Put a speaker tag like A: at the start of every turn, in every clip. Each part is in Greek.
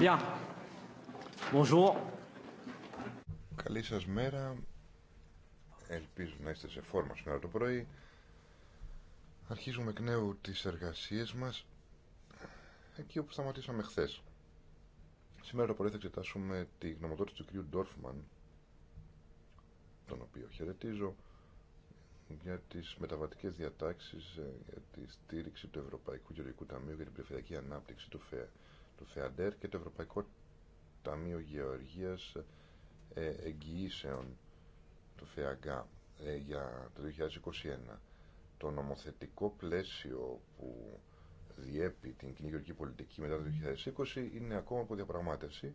A: Bien. Bonjour. Καλή σας μέρα. Ελπίζω να είστε σε φόρμα σήμερα το πρωί. Αρχίζουμε εκ νέου τις εργασίες μας εκεί όπου σταματήσαμε χθες. Σήμερα το πρωί θα εξετάσουμε τη γνωμοδότηση του κ. Ντόρφμαν τον οποίο χαιρετίζω για τις μεταβατικές διατάξεις ε, για τη στήριξη του Ευρωπαϊκού Γεωργικού Ταμείου για την Περιφερειακή Ανάπτυξη του ΦΕΑ του ΦΕΑΝΤΕΡ και το Ευρωπαϊκό Ταμείο Γεωργίας ε, Εγγυήσεων του ΦΕΑΓΑ ε, για το 2021. Το νομοθετικό πλαίσιο που διέπει την κοινή γεωργική πολιτική μετά το 2020 είναι ακόμα από διαπραγμάτευση.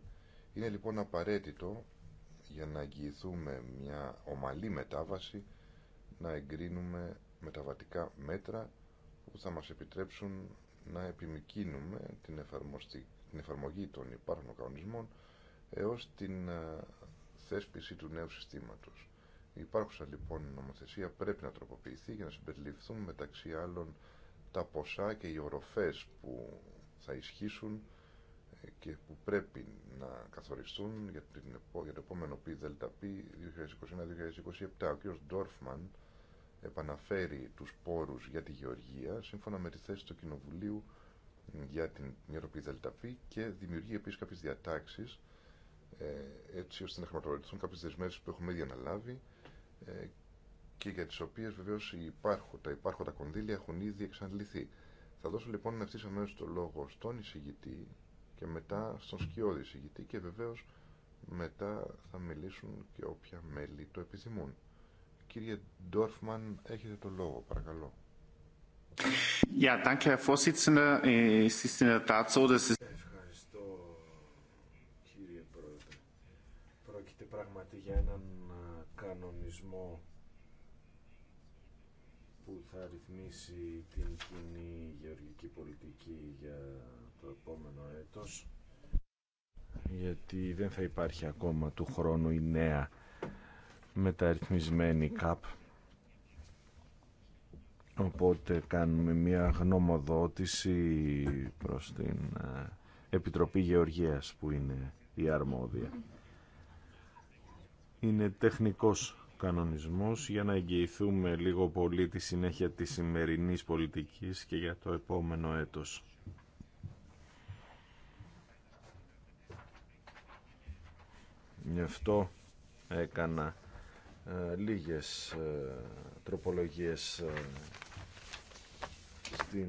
A: Είναι λοιπόν απαραίτητο για να εγγυηθούμε μια ομαλή μετάβαση να εγκρίνουμε μεταβατικά μέτρα που θα μας επιτρέψουν να επιμηκύνουμε την, την εφαρμογή των υπάρχων κανονισμών έως την ε, θέσπιση του νέου συστήματος. Η υπάρχουσα λοιπόν νομοθεσία πρέπει να τροποποιηθεί για να συμπεριληφθούν μεταξύ άλλων τα ποσά και οι οροφές που θα ισχύσουν ε, και που πρέπει να καθοριστούν για, την, για το επόμενο ΠΔΠ 2021-2027. Ο κ. Ντόρφμαν επαναφέρει τους πόρους για τη γεωργία σύμφωνα με τη θέση του Κοινοβουλίου για την Δελταφή και δημιουργεί επίσης κάποιες διατάξεις ε, έτσι ώστε να χρηματοδοτηθούν κάποιες δεσμεύσεις που έχουμε ήδη αναλάβει ε, και για τις οποίες βεβαίως υπάρχουν τα υπάρχοντα κονδύλια έχουν ήδη εξαντληθεί. Θα δώσω λοιπόν ευθύ αμέσω αμέσως το λόγο στον εισηγητή και μετά στον σκιώδη εισηγητή και βεβαίως μετά θα μιλήσουν και όποια μέλη το επιθυμούν. Κύριε Ντόρφμαν, έχετε το λόγο, παρακαλώ.
B: Ευχαριστώ,
A: κύριε Πρόεδρε.
B: Πρόκειται πράγματι για έναν κανονισμό που θα ρυθμίσει την κοινή γεωργική πολιτική για το επόμενο έτος γιατί δεν θα υπάρχει ακόμα του χρόνου η νέα μεταρρυθμισμένη ΚΑΠ. Οπότε κάνουμε μια γνωμοδότηση προς την ε, Επιτροπή Γεωργίας που είναι η αρμόδια. Είναι τεχνικός κανονισμός για να εγγυηθούμε λίγο πολύ τη συνέχεια της σημερινής πολιτικής και για το επόμενο έτος. Γι' αυτό έκανα ε, λίγες ε, τροπολογίες ε, στην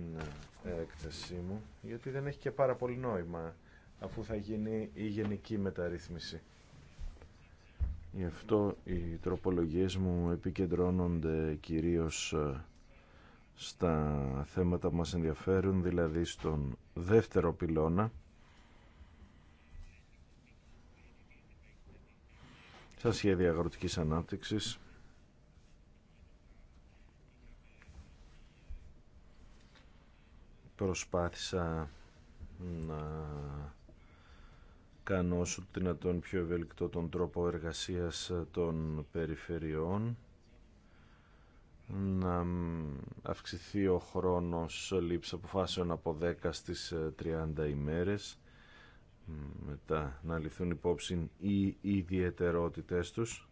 B: έκθεσή μου γιατί δεν έχει και πάρα πολύ νόημα αφού θα γίνει η γενική μεταρρύθμιση. Γι' αυτό οι τροπολογίες μου επικεντρώνονται κυρίως στα θέματα που μας ενδιαφέρουν, δηλαδή στον δεύτερο πυλώνα στα σχέδια αγροτικής ανάπτυξης προσπάθησα να κάνω όσο το δυνατόν πιο ευελικτό τον τρόπο εργασίας των περιφερειών να αυξηθεί ο χρόνος λήψη αποφάσεων από 10 στις 30 ημέρες μετά να ληφθούν υπόψη οι ιδιαιτερότητες τους.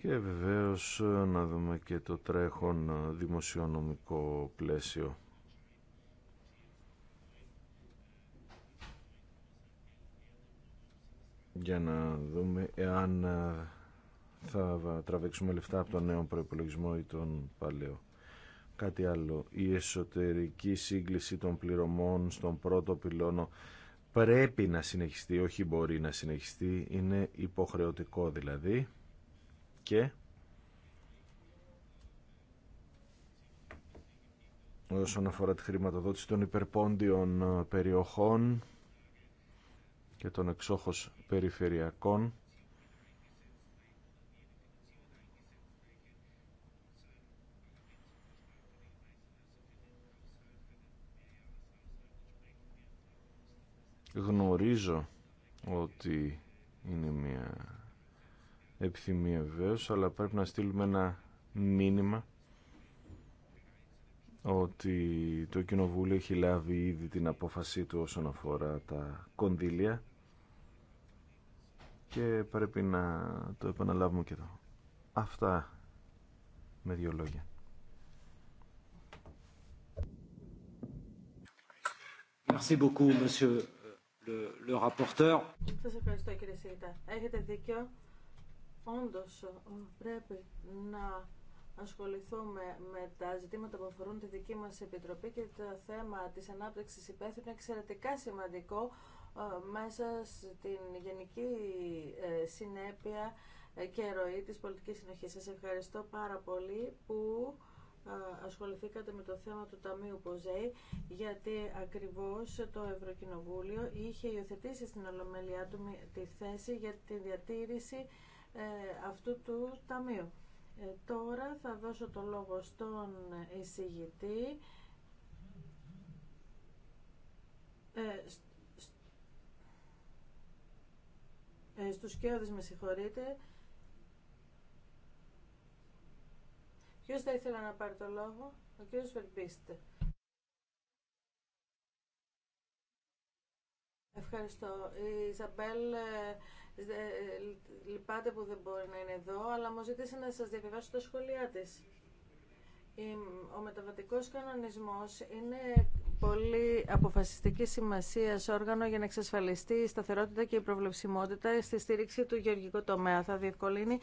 B: Και βεβαίως να δούμε και το τρέχον δημοσιονομικό πλαίσιο. Για να δούμε εάν θα τραβήξουμε λεφτά από τον νέο προϋπολογισμό ή τον παλαιό. Κάτι άλλο, η εσωτερική σύγκληση των πληρωμών στον πρώτο πυλώνο πρέπει να συνεχιστεί, όχι μπορεί να συνεχιστεί, είναι υποχρεωτικό δηλαδή και όσον αφορά τη χρηματοδότηση των υπερπόντιων περιοχών και των εξόχως περιφερειακών Γνωρίζω ότι είναι μια επιθυμία βεβαίω, αλλά πρέπει να στείλουμε ένα μήνυμα ότι το Κοινοβούλιο έχει λάβει ήδη την απόφασή του όσον αφορά τα κονδύλια και πρέπει να το επαναλάβουμε και εδώ. Αυτά με δύο λόγια.
C: Merci beaucoup, monsieur le, le ευχαριστώ κύριε Σίγητα. Έχετε δίκιο. Όντως ε, πρέπει να ασχοληθούμε με τα ζητήματα που αφορούν τη δική μας Επιτροπή και το θέμα της ανάπτυξης υπαίθρου είναι εξαιρετικά σημαντικό ε, μέσα στην γενική ε, συνέπεια και ροή της πολιτικής συνοχή. Σας ευχαριστώ πάρα πολύ που ασχοληθήκατε με το θέμα του Ταμείου Ποζέη, γιατί ακριβώς το Ευρωκοινοβούλιο είχε υιοθετήσει στην Ολομέλειά του τη θέση για τη διατήρηση ε, αυτού του Ταμείου. Ε, τώρα θα δώσω το λόγο στον εισηγητή, ε, στους κοιόδες με συγχωρείτε, Ποιο θα ήθελε να πάρει το λόγο, ο κύριο Βερμπίστε. Ευχαριστώ. Η Ιζαμπέλ ε, ε, λυπάται που δεν μπορεί να είναι εδώ, αλλά μου ζήτησε να σας διαβιβάσω τα σχόλιά της. Ο μεταβατικός κανονισμός είναι πολύ αποφασιστική σημασία σε όργανο για να εξασφαλιστεί η σταθερότητα και η προβλεψιμότητα στη στήριξη του γεωργικού τομέα. Θα διευκολύνει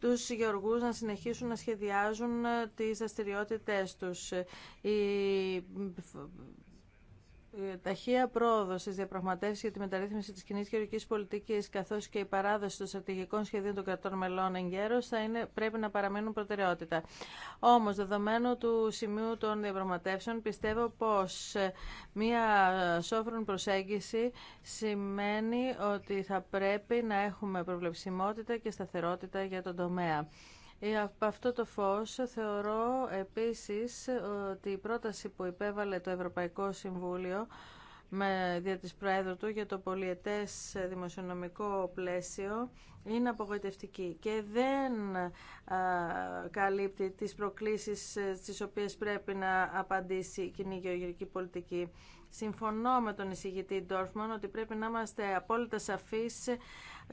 C: τους γεωργού να συνεχίσουν να σχεδιάζουν τις δραστηριότητε τους. Ε, ταχεία πρόοδο στι διαπραγματεύσει για τη μεταρρύθμιση τη κοινή γεωργική πολιτική καθώ και η παράδοση των στρατηγικών σχεδίων των κρατών μελών εν θα είναι, πρέπει να παραμένουν προτεραιότητα. Όμω, δεδομένου του σημείου των διαπραγματεύσεων, πιστεύω πω ε, μία σόφρον προσέγγιση σημαίνει ότι θα πρέπει να έχουμε προβλεψιμότητα και σταθερότητα για τον τομέα. Ε, από αυτό το φως θεωρώ επίσης ότι η πρόταση που υπέβαλε το Ευρωπαϊκό Συμβούλιο με, δια της Προέδρου του για το πολιετές δημοσιονομικό πλαίσιο είναι απογοητευτική και δεν καλύπτει τις προκλήσεις ε, στις οποίες πρέπει να απαντήσει η κοινή γεωργική πολιτική. Συμφωνώ με τον εισηγητή Ντόρφμαν ότι πρέπει να είμαστε απόλυτα σαφείς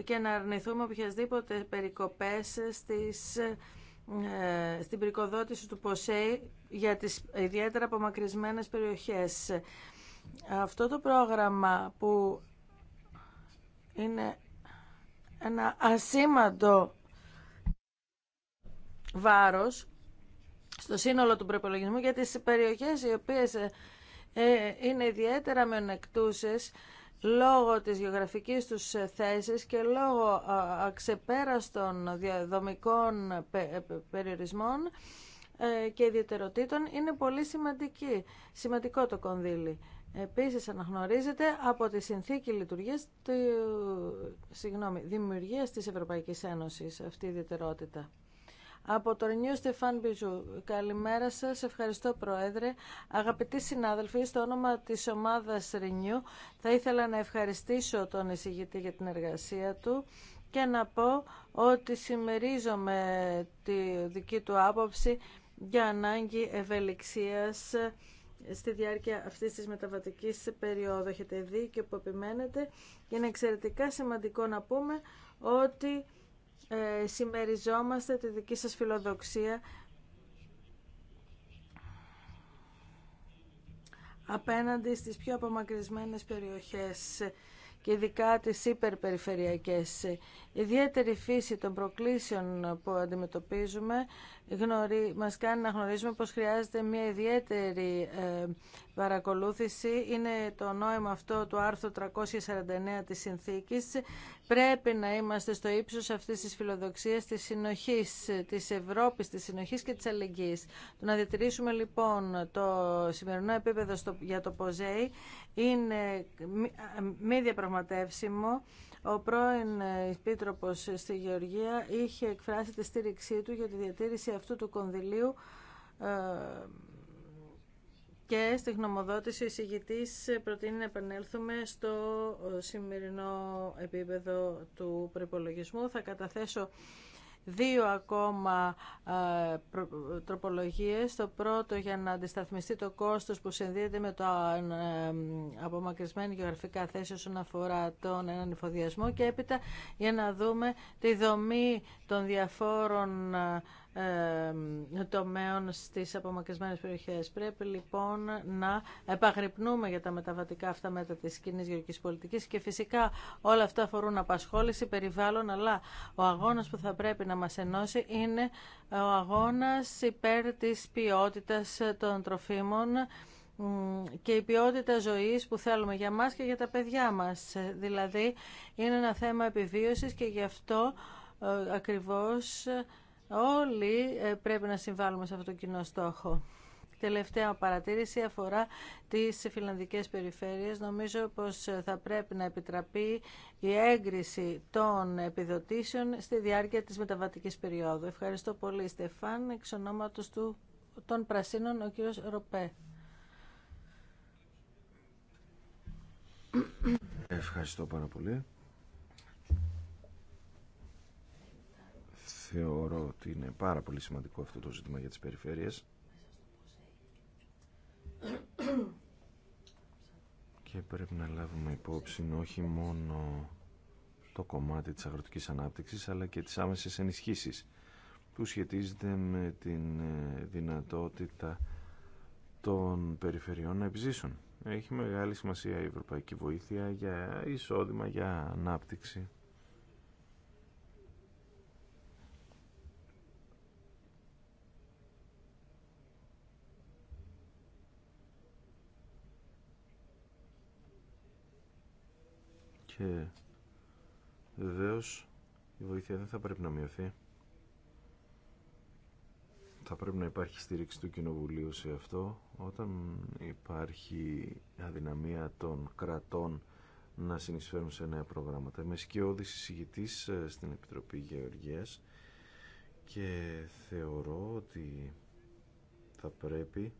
C: και να αρνηθούμε οποιασδήποτε περικοπές στις, ε, στην περικοδότηση του ΠΟΣΕΙ για τις ιδιαίτερα απομακρυσμένες περιοχές. Αυτό το πρόγραμμα που είναι ένα ασήμαντο βάρος στο σύνολο του προπολογισμού για τις περιοχές οι οποίες ε, ε, είναι ιδιαίτερα μειονεκτούσες λόγω της γεωγραφικής τους ε, θέσης και λόγω αξεπέραστων διαδομικών ε, περιορισμών ε, και ιδιαιτεροτήτων είναι πολύ σημαντική. σημαντικό το κονδύλι. Επίσης αναγνωρίζεται από τη συνθήκη λειτουργίας του, συγγνώμη, δημιουργίας της Ευρωπαϊκής Ένωσης αυτή η ιδιαιτερότητα. Από το Renew Στεφάν Μπιζού. Καλημέρα σας, ευχαριστώ Πρόεδρε. Αγαπητοί συνάδελφοι, στο όνομα της ομάδας Ρινιού θα ήθελα να ευχαριστήσω τον εισηγητή για την εργασία του και να πω ότι συμμερίζομαι τη δική του άποψη για ανάγκη ευελιξίας στη διάρκεια αυτής της μεταβατικής περίοδου. Έχετε δει και που επιμένετε και είναι εξαιρετικά σημαντικό να πούμε ότι ε, συμμεριζόμαστε τη δική σας φιλοδοξία απέναντι στις πιο απομακρυσμένες περιοχές και ειδικά τις υπερπεριφερειακές. Η ιδιαίτερη φύση των προκλήσεων που αντιμετωπίζουμε γνωρί, μας κάνει να γνωρίζουμε πως χρειάζεται μια ιδιαίτερη ε, παρακολούθηση είναι το νόημα αυτό του άρθρου 349 της συνθήκης. Πρέπει να είμαστε στο ύψος αυτής της φιλοδοξίας της συνοχής, της Ευρώπης, της συνοχής και της αλληλεγγύης. Το να διατηρήσουμε λοιπόν το σημερινό επίπεδο στο, για το ΠΟΖΕΙ είναι μη, μη διαπραγματεύσιμο. Ο πρώην Επίτροπος στη Γεωργία είχε εκφράσει τη στήριξή του για τη διατήρηση αυτού του κονδυλίου ε, και στη γνωμοδότηση ο εισηγητής προτείνει να επανέλθουμε στο σημερινό επίπεδο του προπολογισμού. Θα καταθέσω δύο ακόμα ε, τροπολογίες. Το πρώτο για να αντισταθμιστεί το κόστος που συνδύεται με το ε, ε, απομακρυσμένη γεωγραφικά θέση όσον αφορά τον έναν υφοδιασμό και έπειτα για να δούμε τη δομή των διαφόρων ε, τομέων στις απομακρυσμένες περιοχές. Πρέπει λοιπόν να επαγρυπνούμε για τα μεταβατικά αυτά μέτρα της κοινή γεωργικής πολιτικής και φυσικά όλα αυτά αφορούν απασχόληση, περιβάλλον, αλλά ο αγώνας που θα πρέπει να μας ενώσει είναι ο αγώνας υπέρ της ποιότητας των τροφίμων και η ποιότητα ζωής που θέλουμε για μας και για τα παιδιά μας. Δηλαδή είναι ένα θέμα επιβίωσης και γι' αυτό ε, ακριβώς Όλοι ε, πρέπει να συμβάλλουμε σε αυτό το κοινό στόχο. Τελευταία παρατήρηση αφορά τις φιλανδικές περιφέρειες. Νομίζω πως ε, θα πρέπει να επιτραπεί η έγκριση των επιδοτήσεων στη διάρκεια της μεταβατικής περίοδου. Ευχαριστώ πολύ, Στεφάν. Εξ ονόματος του, των Πρασίνων, ο κύριος Ροπέ.
B: Ευχαριστώ πάρα πολύ. θεωρώ ότι είναι πάρα πολύ σημαντικό αυτό το ζήτημα για τις περιφέρειες και πρέπει να λάβουμε υπόψη όχι μόνο το κομμάτι της αγροτικής ανάπτυξης αλλά και τις άμεσες ενισχύσεις που σχετίζεται με την ε, δυνατότητα των περιφερειών να επιζήσουν. Έχει μεγάλη σημασία η ευρωπαϊκή βοήθεια για εισόδημα, για ανάπτυξη και βεβαίω η βοήθεια δεν θα πρέπει να μειωθεί. Θα πρέπει να υπάρχει στήριξη του Κοινοβουλίου σε αυτό. Όταν υπάρχει αδυναμία των κρατών να συνεισφέρουν σε νέα προγράμματα. Είμαι σκιώδης εισηγητής ε, στην Επιτροπή Γεωργίας και θεωρώ ότι θα πρέπει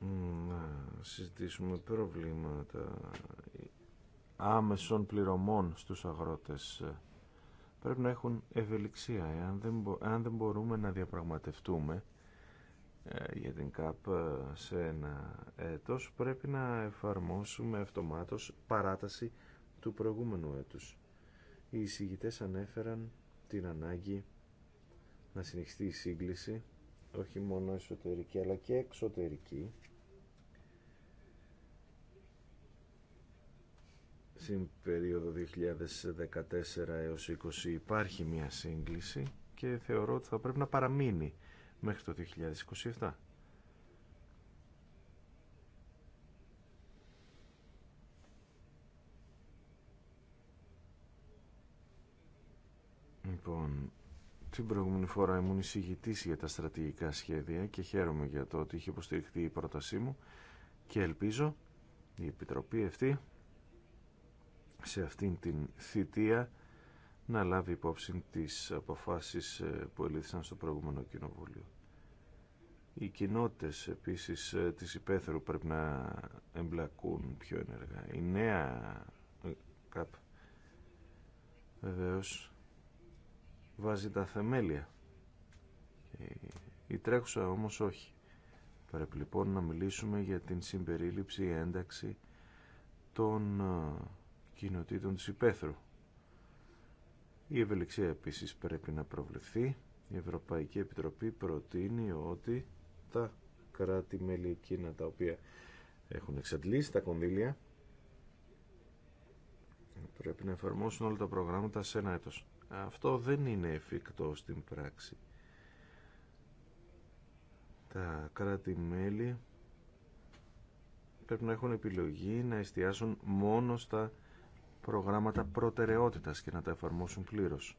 B: να συζητήσουμε προβλήματα άμεσων πληρωμών στους αγρότες πρέπει να έχουν ευελιξία εάν δεν, δεν μπορούμε να διαπραγματευτούμε ε, για την ΚΑΠ ε, σε ένα έτος πρέπει να εφαρμόσουμε αυτομάτως παράταση του προηγούμενου έτους. Οι εισηγητές ανέφεραν την ανάγκη να συνεχιστεί η σύγκληση όχι μόνο εσωτερική αλλά και εξωτερική στην περίοδο 2014 έως 2020 υπάρχει μια σύγκληση και θεωρώ ότι θα πρέπει να παραμείνει μέχρι το 2027. Λοιπόν, την προηγούμενη φορά ήμουν εισηγητής για τα στρατηγικά σχέδια και χαίρομαι για το ότι είχε υποστηριχθεί η πρότασή μου και ελπίζω η Επιτροπή αυτή σε αυτήν την θητεία να λάβει υπόψη τις αποφάσεις ε, που ελήφθησαν στο προηγούμενο κοινοβούλιο. Οι κοινότητες επίσης ε, της υπαίθρου πρέπει να εμπλακούν πιο ενεργά. Η νέα ε, ΚΑΠ βεβαίως βάζει τα θεμέλια. Η τρέχουσα όμως όχι. Πρέπει λοιπόν να μιλήσουμε για την συμπερίληψη, ένταξη των κοινοτήτων της υπαίθρου. Η ευελιξία επίσης πρέπει να προβλεφθεί. Η Ευρωπαϊκή Επιτροπή προτείνει ότι τα κράτη-μέλη εκείνα τα οποία έχουν εξαντλήσει τα κονδύλια πρέπει να εφαρμόσουν όλα τα προγράμματα σε ένα έτος. Αυτό δεν είναι εφικτό στην πράξη. Τα κράτη-μέλη πρέπει να έχουν επιλογή να εστιάσουν μόνο στα προγράμματα προτεραιότητας και να τα εφαρμόσουν πλήρως.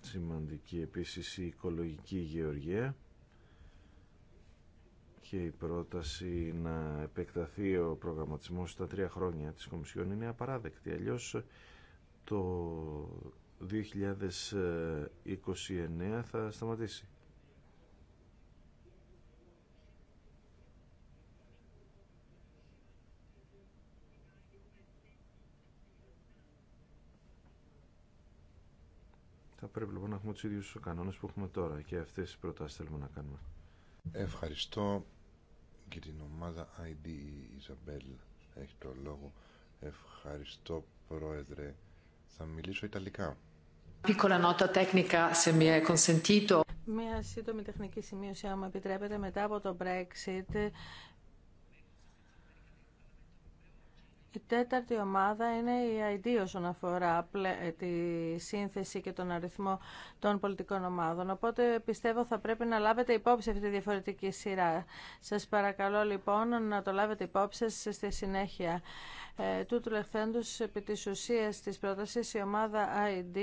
B: Σημαντική επίσης η οικολογική γεωργία και η πρόταση να επεκταθεί ο προγραμματισμός στα τρία χρόνια της Κομισιόν είναι απαράδεκτη. Αλλιώς το 2029 θα σταματήσει. πρέπει λοιπόν να έχουμε του ίδιου κανόνε που έχουμε τώρα και αυτέ τι προτάσει θέλουμε να κάνουμε.
A: Ευχαριστώ και την ομάδα ID Ιζαμπέλ έχει το λόγο. Ευχαριστώ πρόεδρε. Θα μιλήσω Ιταλικά.
C: Μια σύντομη τεχνική σημείωση, άμα επιτρέπετε, μετά από το Brexit Η τέταρτη ομάδα είναι η ID όσον αφορά τη σύνθεση και τον αριθμό των πολιτικών ομάδων. Οπότε πιστεύω θα πρέπει να λάβετε υπόψη αυτή τη διαφορετική σειρά. Σας παρακαλώ λοιπόν να το λάβετε υπόψη στη συνέχεια. Ε, τούτου λεχθέντους επί της ουσίας της πρότασης η ομάδα ID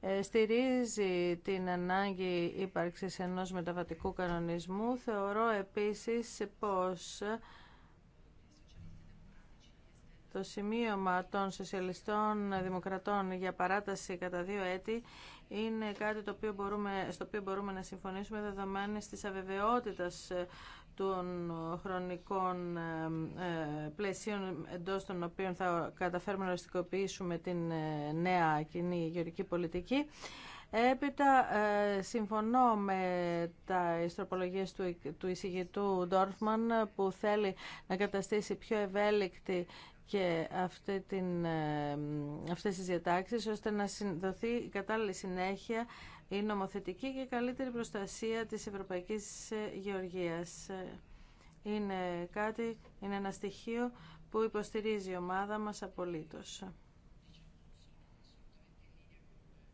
C: ε, στηρίζει την ανάγκη ύπαρξης ενός μεταβατικού κανονισμού. Θεωρώ επίσης πως... Το σημείωμα των σοσιαλιστών δημοκρατών για παράταση κατά δύο έτη είναι κάτι το οποίο στο οποίο μπορούμε να συμφωνήσουμε δεδομένης της αβεβαιότητας ε, των χρονικών ε, ε, πλαισίων εντός των οποίων θα καταφέρουμε να οριστικοποιήσουμε την νέα κοινή γεωρική πολιτική. Έπειτα, συμφωνώ με τα ιστροπολογίες του, του εισηγητού Ντόρφμαν που θέλει να καταστήσει πιο ευέλικτη και αυτή την, ε, αυτές τις διατάξεις ώστε να δοθεί η κατάλληλη συνέχεια η νομοθετική και καλύτερη προστασία της Ευρωπαϊκής ε, Γεωργίας. Είναι κάτι, είναι ένα στοιχείο που υποστηρίζει η ομάδα μας απολύτως.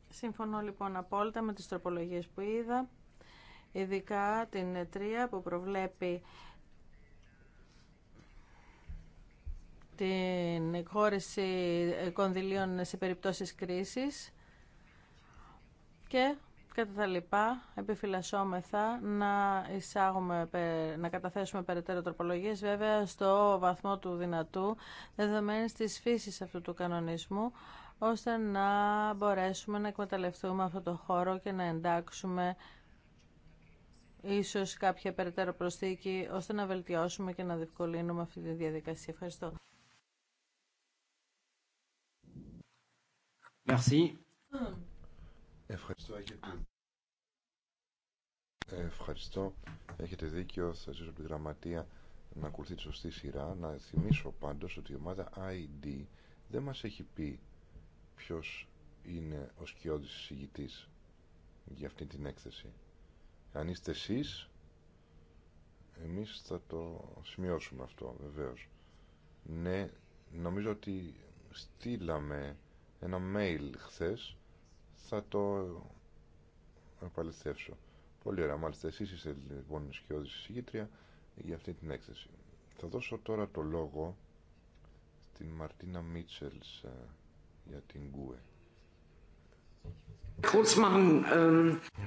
C: Συμφωνώ λοιπόν απόλυτα με τις τροπολογίες που είδα, ειδικά την τρία που προβλέπει την εκχώρηση κονδυλίων σε περιπτώσεις κρίσης και κατά τα λοιπά επιφυλασσόμεθα να εισάγουμε, να καταθέσουμε περαιτέρω τροπολογίες βέβαια στο βαθμό του δυνατού δεδομένης της φύσης αυτού του κανονισμού ώστε να μπορέσουμε να εκμεταλλευτούμε αυτό το χώρο και να εντάξουμε ίσως κάποια περαιτέρω προσθήκη ώστε να βελτιώσουμε και να διευκολύνουμε αυτή τη διαδικασία. Ευχαριστώ. Merci.
A: Ευχαριστώ. Έχετε... Ευχαριστώ. δίκιο. Θα ζήσω από τη γραμματεία να ακολουθεί τη σωστή σειρά. Να θυμίσω πάντως ότι η ομάδα ID δεν μας έχει πει ποιος είναι ο σκιώδης εισηγητής για αυτή την έκθεση. Αν είστε εσείς, εμείς θα το σημειώσουμε αυτό βεβαίως. Ναι, νομίζω ότι στείλαμε ένα mail χθες θα το επαληθεύσω. Πολύ ωραία. Μάλιστα, εσεί είστε λοιπόν σκιώδη συγκήτρια για αυτή την έκθεση. Θα δώσω τώρα το λόγο στην Μαρτίνα Μίτσελ ε, για την ΚΟΕ.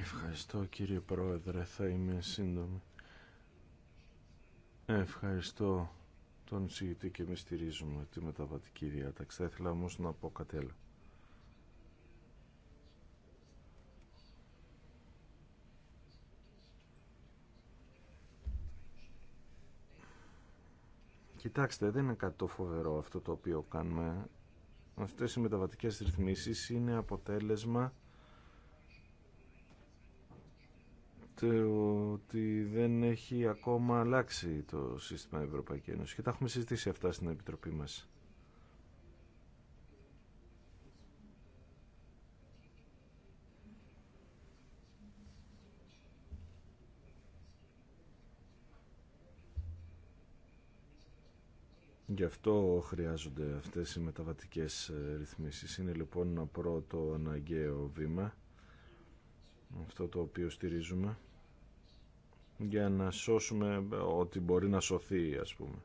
A: Ευχαριστώ κύριε Πρόεδρε, θα είμαι
B: σύντομη. Ευχαριστώ τον συγητή και με στηρίζουμε τη μεταβατική διάταξη. Θα ήθελα όμω να πω κάτι Κοιτάξτε, δεν είναι κάτι το φοβερό αυτό το οποίο κάνουμε. Αυτές οι μεταβατικές ρυθμίσεις είναι αποτέλεσμα ότι δεν έχει ακόμα αλλάξει το σύστημα Ευρωπαϊκή Ένωση και τα έχουμε συζητήσει αυτά στην Επιτροπή μας. γι' αυτό χρειάζονται αυτές οι μεταβατικές ε, ρυθμίσεις. Είναι λοιπόν ένα πρώτο αναγκαίο βήμα, αυτό το οποίο στηρίζουμε, για να σώσουμε ε, ό,τι μπορεί να σωθεί, ας πούμε.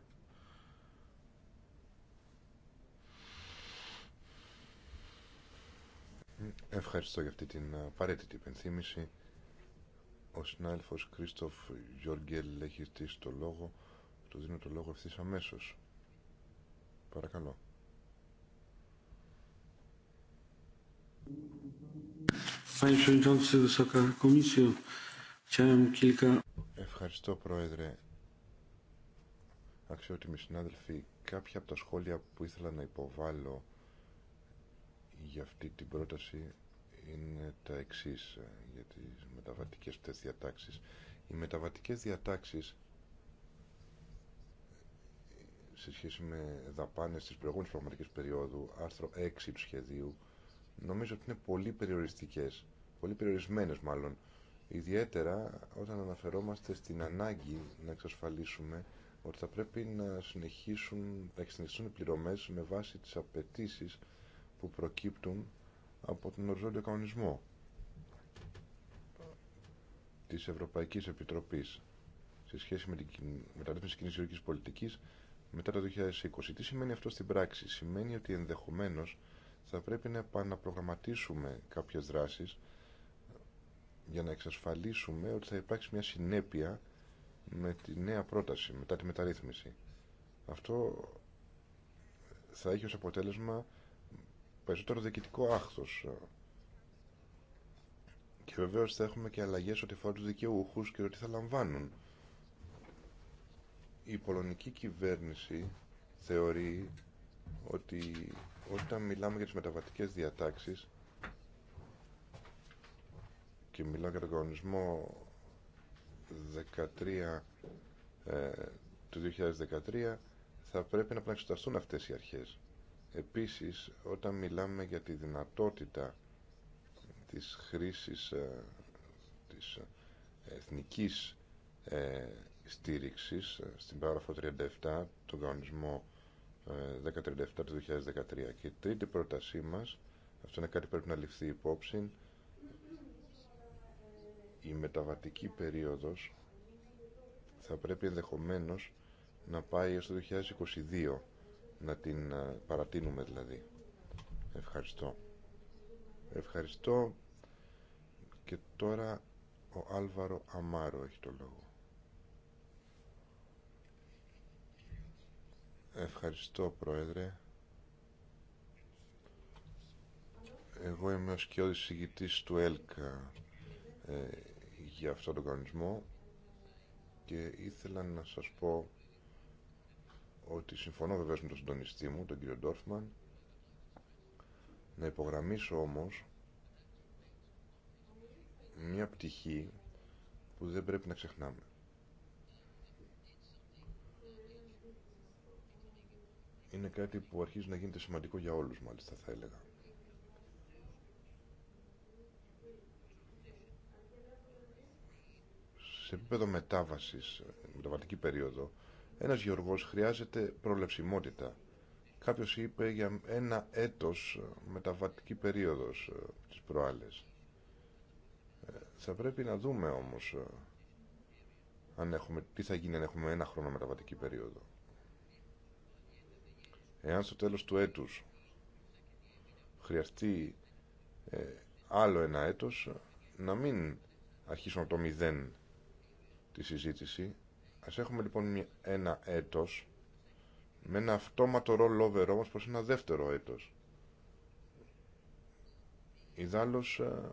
A: Ευχαριστώ για αυτή την ε, απαραίτητη υπενθύμηση. Ο συνάδελφος Κρίστοφ Γιώργελ έχει στήσει το λόγο. Του δίνω το λόγο ευθύ αμέσως. Παρακαλώ. Ευχαριστώ, Πρόεδρε. Αξιότιμοι συνάδελφοι, κάποια από τα σχόλια που ήθελα να υποβάλω για αυτή την πρόταση είναι τα εξής ε, για τις μεταβατικές αυτές διατάξεις. Οι μεταβατικές διατάξεις σε σχέση με δαπάνες της προηγούμενης πραγματικής περίοδου, άρθρο 6 του σχεδίου, νομίζω ότι είναι πολύ περιοριστικές, πολύ περιορισμένες μάλλον, ιδιαίτερα όταν αναφερόμαστε στην ανάγκη να εξασφαλίσουμε ότι θα πρέπει να συνεχίσουν, να συνεχίσουν οι πληρωμές με βάση τις απαιτήσει που προκύπτουν από τον οριζόντιο κανονισμό της Ευρωπαϊκής Επιτροπής σε σχέση με την μεταρρύθμιση κοινή γεωργική πολιτική μετά το 2020. Τι σημαίνει αυτό στην πράξη. Σημαίνει ότι ενδεχομένως θα πρέπει να επαναπρογραμματίσουμε κάποιες δράσεις για να εξασφαλίσουμε ότι θα υπάρξει μια συνέπεια με τη νέα πρόταση, μετά τη μεταρρύθμιση. Αυτό θα έχει ως αποτέλεσμα περισσότερο διοικητικό άχθος. Και βεβαίως θα έχουμε και αλλαγές ότι αφορά τους δικαιούχους και ότι θα λαμβάνουν η πολωνική κυβέρνηση θεωρεί ότι όταν μιλάμε για τις μεταβατικές διατάξεις και μιλάμε για τον κανονισμό 13 ε, του 2013 θα πρέπει να επαναξεταστούν αυτές οι αρχές. Επίσης, όταν μιλάμε για τη δυνατότητα της χρήσης ε, της ε, εθνικής ε, στήριξης ε, στην παράγραφο 37 ε, του κανονισμό 1037 του 2013 και η τρίτη πρότασή μας αυτό είναι κάτι πρέπει να ληφθεί υπόψη η μεταβατική περίοδος θα πρέπει ενδεχομένως να πάει στο το 2022 να την ε, παρατείνουμε δηλαδή ευχαριστώ ευχαριστώ και τώρα ο Άλβαρο Αμάρο έχει το λόγο Ευχαριστώ, Πρόεδρε. Εγώ είμαι ο σκιώδης συγητής του ΕΛΚΑ ε, για αυτό τον κανονισμό και ήθελα να σας πω ότι συμφωνώ βεβαίως με τον συντονιστή μου, τον κύριο Ντόρφμαν, να υπογραμμίσω όμως μια πτυχή που δεν πρέπει να ξεχνάμε. είναι κάτι που αρχίζει να γίνεται σημαντικό για όλους μάλιστα θα έλεγα. Σε επίπεδο μετάβασης, μεταβατική περίοδο, ένας γεωργός χρειάζεται προλευσιμότητα. Κάποιος είπε για ένα έτος μεταβατική περίοδος ε, της προάλλες. Ε, θα πρέπει να δούμε όμως ε, αν έχουμε, τι θα γίνει αν έχουμε ένα χρόνο μεταβατική περίοδο. Εάν στο τέλος του έτους χρειαστεί ε, άλλο ένα έτος, να μην αρχίσουμε από το μηδέν τη συζήτηση. Ας έχουμε λοιπόν ένα έτος με ένα αυτόματο rollover όμως προς ένα δεύτερο έτος. Ιδάλλως ε,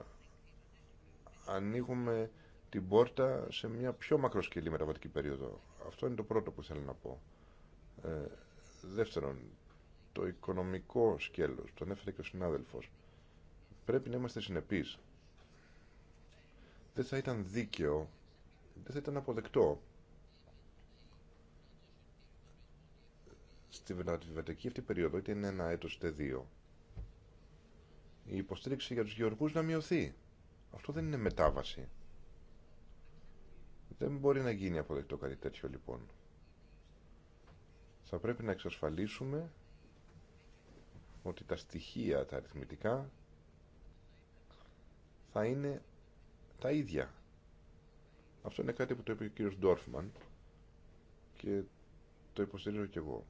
A: ανοίγουμε την πόρτα σε μια πιο μακροσκελή μεταβατική περίοδο. Αυτό είναι το πρώτο που θέλω να πω. Ε, δεύτερον, το οικονομικό σκέλος, τον έφερε και ο συνάδελφος. Πρέπει να είμαστε συνεπείς. Δεν θα ήταν δίκαιο, δεν θα ήταν αποδεκτό στη βιβλιοτική αυτή περίοδο, είτε είναι ένα έτος είτε δύο, η υποστήριξη για τους γεωργούς να μειωθεί. Αυτό δεν είναι μετάβαση. Δεν μπορεί να γίνει αποδεκτό κάτι τέτοιο λοιπόν. Θα πρέπει να εξασφαλίσουμε Λοιπόν, ότι τα στοιχεία, τα αριθμητικά, θα είναι τα ίδια. Αυτό είναι κάτι που το είπε ο κύριος Ντόρφμαν και το υποστηρίζω και εγώ.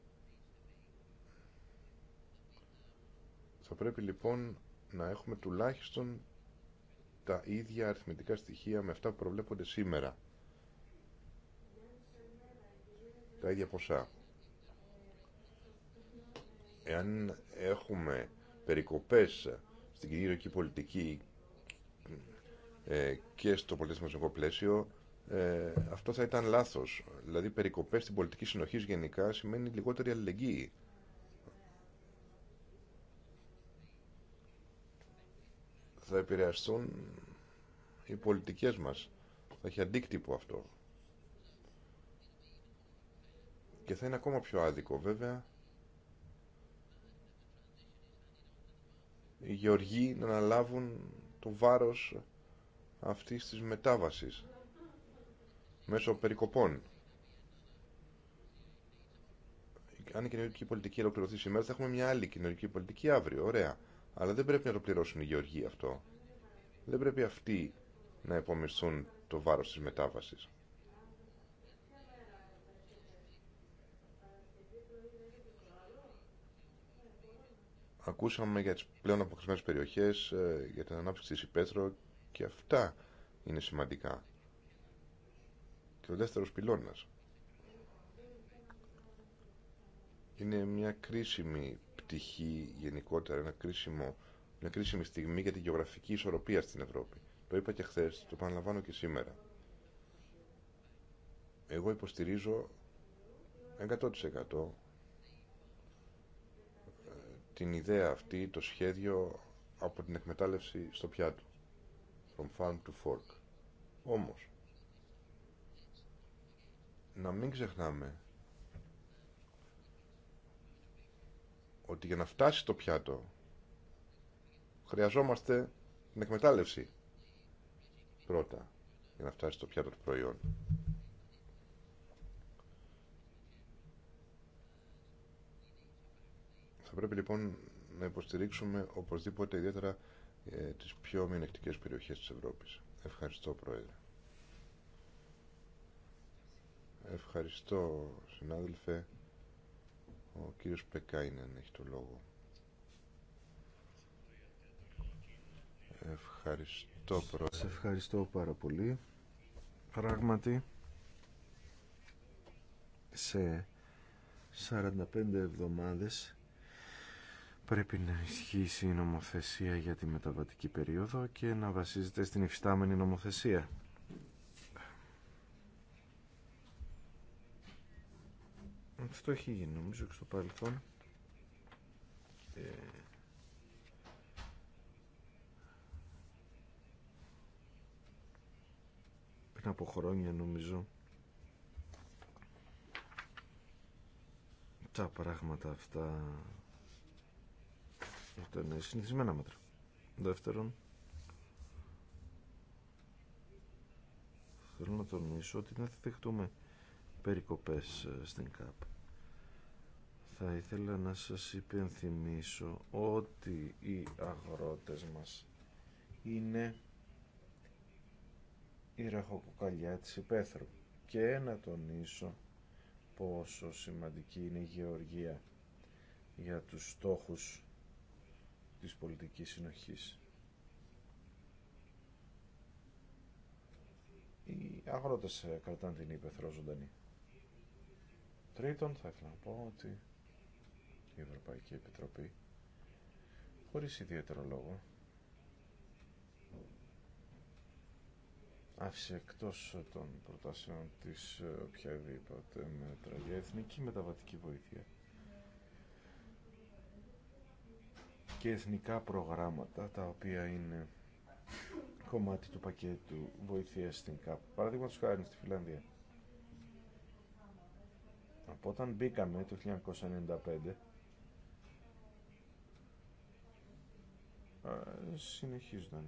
A: Θα πρέπει λοιπόν να έχουμε τουλάχιστον τα ίδια αριθμητικά στοιχεία με αυτά που προβλέπονται σήμερα. Τα ίδια ποσά. Εάν έχουμε περικοπές στην κοινωνική πολιτική ε, και στο πολιτισμικό πλαίσιο, ε, αυτό θα ήταν λάθος. Δηλαδή, περικοπές στην πολιτική συνοχή γενικά σημαίνει λιγότερη αλληλεγγύη. Θα επηρεαστούν οι πολιτικές μας. Θα έχει αντίκτυπο αυτό. Και θα είναι ακόμα πιο άδικο βέβαια οι γεωργοί να αναλάβουν το βάρος αυτής της μετάβασης μέσω περικοπών. Αν η κοινωνική πολιτική ολοκληρωθεί σήμερα, θα έχουμε μια άλλη κοινωνική πολιτική αύριο. Ωραία. Αλλά δεν πρέπει να το πληρώσουν οι γεωργοί αυτό. Δεν πρέπει αυτοί να υπομισθούν το βάρος της μετάβασης. Ακούσαμε για τι πλέον αποκλεισμένες περιοχές, ε, για την ανάπτυξη τη υπέτρο και αυτά είναι σημαντικά. Και ο δεύτερο πυλώνα. Είναι μια κρίσιμη πτυχή γενικότερα, ένα κρίσιμο, μια κρίσιμη στιγμή για τη γεωγραφική ισορροπία στην Ευρώπη. Το είπα και χθε, το παραλαμβάνω και σήμερα. Εγώ υποστηρίζω 100% την ιδέα αυτή, το σχέδιο από την εκμετάλλευση στο πιάτο. From farm to fork. Όμως, να μην ξεχνάμε ότι για να φτάσει στο πιάτο χρειαζόμαστε την εκμετάλλευση πρώτα για να φτάσει στο πιάτο του προϊόν. πρέπει λοιπόν να υποστηρίξουμε οπωσδήποτε ιδιαίτερα ε, τις πιο μειονεκτικές περιοχές της Ευρώπης. Ευχαριστώ Πρόεδρε. Ευχαριστώ συνάδελφε. Ο κύριος Πεκάινεν έχει το λόγο. Ευχαριστώ Πρόεδρε.
B: Σας ευχαριστώ πάρα πολύ. Πράγματι σε 45 εβδομάδες Πρέπει να ισχύσει η νομοθεσία για τη μεταβατική περίοδο και να βασίζεται στην υφιστάμενη νομοθεσία. Αυτό έχει γίνει νομίζω και στο παρελθόν. Ε, πριν από χρόνια νομίζω τα πράγματα αυτά είναι συνηθισμένα μέτρα. Δεύτερον, θέλω να τονίσω ότι δεν θα δεχτούμε περικοπές ε, στην ΚΑΠ. Θα ήθελα να σας υπενθυμίσω ότι οι αγρότες μας είναι η ραχοκοκαλιά της υπαίθρου και να τονίσω πόσο σημαντική είναι η γεωργία για τους στόχους της πολιτικής συνοχής. Οι αγρότες ε, κρατάνε την ύπεθρο ζωντανή. Τρίτον, θα ήθελα να πω ότι η Ευρωπαϊκή Επιτροπή χωρίς ιδιαίτερο λόγο άφησε εκτός των προτάσεων της ε, οποιαδήποτε μετραγία εθνική μεταβατική βοήθεια και εθνικά προγράμματα τα οποία είναι κομμάτι του πακέτου βοηθεία στην ΚΑΠ. Παραδείγματο χάρη στη Φιλανδία. Από όταν μπήκαμε το 1995 συνεχίζονταν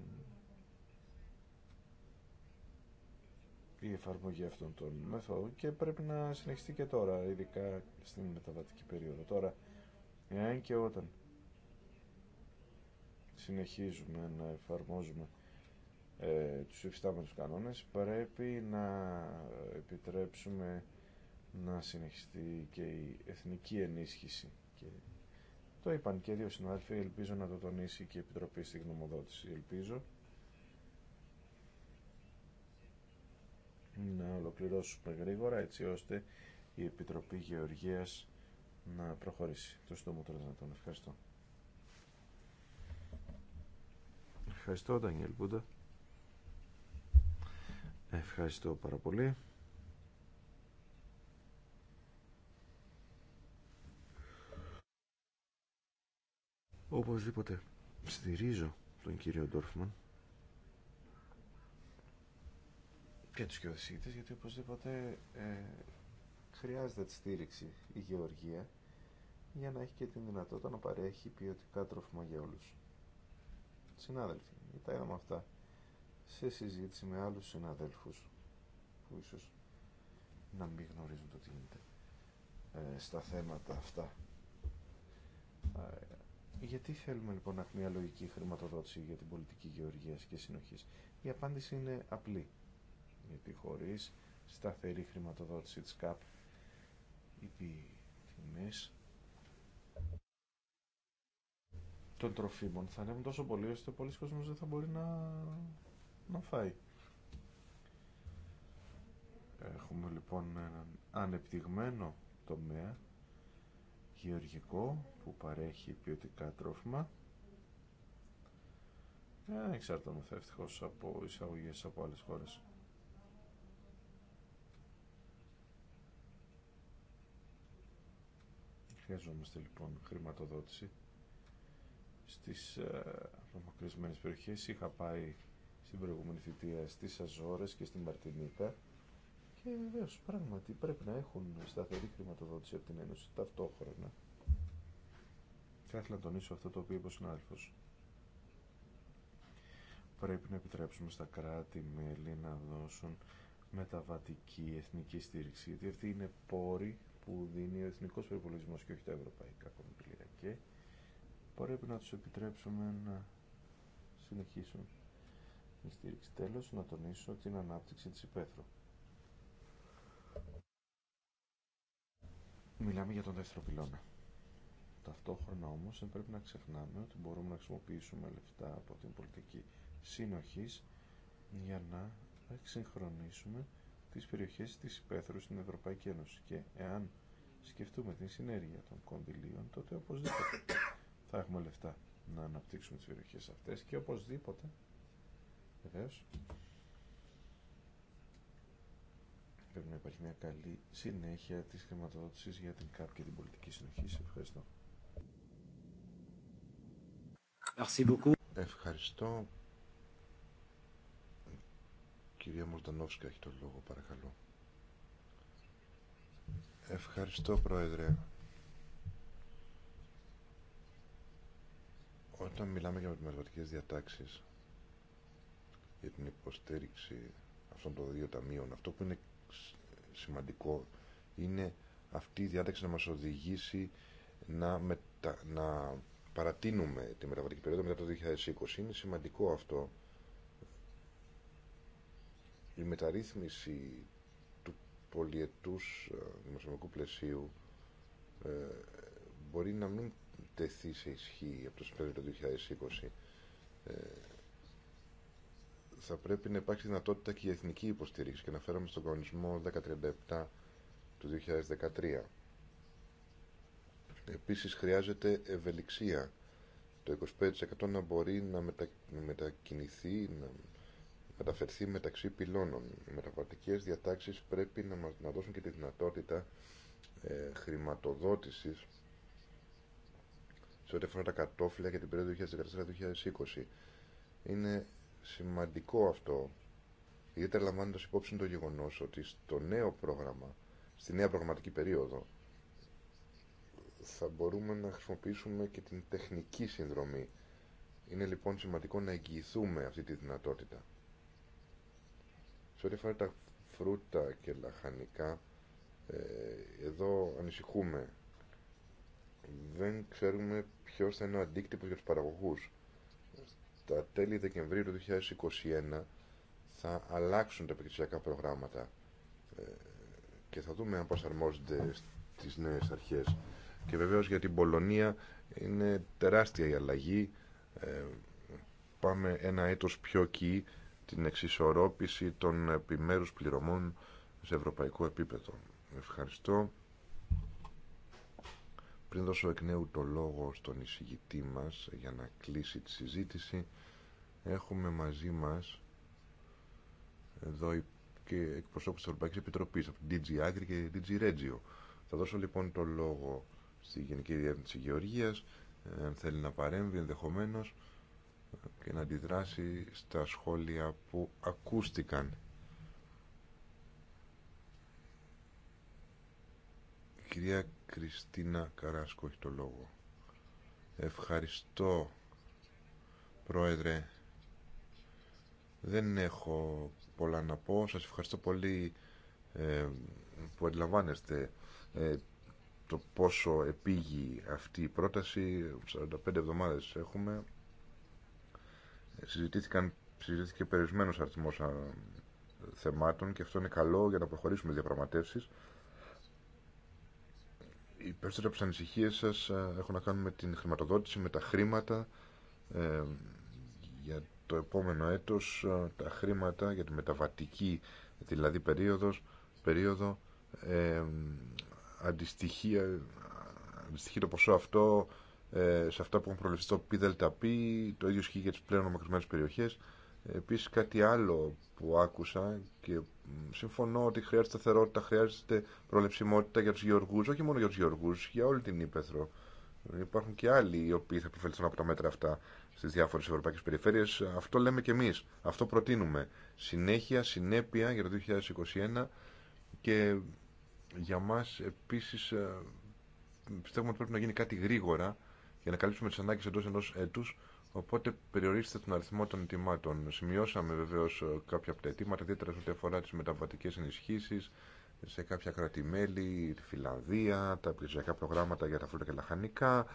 B: η εφαρμογή αυτών των μεθόδων και πρέπει να συνεχιστεί και τώρα, ειδικά στην μεταβατική περίοδο. Τώρα, εάν και όταν συνεχίζουμε να εφαρμόζουμε ε, τους υφιστάμενους κανόνες πρέπει να επιτρέψουμε να συνεχιστεί και η εθνική ενίσχυση και το είπαν και δύο συνάδελφοι ελπίζω να το τονίσει και η Επιτροπή στη γνωμοδότηση ελπίζω να ολοκληρώσουμε γρήγορα έτσι ώστε η Επιτροπή Γεωργίας να προχωρήσει το στόμα τον Ευχαριστώ. Ευχαριστώ, Ντανιέλ Μπούντα. Ευχαριστώ πάρα πολύ. Οπωσδήποτε στηρίζω τον κύριο Ντόρφμαν και τους και γιατί οπωσδήποτε ε, χρειάζεται τη στήριξη η γεωργία για να έχει και την δυνατότητα να παρέχει ποιοτικά τρόφιμα για όλους. Συνάδελφοι, τα είδαμε αυτά σε συζήτηση με άλλους συναδέλφους που ίσως να μην γνωρίζουν το τι γίνεται ε, στα θέματα αυτά. Ε, γιατί θέλουμε λοιπόν να έχουμε μια λογική χρηματοδότηση για την πολιτική γεωργίας και συνοχής. Η απάντηση είναι απλή. Γιατί χωρίς σταθερή χρηματοδότηση της ΚΑΠ οι τιμές των τροφίμων θα ανέβουν τόσο πολύ ώστε πολλοί κόσμος δεν θα μπορεί να, να φάει. Έχουμε λοιπόν έναν ανεπτυγμένο τομέα γεωργικό που παρέχει ποιοτικά τρόφιμα ε, θα ευτυχώς από εισαγωγές από άλλες χώρες. Χρειαζόμαστε λοιπόν χρηματοδότηση στις ε, απομακρυσμένες περιοχές. Είχα πάει στην προηγούμενη θητεία στις Αζόρες και στην Μαρτινίκα και βεβαίω πράγματι πρέπει να έχουν σταθερή χρηματοδότηση από την Ένωση ταυτόχρονα. Θα ήθελα να τονίσω αυτό το οποίο είπε ο συνάδελφος. Πρέπει να επιτρέψουμε στα κράτη-μέλη να δώσουν μεταβατική εθνική στήριξη, γιατί αυτή είναι πόρη που δίνει ο εθνικός περιβολισμός και όχι τα ευρωπαϊκά κονδύλια. Και πρέπει να τους επιτρέψουμε να συνεχίσουν τη στήριξη. Τέλος, να τονίσω την ανάπτυξη της υπαίθρου. Μιλάμε για τον δεύτερο πυλώνα. Ταυτόχρονα όμως δεν πρέπει να ξεχνάμε ότι μπορούμε να χρησιμοποιήσουμε λεφτά από την πολιτική συνοχής για να εξυγχρονίσουμε τις περιοχές της υπαίθρου στην Ευρωπαϊκή Ένωση και εάν σκεφτούμε την συνέργεια των κονδυλίων τότε οπωσδήποτε θα έχουμε λεφτά να αναπτύξουμε τις περιοχές αυτές και οπωσδήποτε βεβαίω. πρέπει να υπάρχει μια καλή συνέχεια της χρηματοδότησης για την ΚΑΠ και την πολιτική συνοχή. Σε ευχαριστώ.
A: Ευχαριστώ. Κυρία Μορτανόφσκα έχει το λόγο, παρακαλώ. Ευχαριστώ, Πρόεδρε. Όταν μιλάμε για μαθηματικές διατάξεις για την υποστήριξη αυτών των δύο ταμείων, αυτό που είναι σημαντικό είναι αυτή η διάταξη να μας οδηγήσει να, μετα... να παρατείνουμε τη μεταβατική περίοδο μετά το 2020. Είναι σημαντικό αυτό. Η μεταρρύθμιση του πολιετούς ε, δημοσιονομικού πλαισίου ε, μπορεί να μην τεθεί σε ισχύ από το Σεπτέμβριο του 2020 ε, θα πρέπει να υπάρχει δυνατότητα και η εθνική υποστήριξη και να στον κανονισμό 1037 του 2013. Επίσης χρειάζεται ευελιξία. Το 25% να μπορεί να, μετα... μετακινηθεί, να μεταφερθεί μεταξύ πυλώνων. Οι μεταβατικές διατάξεις πρέπει να μας να δώσουν και τη δυνατότητα ε, χρηματοδότησης σε ό,τι αφορά τα κατόφυλλα για την περίοδο 2014-2020. Είναι σημαντικό αυτό, ιδιαίτερα λαμβάνοντα υπόψη το γεγονό ότι στο νέο πρόγραμμα, στη νέα προγραμματική περίοδο, θα μπορούμε να χρησιμοποιήσουμε και την τεχνική συνδρομή. Είναι λοιπόν σημαντικό να εγγυηθούμε αυτή τη δυνατότητα. Σε ό,τι αφορά τα φρούτα και λαχανικά, ε, εδώ ανησυχούμε δεν ξέρουμε ποιος θα είναι ο αντίκτυπος για τους παραγωγούς. Στα τέλη Δεκεμβρίου του 2021 θα αλλάξουν τα επικοινωνιακά προγράμματα ε, και θα δούμε αν προσαρμόζονται στις νέες αρχές. Και βεβαίως για την Πολωνία είναι τεράστια η αλλαγή. Ε, πάμε ένα έτος πιο εκεί την εξισορρόπηση των επιμέρους πληρωμών σε ευρωπαϊκό επίπεδο. Ευχαριστώ. Πριν δώσω εκ νέου το λόγο στον εισηγητή μας για να κλείσει τη συζήτηση, έχουμε μαζί μας εδώ και εκπροσώπους της Ευρωπαϊκής Επιτροπής, από την DG Agri και την DG Regio. Θα δώσω λοιπόν το λόγο στη Γενική Διεύθυνση Γεωργίας, αν θέλει να παρέμβει ενδεχομένω και να αντιδράσει στα σχόλια που ακούστηκαν. κυρία Κριστίνα Καράσκο έχει το λόγο. Ευχαριστώ, Πρόεδρε. Δεν έχω πολλά να πω. Σας ευχαριστώ πολύ ε, που αντιλαμβάνεστε ε, το πόσο επίγει αυτή η πρόταση. 45 εβδομάδες έχουμε. Ε, συζητήθηκαν, συζητήθηκε περιορισμένος αριθμός θεμάτων και αυτό είναι καλό για να προχωρήσουμε διαπραγματεύσεις οι περισσότερε από τι ανησυχίε σα έχουν να κάνουν με την χρηματοδότηση, με τα χρήματα. Ε, για το επόμενο έτο, τα χρήματα για τη μεταβατική δηλαδή περίοδος, περίοδο ε, αντιστοιχεί, αντιστοιχεί το ποσό αυτό ε, σε αυτά που έχουν προληφθεί στο πι, το ίδιο ισχύει για τι πλέον ομακρυσμένε περιοχές. Επίσης κάτι άλλο που άκουσα και συμφωνώ ότι χρειάζεται σταθερότητα, χρειάζεται προλεψιμότητα για τους γεωργούς, όχι μόνο για τους γεωργούς, για όλη την Ήπεθρο. Υπάρχουν και άλλοι οι οποίοι θα επιφελθούν από τα μέτρα αυτά στις διάφορες ευρωπαϊκές περιφέρειες. Αυτό λέμε και εμείς, αυτό προτείνουμε. Συνέχεια, συνέπεια για το 2021 και για μας επίσης ε, πιστεύουμε ότι πρέπει να γίνει κάτι γρήγορα για να καλύψουμε τις ανάγκες εντός ενός έτους Οπότε περιορίστε τον αριθμό των ετοιμάτων. Σημειώσαμε βεβαίω ε, κάποια από τα αιτήματα, ιδιαίτερα σε ό,τι αφορά τι μεταβατικέ ενισχύσει σε καποια κρατημέλη, τη Φιλανδία, τα επιχειρησιακά προγράμματα για τα φρούτα και λαχανικά.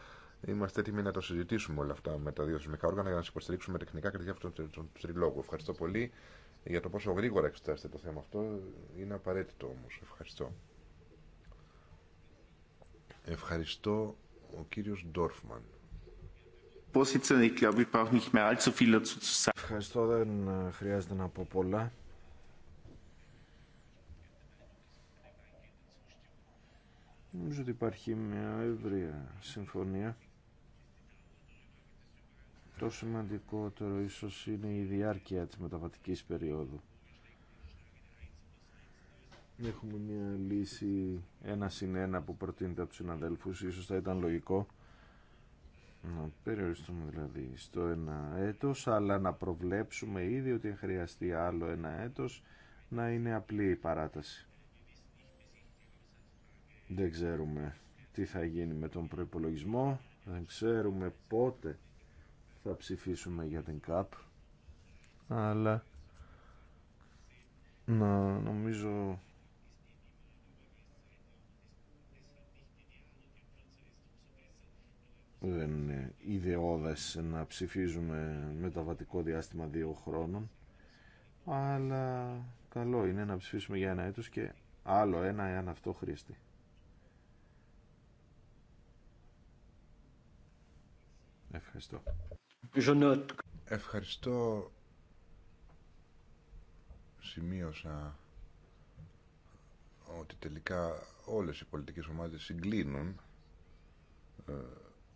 A: Είμαστε έτοιμοι να το συζητήσουμε όλα αυτά με τα δύο θεσμικά όργανα για να σα υποστηρίξουμε τεχνικά και διάφορα τον τριλόγου. Ευχαριστώ πολύ για το πόσο γρήγορα εξετάσετε το θέμα αυτό. Είναι απαραίτητο όμω. Ευχαριστώ. Ευχαριστώ ο κύριος
D: Ντόρφμαν. Ευχαριστώ,
B: δεν ε, χρειάζεται να πω πολλά. Νομίζω ότι υπάρχει μια ευρεία συμφωνία. Το σημαντικότερο ίσως είναι η διάρκεια της μεταβατικής περίοδου. Έχουμε μια λύση ένα συν ένα που προτείνεται από τους συναδέλφους. Ίσως θα ήταν λογικό να περιοριστούμε δηλαδή στο ένα έτος, αλλά να προβλέψουμε ήδη ότι χρειαστεί άλλο ένα έτος να είναι απλή η παράταση. Δεν ξέρουμε τι θα γίνει με τον προϋπολογισμό, δεν ξέρουμε πότε θα ψηφίσουμε για την ΚΑΠ, αλλά να νομίζω δεν είναι ιδεώδες να ψηφίζουμε μεταβατικό διάστημα δύο χρόνων αλλά καλό είναι να ψηφίσουμε για ένα έτος και
A: άλλο ένα εάν αυτό χρήστη. Ευχαριστώ. Ευχαριστώ. Σημείωσα ότι τελικά όλες οι πολιτικές ομάδες συγκλίνουν ε,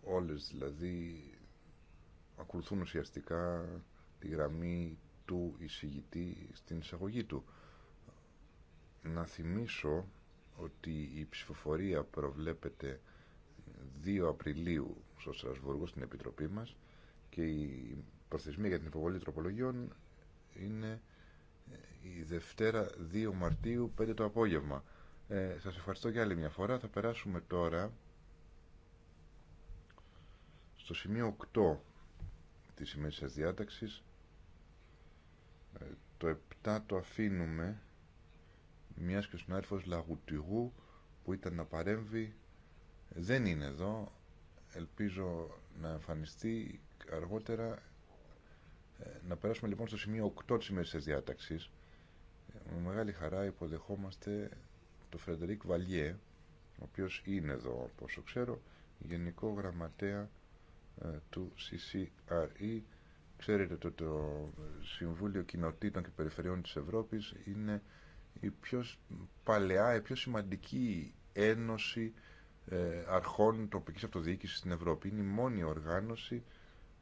A: όλες δηλαδή ακολουθούν ουσιαστικά τη γραμμή του εισηγητή στην εισαγωγή του. Να θυμίσω ότι η ψηφοφορία προβλέπεται 2 Απριλίου στο Στρασβούργο στην Επιτροπή μας και η προθεσμία για την υποβολή τροπολογιών είναι ε, η Δευτέρα 2 Μαρτίου 5 το απόγευμα. Ε, σας ευχαριστώ για άλλη μια φορά. Θα περάσουμε τώρα στο σημείο 8 της ημέρας διάταξης ε, το 7 το αφήνουμε μιας και ο συνάδελφος Λαγουτιγού που ήταν να παρέμβει δεν είναι εδώ ελπίζω να εμφανιστεί αργότερα ε, να περάσουμε λοιπόν στο σημείο 8 της ημέρας διάταξης ε, με μεγάλη χαρά υποδεχόμαστε τον Φρεντερίκ Βαλιέ ο οποίος είναι εδώ όπως ξέρω γενικό γραμματέα ε, του CCRE. Ξέρετε ότι το, το Συμβούλιο Κοινοτήτων και Περιφερειών της Ευρώπης είναι η πιο παλαιά, η πιο σημαντική ένωση ε, αρχών τοπικής αυτοδιοίκησης στην Ευρώπη. Είναι η μόνη οργάνωση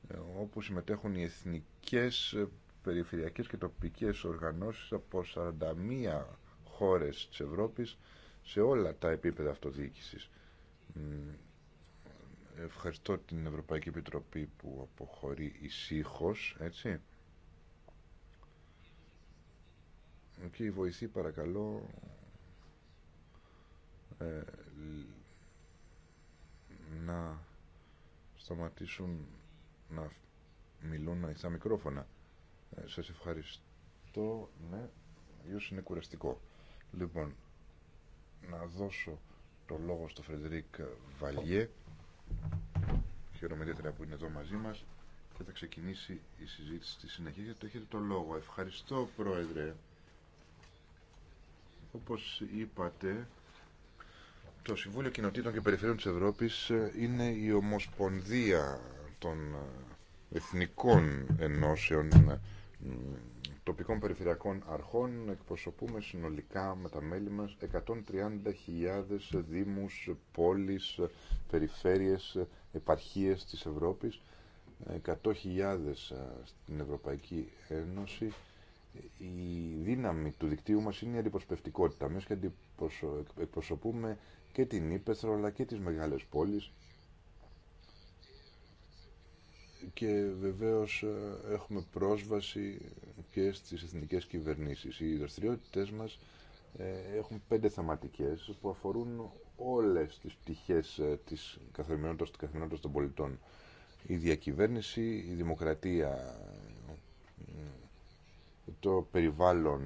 A: ε, όπου συμμετέχουν οι εθνικές, περιφερειακές και τοπικές οργανώσεις από 41 χώρες της Ευρώπης σε όλα τα επίπεδα αυτοδιοίκησης. Ευχαριστώ την Ευρωπαϊκή Επιτροπή που αποχωρεί ησύχω, έτσι. Και η βοηθή παρακαλώ ε, να σταματήσουν να μιλούν να μικρόφωνα. Ε, σας ευχαριστώ. Ναι, ίσως είναι κουραστικό. Λοιπόν, να δώσω το λόγο στο Φρεντρίκ Βαλιέ Χαίρομαι ιδιαίτερα που είναι εδώ μαζί μας και θα ξεκινήσει η συζήτηση στη συνέχεια γιατί έχετε το λόγο. Ευχαριστώ Πρόεδρε. Όπως είπατε, το Συμβούλιο Κοινοτήτων και Περιφερειών της Ευρώπης ε, είναι η ομοσπονδία των ε, εθνικών ενώσεων ε, τοπικών περιφερειακών αρχών εκπροσωπούμε συνολικά με τα μέλη μας 130.000 δήμους, πόλεις, περιφέρειες, επαρχίες της Ευρώπης, 100.000 στην Ευρωπαϊκή Ένωση. Η δύναμη του δικτύου μας είναι η αντιπροσωπευτικότητα, και εκπροσωπούμε και την Ήπεθρο αλλά και τις μεγάλες πόλεις και βεβαίως ε, έχουμε πρόσβαση και στις εθνικές κυβερνήσεις. Οι δραστηριότητε μας ε, έχουν πέντε θεματικές που αφορούν όλες τις πτυχές ε, της καθημερινότητας, της καθημερινότητας των πολιτών. Η διακυβέρνηση, η δημοκρατία, το περιβάλλον,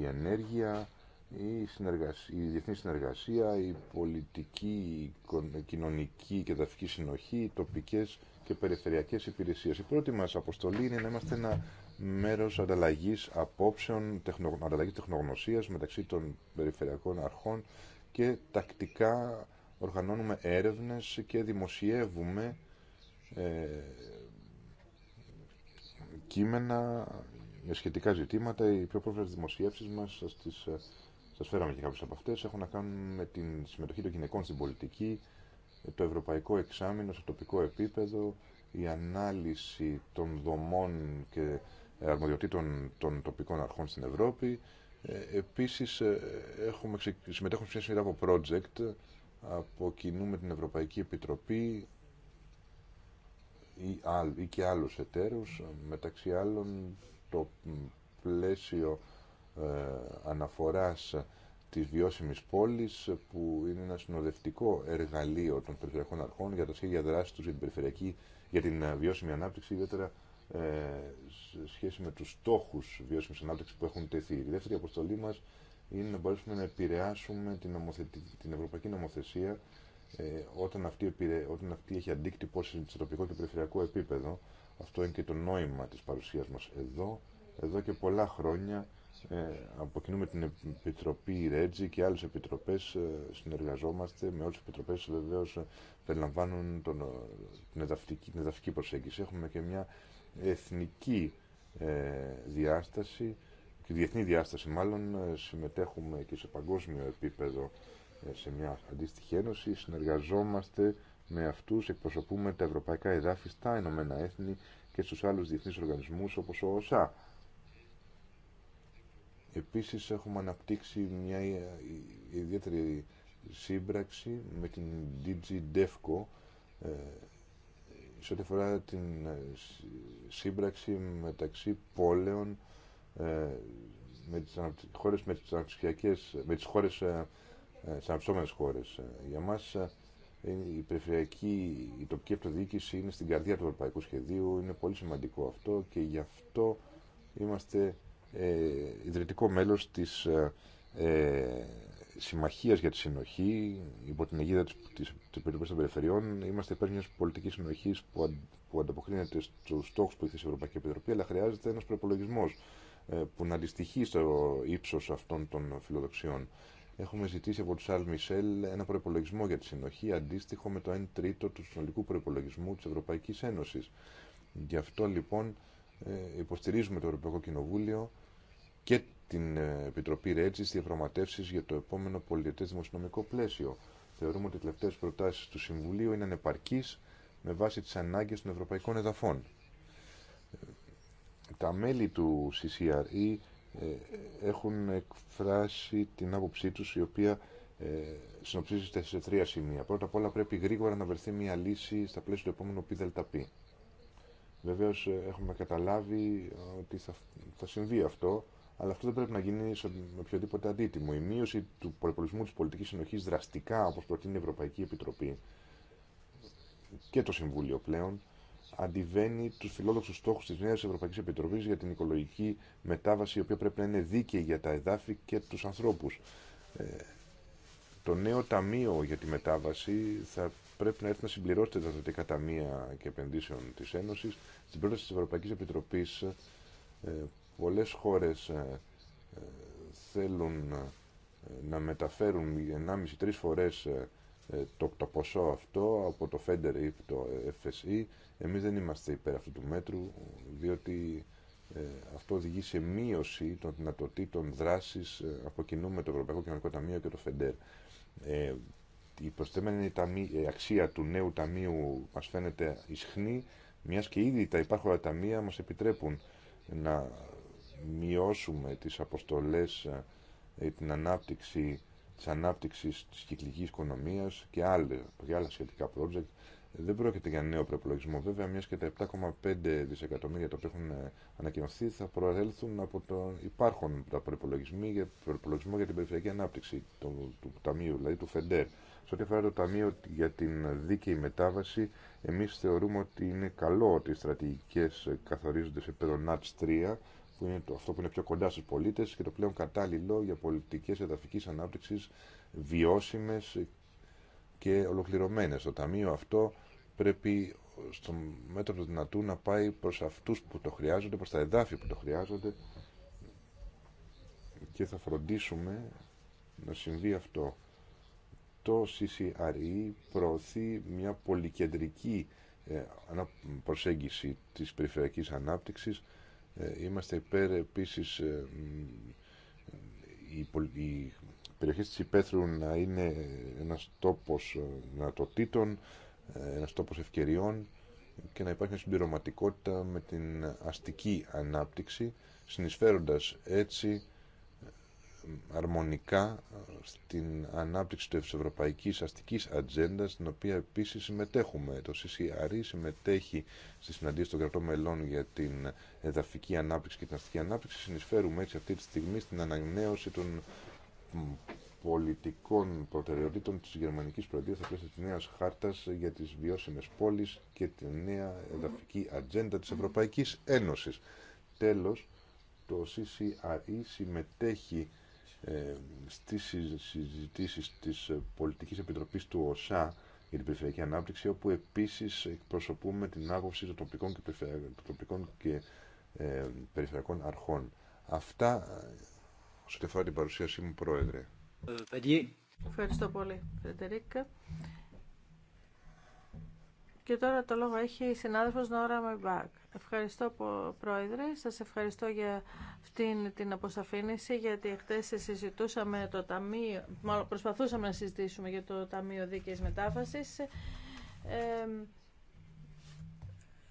A: η ενέργεια, η, συνεργασία, η διεθνή συνεργασία, η πολιτική, η κοινωνική και ταφική συνοχή, οι τοπικές και περιφερειακές υπηρεσίες. Η πρώτη μας αποστολή είναι να είμαστε ένα μέρος ανταλλαγής απόψεων, τεχνο, ανταλλαγής τεχνογνωσίας μεταξύ των περιφερειακών αρχών και τακτικά οργανώνουμε έρευνες και δημοσιεύουμε ε, κείμενα ε, σχετικά ζητήματα. Οι πιο πρόσφατε δημοσιεύσει μα στις ε, Σα φέραμε και κάποιε από αυτέ. Έχουν να κάνουν με τη συμμετοχή των γυναικών στην πολιτική, το ευρωπαϊκό εξάμεινο στο τοπικό επίπεδο, η ανάλυση των δομών και ε, αρμοδιοτήτων των τοπικών αρχών στην Ευρώπη. Ε, επίσης ε, έχουμε συμμετέχουμε σε σειρά από project από κοινού με την Ευρωπαϊκή Επιτροπή ή, ή και άλλους εταίρους μεταξύ άλλων το πλαίσιο ε, αναφοράς της βιώσιμης πόλης που είναι ένα συνοδευτικό εργαλείο των περιφερειακών αρχών για τα σχέδια δράση τους για την, περιφερειακή, για την ε, βιώσιμη ανάπτυξη ιδιαίτερα ε, σε σχέση με τους στόχους βιώσιμης ανάπτυξης που έχουν τεθεί. Η δεύτερη αποστολή μας είναι να μπορέσουμε να επηρεάσουμε την, την ευρωπαϊκή νομοθεσία ε, όταν, αυτή, όταν αυτή έχει αντίκτυπο σε τοπικό και περιφερειακό επίπεδο. Αυτό είναι και το νόημα της παρουσίας μας εδώ. Εδώ και πολλά χρόνια ε, από την Επιτροπή Ρέτζη και άλλες επιτροπές ε, συνεργαζόμαστε με όλες τις επιτροπές βεβαίως ε, περιλαμβάνουν τον, την, εδαφική, την εδαφική προσέγγιση. Έχουμε και μια εθνική διάσταση και διεθνή διάσταση μάλλον συμμετέχουμε και σε παγκόσμιο επίπεδο σε μια αντίστοιχη ένωση. Συνεργαζόμαστε με αυτούς, εκπροσωπούμε τα ευρωπαϊκά εδάφη στα Ηνωμένα Έθνη και στους άλλους διεθνείς οργανισμούς όπως ο ΩΣΑ. Επίσης έχουμε αναπτύξει μια ιδιαίτερη σύμπραξη με την DG DEFCO ε, σε ό,τι αφορά την ε, σύμπραξη μεταξύ πόλεων ε, με τις χώρες με αναπτυξιακές με τις χώρες χώρες. Για μας η περιφερειακή, η τοπική αυτοδιοίκηση είναι στην καρδιά του ευρωπαϊκού σχεδίου, είναι πολύ σημαντικό αυτό και γι' αυτό είμαστε ε, ιδρυτικό μέλος της ε, ε, Συμμαχίας για τη Συνοχή υπό την αιγίδα της, της, της των Περιφερειών. Είμαστε υπέρ μιας πολιτικής συνοχής που, που ανταποκρίνεται στους στόχους που έχει η Ευρωπαϊκή Επιτροπή, αλλά χρειάζεται ένας προπολογισμό ε, που να αντιστοιχεί στο ύψος αυτών των φιλοδοξιών. Έχουμε ζητήσει από του Σαρλ Μισελ ένα προπολογισμό για τη συνοχή αντίστοιχο με το 1 τρίτο του συνολικού προπολογισμού τη Ευρωπαϊκή Ένωση. Γι' αυτό λοιπόν ε, υποστηρίζουμε το Ευρωπαϊκό Κοινοβούλιο και την ε, Επιτροπή Ρέτζη στι διαπραγματεύσει για το επόμενο πολιτευτέ δημοσιονομικό πλαίσιο. Θεωρούμε ότι οι τελευταίε προτάσει του Συμβουλίου είναι ανεπαρκεί με βάση τι ανάγκε των ευρωπαϊκών εδαφών. Ε, τα μέλη του CCRE έχουν εκφράσει την άποψή του, η οποία συνοψίζεται σε τρία σημεία. Πρώτα απ' όλα πρέπει γρήγορα να βρεθεί μια λύση στα πλαίσια του επόμενου ΠΔΠ. Βεβαίως ε, έχουμε καταλάβει ε, ότι θα, συμβεί αυτό, αλλά αυτό δεν πρέπει να γίνει σε οποιοδήποτε αντίτιμο. Η μείωση του προπολισμού τη πολιτική συνοχή δραστικά, όπω προτείνει η Ευρωπαϊκή Επιτροπή και το Συμβούλιο πλέον, αντιβαίνει του φιλόδοξου στόχου τη νέας Ευρωπαϊκή Επιτροπή για την οικολογική μετάβαση, η οποία πρέπει να είναι δίκαιη για τα εδάφη και του ανθρώπου. Ε, το νέο Ταμείο για τη Μετάβαση θα πρέπει να έρθει να συμπληρώσετε τα δυτικά ταμεία και επενδύσεων της Ένωσης. Στην πρόταση της Ευρωπαϊκής Επιτροπής ε, πολλές χώρες ε, ε, θέλουν να μεταφέρουν 1,5-3 φορές το, το ποσό αυτό από το Φέντερ ή το FSE. Εμείς δεν είμαστε υπέρ αυτού του μέτρου, διότι αυτό οδηγεί σε μείωση των δυνατοτήτων δράση από κοινού με το Ευρωπαϊκό Κοινωνικό Ταμείο και το Φεντέρ. Ε, η προσθέμενη ε, αξία του νέου ταμείου μας φαίνεται ισχνή, μιας και ήδη τα υπάρχοντα ταμεία μας επιτρέπουν να μειώσουμε τις αποστολές, ε, ε, την ανάπτυξη της ανάπτυξης της κυκλικής οικονομίας και άλλα, άλλα σχετικά project. Δεν πρόκειται για νέο προπολογισμό. Βέβαια, μια και τα 7,5 δισεκατομμύρια τα οποία έχουν ανακοινωθεί θα προέλθουν από το υπάρχον τα προπολογισμό για την περιφερειακή ανάπτυξη του, του Ταμείου, δηλαδή του ΦΕΝΤΕΡ. Σε ό,τι αφορά το Ταμείο για την Δίκαιη Μετάβαση, εμείς θεωρούμε ότι είναι καλό ότι οι στρατηγικές καθορίζονται σε επίπεδο ΝΑΤΣ 3, που είναι το, αυτό που είναι πιο κοντά στους πολίτες και το πλέον κατάλληλο για πολιτικές εδαφικής ανάπτυξης βιώσιμες και ολοκληρωμένες. Το Ταμείο αυτό πρέπει στο μέτρο του δυνατού να πάει προς αυτούς που το χρειάζονται, προς τα εδάφη που το χρειάζονται και θα φροντίσουμε να συμβεί αυτό το CCRE προωθεί μια πολυκεντρική ε, προσέγγιση της περιφερειακής ανάπτυξης. Ε, είμαστε υπέρ επίσης ε, οι περιοχές της Υπέθρου να είναι ένας τόπος δυνατοτήτων, ένας τόπος ευκαιριών και να υπάρχει μια συμπληρωματικότητα με την αστική ανάπτυξη, συνεισφέροντας έτσι αρμονικά ε, στην ανάπτυξη της Ευρωπαϊκής Αστικής Ατζέντα, στην οποία επίσης συμμετέχουμε. Το CCRE συμμετέχει στη συναντήσεις των κρατών μελών για την εδαφική ανάπτυξη και την αστική ανάπτυξη. Συνεισφέρουμε έτσι αυτή τη στιγμή στην ανανέωση των πολιτικών προτεραιοτήτων της Γερμανικής Προεδρίας στα πλαίσια της νέας χάρτας για τις βιώσιμες πόλεις και τη νέα εδαφική ατζέντα της Ευρωπαϊκής Ένωσης. Τέλος, το CCRE συμμετέχει ε, στις συζητήσεις της ε, Πολιτικής Επιτροπής του ΟΣΑ για την περιφερειακή ανάπτυξη, όπου επίσης εκπροσωπούμε την άποψη των τοπικών και, τοπικών και ε, περιφερειακών αρχών. Αυτά ε, σε την παρουσίασή μου, Πρόεδρε.
C: Ευχαριστώ πολύ, Φρεντερίκα. Και τώρα το λόγο έχει η συνάδελφος Νόρα Μεμπάκ. Ευχαριστώ, Πρόεδρε. Σας ευχαριστώ για αυτήν την αποσαφήνιση, γιατί χτες συζητούσαμε το ταμείο, μάλλον προσπαθούσαμε να συζητήσουμε για το Ταμείο Δίκαιης Μετάφασης.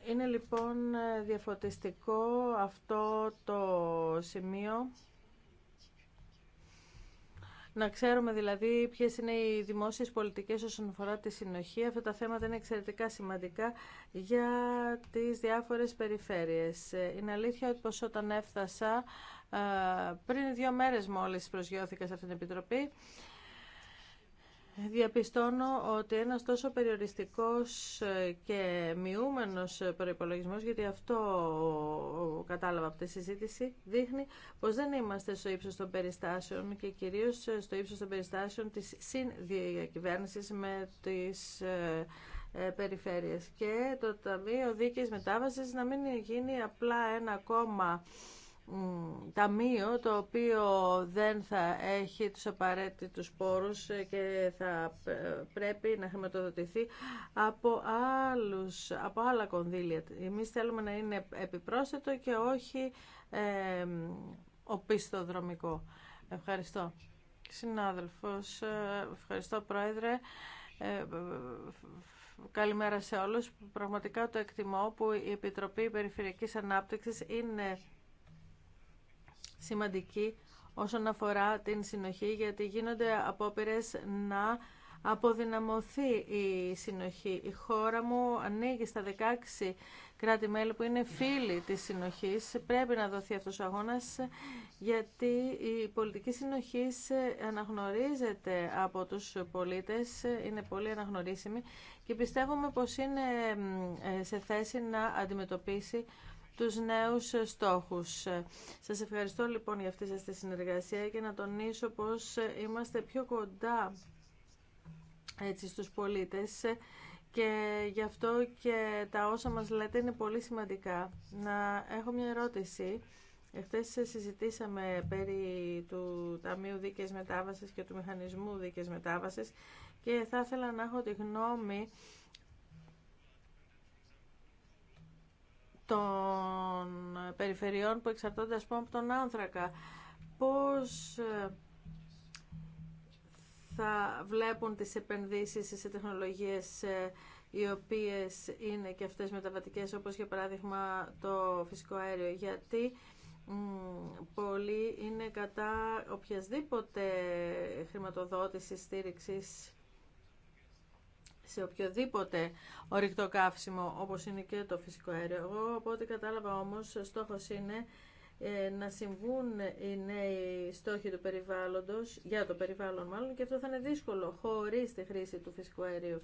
C: είναι λοιπόν διαφωτιστικό αυτό το σημείο να ξέρουμε δηλαδή ποιες είναι οι δημόσιες πολιτικές όσον αφορά τη συνοχή. Αυτά τα θέματα είναι εξαιρετικά σημαντικά για τις διάφορες περιφέρειες. Ε, είναι αλήθεια ότι όταν έφτασα, ε, πριν δύο μέρες μόλις προσγειώθηκα σε αυτήν την Επιτροπή, διαπιστώνω ότι ένας τόσο περιοριστικός και μειούμενος προϋπολογισμός, γιατί αυτό κατάλαβα από τη συζήτηση, δείχνει πως δεν είμαστε στο ύψος των περιστάσεων και κυρίως στο ύψος των περιστάσεων της συνδιακυβέρνησης με τις ε, περιφέρειες. Και το Ταμείο Δίκαιης Μετάβασης να μην γίνει απλά ένα κόμμα, ταμείο το οποίο δεν θα έχει τους απαραίτητους πόρους ε, και θα ε, πρέπει να χρηματοδοτηθεί από, άλλους, από άλλα κονδύλια. Εμείς θέλουμε να είναι επιπρόσθετο και όχι ε, οπισθοδρομικό. Ευχαριστώ. Συνάδελφος, ε, ευχαριστώ Πρόεδρε. καλημέρα σε όλους. Πραγματικά το εκτιμώ που η Επιτροπή Περιφερειακής Ανάπτυξης είναι σημαντική όσον αφορά την συνοχή, γιατί γίνονται απόπειρες να αποδυναμωθεί η συνοχή. Η χώρα μου ανοίγει στα 16 κράτη-μέλη που είναι φίλοι της συνοχής. Πρέπει να δοθεί αυτός ο αγώνας, γιατί η πολιτική συνοχής αναγνωρίζεται από τους πολίτες, είναι πολύ αναγνωρίσιμη και πιστεύουμε πως είναι σε θέση να αντιμετωπίσει τους νέους στόχους. Σας ευχαριστώ λοιπόν για αυτή σας τη συνεργασία και να τονίσω πως είμαστε πιο κοντά έτσι, στους πολίτες και γι' αυτό και τα όσα μας λέτε είναι πολύ σημαντικά. Να έχω μια ερώτηση. Εχθές συζητήσαμε περί του Ταμείου Δίκαιης Μετάβασης και του Μηχανισμού Δίκαιης Μετάβασης και θα ήθελα να έχω τη γνώμη των περιφερειών που εξαρτώνται ας πούμε από τον άνθρακα. Πώς ε, θα βλέπουν τις επενδύσεις σε τεχνολογίες ε, οι οποίες είναι και αυτές μεταβατικές όπως για παράδειγμα το φυσικό αέριο γιατί πολλοί είναι κατά οποιασδήποτε χρηματοδότηση στήριξης σε οποιοδήποτε ορυκτό καύσιμο όπως είναι και το φυσικό αέριο. Εγώ από ό,τι κατάλαβα όμως στόχος είναι ε, να συμβούν οι νέοι στόχοι του περιβάλλοντος, για το περιβάλλον μάλλον, και αυτό θα είναι δύσκολο χωρίς τη χρήση του φυσικού αερίου.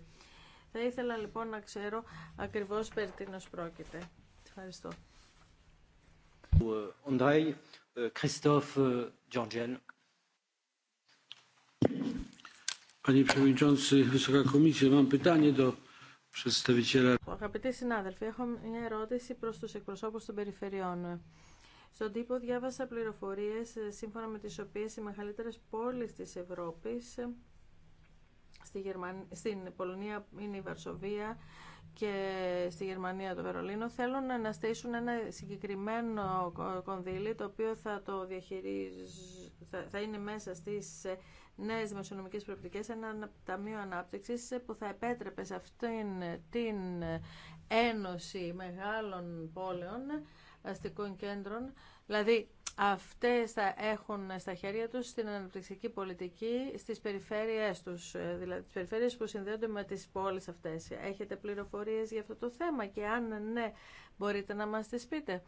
C: Θα ήθελα λοιπόν να ξέρω ακριβώς περί τίνος πρόκειται. Ευχαριστώ.
A: Ε, ε,
C: Αγαπητοί συνάδελφοι, έχω μια ερώτηση προς τους εκπροσώπους των περιφερειών. Στον τύπο διάβασα πληροφορίες σύμφωνα με τις οποίες οι μεγαλύτερες πόλεις της Ευρώπης στη στην Πολωνία είναι η Βαρσοβία και στη Γερμανία το Βερολίνο θέλουν να στήσουν ένα συγκεκριμένο κονδύλι το οποίο θα το θα είναι μέσα στις ε, νέες δημοσιονομικές προοπτικές ένα ταμείο ανάπτυξης ε, που θα επέτρεπε σε αυτήν την ένωση μεγάλων πόλεων αστικών κέντρων δηλαδή αυτές θα έχουν στα χέρια τους την αναπτυξιακή πολιτική στις περιφέρειές τους, δηλαδή τις περιφέρειες που συνδέονται με τις πόλεις αυτές. Έχετε πληροφορίες για αυτό το θέμα και αν ναι μπορείτε να μας τις πείτε.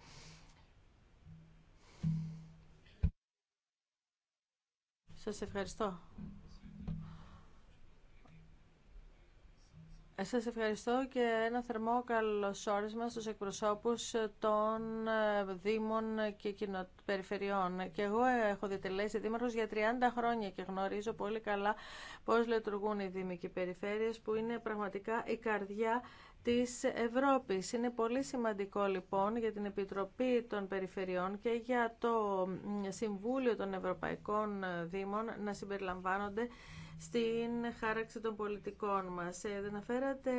C: Σας ευχαριστώ. Ε, σας ευχαριστώ και ένα θερμό καλωσόρισμα στους εκπροσώπους των ε, Δήμων και Περιφερειών. Και εγώ έχω διατελέσει δήμαρχος για 30 χρόνια και γνωρίζω πολύ καλά πώς λειτουργούν οι Δήμοι και οι Περιφέρειες που είναι πραγματικά η καρδιά της Ευρώπης. Είναι πολύ σημαντικό λοιπόν για την Επιτροπή των Περιφερειών και για το Συμβούλιο των Ευρωπαϊκών Δήμων να συμπεριλαμβάνονται στην χάραξη των πολιτικών μας. Ε, αφέρατε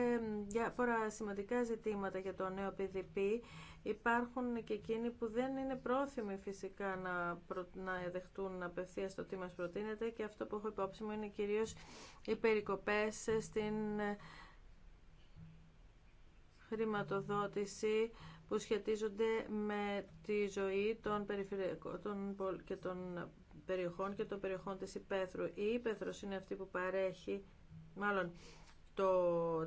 C: διάφορα σημαντικά ζητήματα για το νέο PDP. Υπάρχουν και εκείνοι που δεν είναι πρόθυμοι φυσικά να, να δεχτούν απευθεία το τι μας προτείνεται και αυτό που έχω υπόψη μου είναι κυρίως οι περικοπές στην χρηματοδότηση που σχετίζονται με τη ζωή των και των περιοχών και των περιοχών της υπαίθρου. Η υπαίθρος είναι αυτή που παρέχει, μάλλον το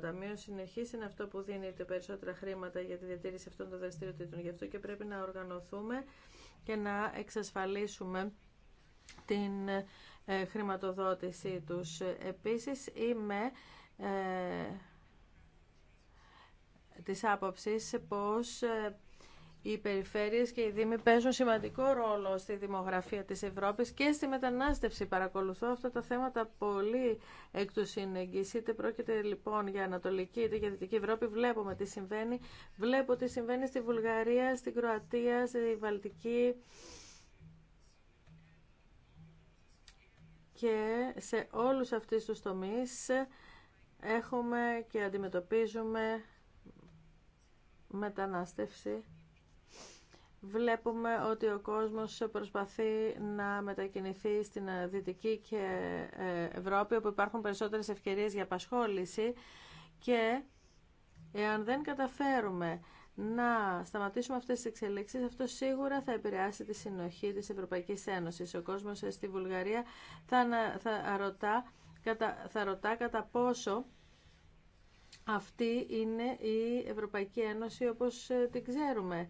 C: Ταμείο συνεχή είναι αυτό που δίνει τα περισσότερα χρήματα για τη διατήρηση αυτών των δραστηριοτήτων. Γι' αυτό και πρέπει να οργανωθούμε και να εξασφαλίσουμε την ε, χρηματοδότησή τους. Επίσης είμαι ε, της άποψης πως ε, οι περιφέρειες και οι δήμοι παίζουν σημαντικό ρόλο στη δημογραφία της Ευρώπης και στη μετανάστευση. Παρακολουθώ αυτά τα θέματα πολύ εκ του συνεγγύς. Είτε πρόκειται λοιπόν για Ανατολική είτε για Δυτική Ευρώπη. Βλέπουμε τι συμβαίνει. Βλέπω τι συμβαίνει στη Βουλγαρία, στην Κροατία, στη Βαλτική. Και σε όλους αυτούς τους τομείς έχουμε και αντιμετωπίζουμε μετανάστευση βλέπουμε ότι ο κόσμος προσπαθεί να μετακινηθεί στην Δυτική και ε, Ευρώπη όπου υπάρχουν περισσότερες ευκαιρίες για απασχόληση και εάν δεν καταφέρουμε να σταματήσουμε αυτές τις εξελίξεις, αυτό σίγουρα θα επηρεάσει τη συνοχή της Ευρωπαϊκής Ένωσης. Ο κόσμος ε, στη Βουλγαρία θα, θα, ρωτά, κατα, θα ρωτά κατά πόσο αυτή είναι η Ευρωπαϊκή Ένωση όπως ε, την ξέρουμε.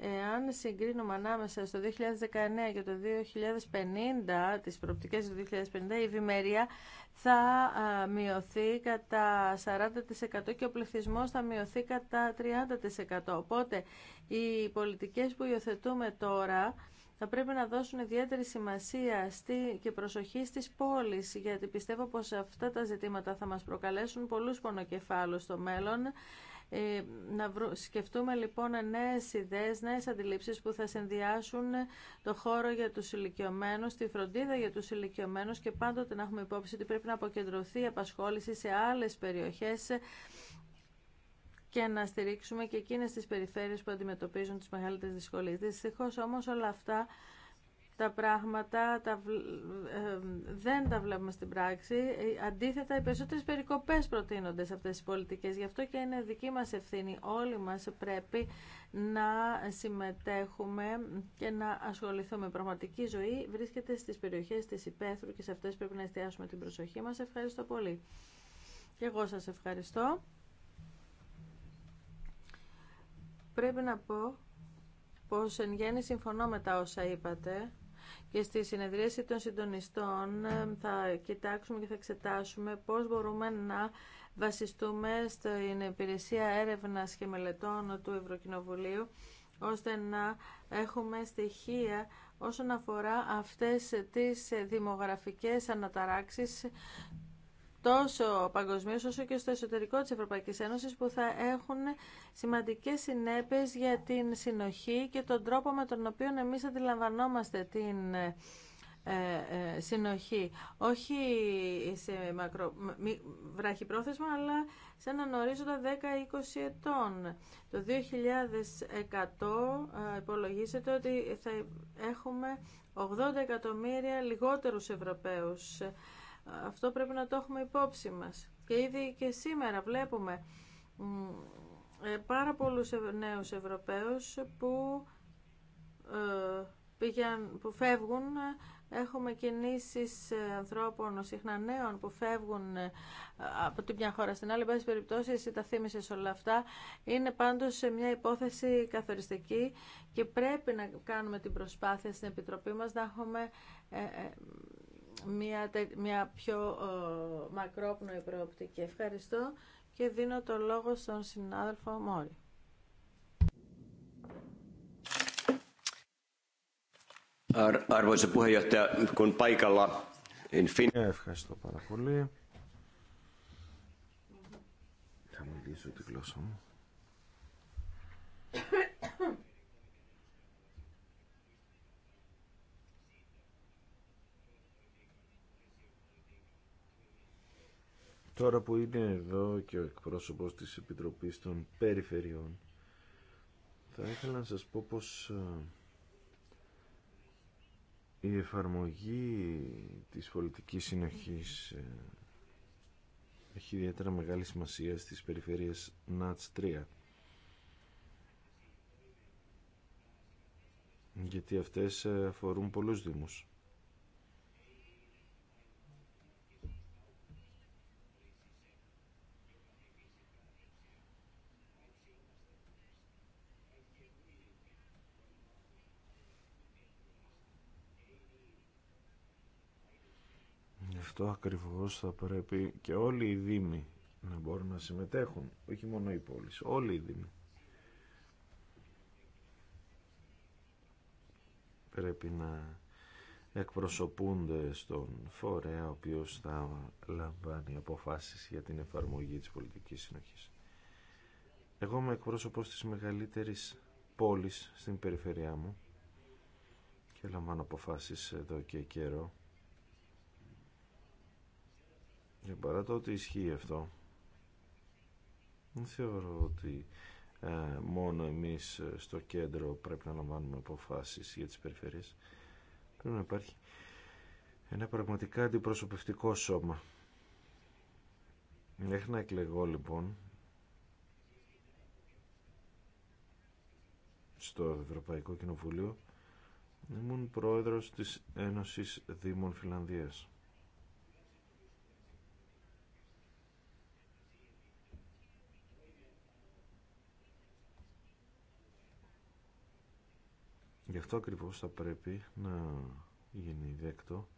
C: Εάν συγκρίνουμε ανάμεσα στο 2019 και το 2050, τις προοπτικές του 2050, η ευημερία θα μειωθεί κατά 40% και ο πληθυσμός θα μειωθεί κατά 30%. Οπότε οι πολιτικές που υιοθετούμε τώρα θα πρέπει να δώσουν ιδιαίτερη σημασία στη και προσοχή στις πόλεις, γιατί πιστεύω πως αυτά τα ζητήματα θα μας προκαλέσουν πολλούς πονοκεφάλους στο μέλλον ε, να σκεφτούμε λοιπόν νέες ιδέες, νέες αντιλήψεις που θα συνδυάσουν το χώρο για τους ηλικιωμένου, τη φροντίδα για τους ηλικιωμένου και πάντοτε να έχουμε υπόψη ότι πρέπει να αποκεντρωθεί η απασχόληση σε άλλες περιοχές και να στηρίξουμε και εκείνες τις περιφέρειες που αντιμετωπίζουν τις μεγαλύτερες δυσκολίες. Δυστυχώς όμως όλα αυτά τα πράγματα τα, ε, δεν τα βλέπουμε στην πράξη. Ε, αντίθετα, οι περισσότερε περικοπέ προτείνονται σε αυτέ τι πολιτικέ. Γι' αυτό και είναι δική μα ευθύνη. Όλοι μα πρέπει να συμμετέχουμε και να ασχοληθούμε. πραγματική ζωή βρίσκεται στι περιοχέ τη υπαίθρου και σε αυτέ πρέπει να εστιάσουμε την προσοχή μα. Ευχαριστώ πολύ. Και εγώ σα ευχαριστώ. Πρέπει να πω πως εν γέννη συμφωνώ με τα όσα είπατε και στη συνεδρίαση των συντονιστών ε, θα κοιτάξουμε και θα εξετάσουμε πώς μπορούμε να βασιστούμε στην υπηρεσία έρευνας και μελετών του Ευρωκοινοβουλίου ώστε να έχουμε στοιχεία όσον αφορά αυτές τις δημογραφικές αναταράξεις τόσο παγκοσμίω όσο και στο εσωτερικό της Ευρωπαϊκής Ένωσης που θα έχουν σημαντικές συνέπειες για την συνοχή και τον τρόπο με τον οποίο εμείς αντιλαμβανόμαστε την ε, ε, συνοχή. Όχι σε μακρο, βραχυπρόθεσμα, αλλά σε έναν ορίζοντα 10-20 ετών. Το 2100 ε, υπολογίζεται ότι θα έχουμε 80 εκατομμύρια λιγότερους Ευρωπαίους αυτό πρέπει να το έχουμε υπόψη μας. Και ήδη και σήμερα βλέπουμε ε, πάρα πολλούς νέους Ευρωπαίους που, ε, που φεύγουν Έχουμε κινήσεις ε, ανθρώπων, συχνά νέων, που φεύγουν από τη μια χώρα στην άλλη. Πάση περιπτώσει, εσύ τα θύμισες όλα αυτά. Είναι πάντως μια υπόθεση καθοριστική και πρέπει να κάνουμε την προσπάθεια στην Επιτροπή μας να έχουμε μια, μια πιο μακρόπνοη προοπτική. Ευχαριστώ και δίνω το λόγο στον συνάδελφο Μόρι.
B: Arvoisa puheenjohtaja, kun paikalla ε, Ευχαριστώ πάρα πολύ. Θα μιλήσω τη γλώσσα μου. Τώρα που είναι εδώ και ο εκπρόσωπος της Επιτροπής των Περιφερειών, θα ήθελα να σας πω πως ε, η εφαρμογή της πολιτικής συνοχής ε, έχει ιδιαίτερα μεγάλη σημασία στις περιφέρειες ΝΑΤΣ 3. Γιατί αυτές ε, αφορούν πολλούς δήμους. αυτό ακριβώς θα πρέπει και όλοι οι Δήμοι να μπορούν να συμμετέχουν, όχι μόνο οι πόλεις, όλοι οι Δήμοι. Πρέπει να εκπροσωπούνται στον φορέα ο οποίος θα λαμβάνει αποφάσεις για την εφαρμογή της πολιτικής συνοχής. Εγώ είμαι εκπρόσωπος της μεγαλύτερης πόλης στην περιφερειά μου και λαμβάνω αποφάσεις εδώ και καιρό και παρά το ότι ισχύει αυτό, δεν θεωρώ ότι ε, μόνο εμείς ε, στο κέντρο πρέπει να λαμβάνουμε αποφάσεις για τις περιφέρειες. Πρέπει να υπάρχει ένα πραγματικά αντιπροσωπευτικό σώμα. Μέχρι να εκλεγώ λοιπόν στο Ευρωπαϊκό Κοινοβούλιο ήμουν πρόεδρος της Ένωσης Δήμων Φιλανδίας. Γι' αυτό ακριβώς θα πρέπει να γίνει δέκτο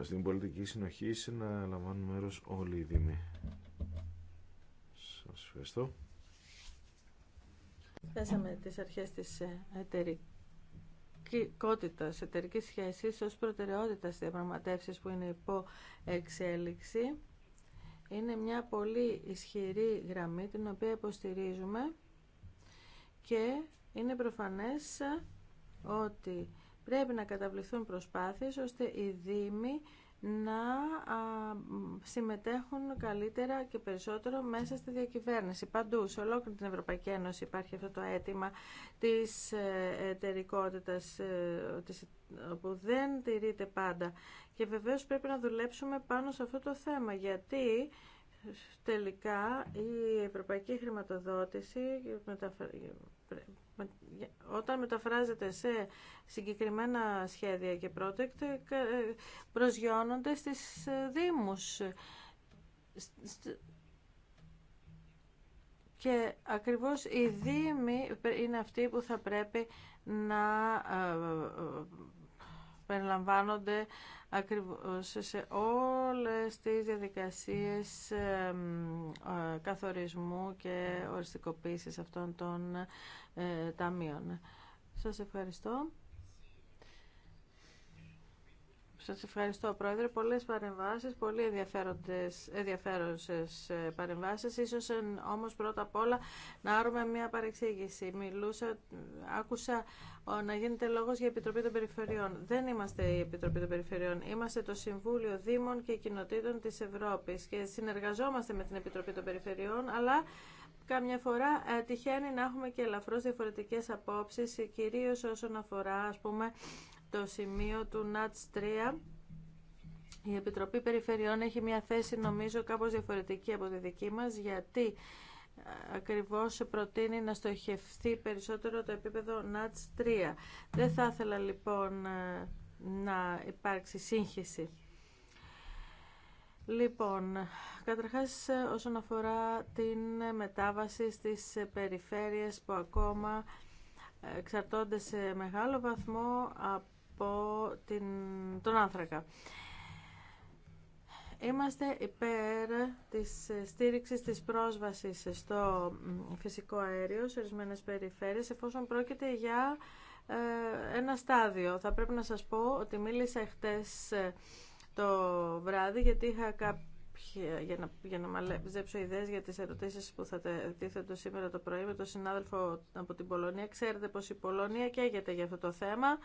B: στην πολιτική συνοχή να λαμβάνουν μέρος όλοι οι Δήμοι. Σας ευχαριστώ.
C: Θέσαμε τις αρχές της ε, εταιρικότητας, εταιρικής σχέσης ως προτεραιότητα στις διαπραγματεύσεις που είναι υπό εξέλιξη. Είναι μια πολύ ισχυρή γραμμή την οποία υποστηρίζουμε και είναι προφανές ότι πρέπει να καταβληθούν προσπάθειες ώστε οι Δήμοι να συμμετέχουν καλύτερα και περισσότερο μέσα στη διακυβέρνηση. Παντού, σε ολόκληρη την Ευρωπαϊκή Ένωση υπάρχει αυτό το αίτημα της ε, εταιρικότητας ε, που δεν τηρείται πάντα. Και βεβαίως πρέπει να δουλέψουμε πάνω σε αυτό το θέμα, γιατί τελικά η ευρωπαϊκή χρηματοδότηση όταν μεταφράζεται σε συγκεκριμένα σχέδια και project ε, προσγειώνονται στις ε, δήμους και ακριβώς οι δήμοι είναι αυτοί που θα πρέπει να ε, περιλαμβάνονται ακριβώς σε όλες τις διαδικασίες καθορισμού και οριστικοποίησης αυτών των ε, ταμείων. Σας ευχαριστώ. Σας ευχαριστώ Πρόεδρε. Πολλές παρεμβάσεις, πολύ ενδιαφέροντες, ενδιαφέρουσες ε, παρεμβάσεις. Ίσως όμως πρώτα απ' όλα να άρουμε μια παρεξήγηση. Μιλούσα, άκουσα να γίνεται λόγος για Επιτροπή των Περιφερειών. Δεν είμαστε η Επιτροπή των Περιφερειών. Είμαστε το Συμβούλιο Δήμων και Κοινοτήτων της Ευρώπης και συνεργαζόμαστε με την Επιτροπή των Περιφερειών, αλλά Καμιά φορά ε, τυχαίνει να έχουμε και ελαφρώς διαφορετικές απόψεις, κυρίως όσον αφορά ας πούμε, το σημείο του ΝΑΤΣ 3. Η Επιτροπή Περιφερειών έχει μια θέση νομίζω κάπως διαφορετική από τη δική μας, γιατί ε, ακριβώς προτείνει να στοχευθεί περισσότερο το επίπεδο ΝΑΤΣ 3. Δεν θα ήθελα λοιπόν ε, να υπάρξει σύγχυση. Λοιπόν, καταρχάς όσον αφορά την μετάβαση στις περιφέρειες που ακόμα εξαρτώνται σε μεγάλο βαθμό από την, τον άνθρακα. Είμαστε υπέρ της στήριξης της πρόσβασης στο φυσικό αέριο σε ορισμένε περιφέρειες εφόσον πρόκειται για ε, ένα στάδιο. Θα πρέπει να σας πω ότι μίλησα χτες το βράδυ γιατί είχα κάποια για να, για να μαλέψω ιδέες για τις ερωτήσεις που θα τίθεται σήμερα το πρωί με τον συνάδελφο από την Πολωνία. Ξέρετε πως η Πολωνία καίγεται για αυτό το θέμα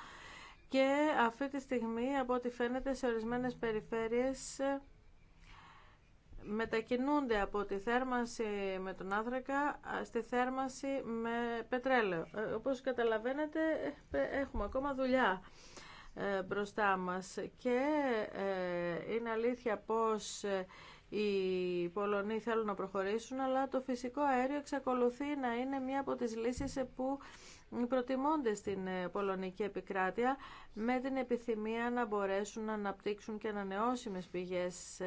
C: και αυτή τη στιγμή από ό,τι φαίνεται σε ορισμένες περιφέρειες ε, μετακινούνται από τη θέρμανση με τον άνθρακα στη θέρμανση με πετρέλαιο. Ε, όπως καταλαβαίνετε ε, έχουμε ακόμα δουλειά. Ε, μπροστά μας και ε, είναι αλήθεια πως ε, οι Πολωνοί θέλουν να προχωρήσουν, αλλά το φυσικό αέριο εξακολουθεί να είναι μία από τις λύσεις που προτιμώνται στην πολωνική επικράτεια με την επιθυμία να μπορέσουν να αναπτύξουν και ανανεώσιμες πηγές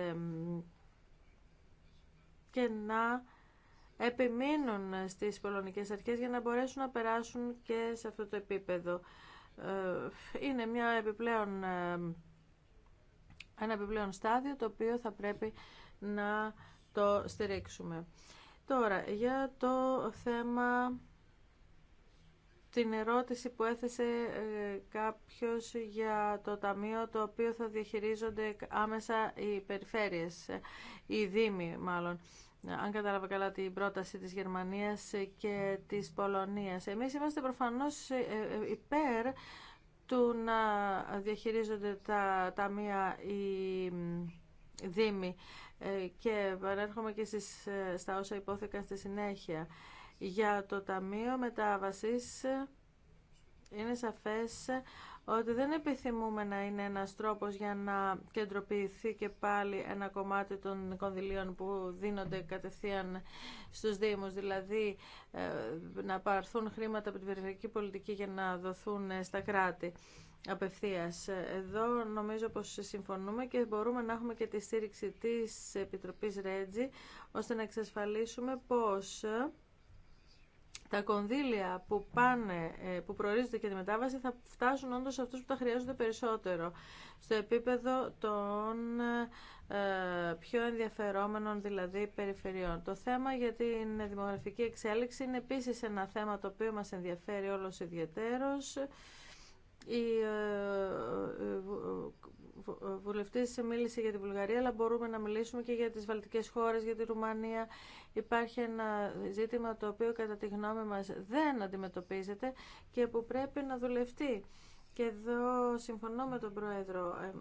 C: και να επιμείνουν στις πολωνικές αρχές για να μπορέσουν να περάσουν και σε αυτό το επίπεδο. Ε, είναι μια επιπλέον, ε, ένα επιπλέον στάδιο το οποίο θα πρέπει να το στηρίξουμε. Τώρα, για το θέμα την ερώτηση που έθεσε ε, κάποιος για το ταμείο το οποίο θα διαχειρίζονται άμεσα οι περιφέρειες, οι δήμοι μάλλον αν κατάλαβα καλά την πρόταση της Γερμανίας και της Πολωνίας. Εμείς είμαστε προφανώς ε, ε, υπέρ του να διαχειρίζονται τα ταμεία οι δήμοι και παρέρχομαι και στις, στα όσα υπόθηκαν στη συνέχεια. Για το Ταμείο Μετάβασης είναι σαφές ότι δεν επιθυμούμε να είναι ένας τρόπος για να κεντροποιηθεί και πάλι ένα κομμάτι των κονδυλίων που δίνονται κατευθείαν στους Δήμους, δηλαδή ε, να παρθούν χρήματα από την περιφερειακή πολιτική για να δοθούν στα κράτη απευθείας. Εδώ νομίζω πως συμφωνούμε και μπορούμε να έχουμε και τη στήριξη της Επιτροπής Ρέτζη, ώστε να εξασφαλίσουμε πως τα κονδύλια που, πάνε, ε, που προορίζονται για τη μετάβαση θα φτάσουν όντως σε αυτούς που τα χρειάζονται περισσότερο στο επίπεδο των ε, πιο ενδιαφερόμενων δηλαδή περιφερειών. Το θέμα για την δημογραφική εξέλιξη είναι επίσης ένα θέμα το οποίο μας ενδιαφέρει όλος ιδιαίτερος. Ε, Βουλευτή μίλησε για την Βουλγαρία, αλλά μπορούμε να μιλήσουμε και για τι βαλτικέ χώρε για τη Ρουμανία. Υπάρχει ένα ζήτημα το οποίο κατά τη γνώμη μα δεν αντιμετωπίζεται και που πρέπει να δουλευτεί. Και εδώ συμφωνώ με τον Πρόεδρο. Ε,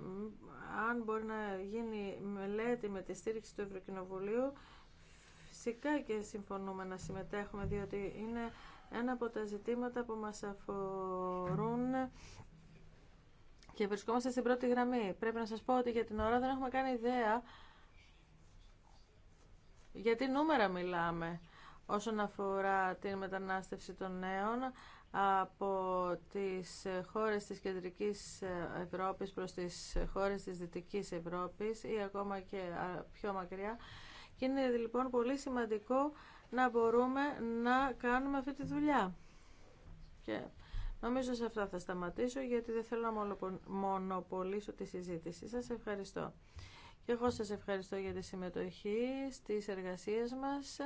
C: αν μπορεί να γίνει μελέτη με τη στήριξη του Ευρωκοινοβουλίου, φυσικά και συμφωνούμε να συμμετέχουμε, διότι είναι ένα από τα ζητήματα που μας αφορούν και βρισκόμαστε στην πρώτη γραμμή. Πρέπει να σας πω ότι για την ώρα δεν έχουμε κάνει ιδέα γιατί νούμερα μιλάμε όσον αφορά την μετανάστευση των νέων από τις χώρες της Κεντρικής Ευρώπης προς τις χώρες της Δυτικής Ευρώπης ή ακόμα και πιο μακριά. Και είναι λοιπόν πολύ σημαντικό να μπορούμε να κάνουμε αυτή τη δουλειά. Νομίζω σε αυτά θα σταματήσω γιατί δεν θέλω να μονοπολίσω τη συζήτηση. Σας ευχαριστώ. Και εγώ σας ευχαριστώ για τη συμμετοχή στις εργασίες μας.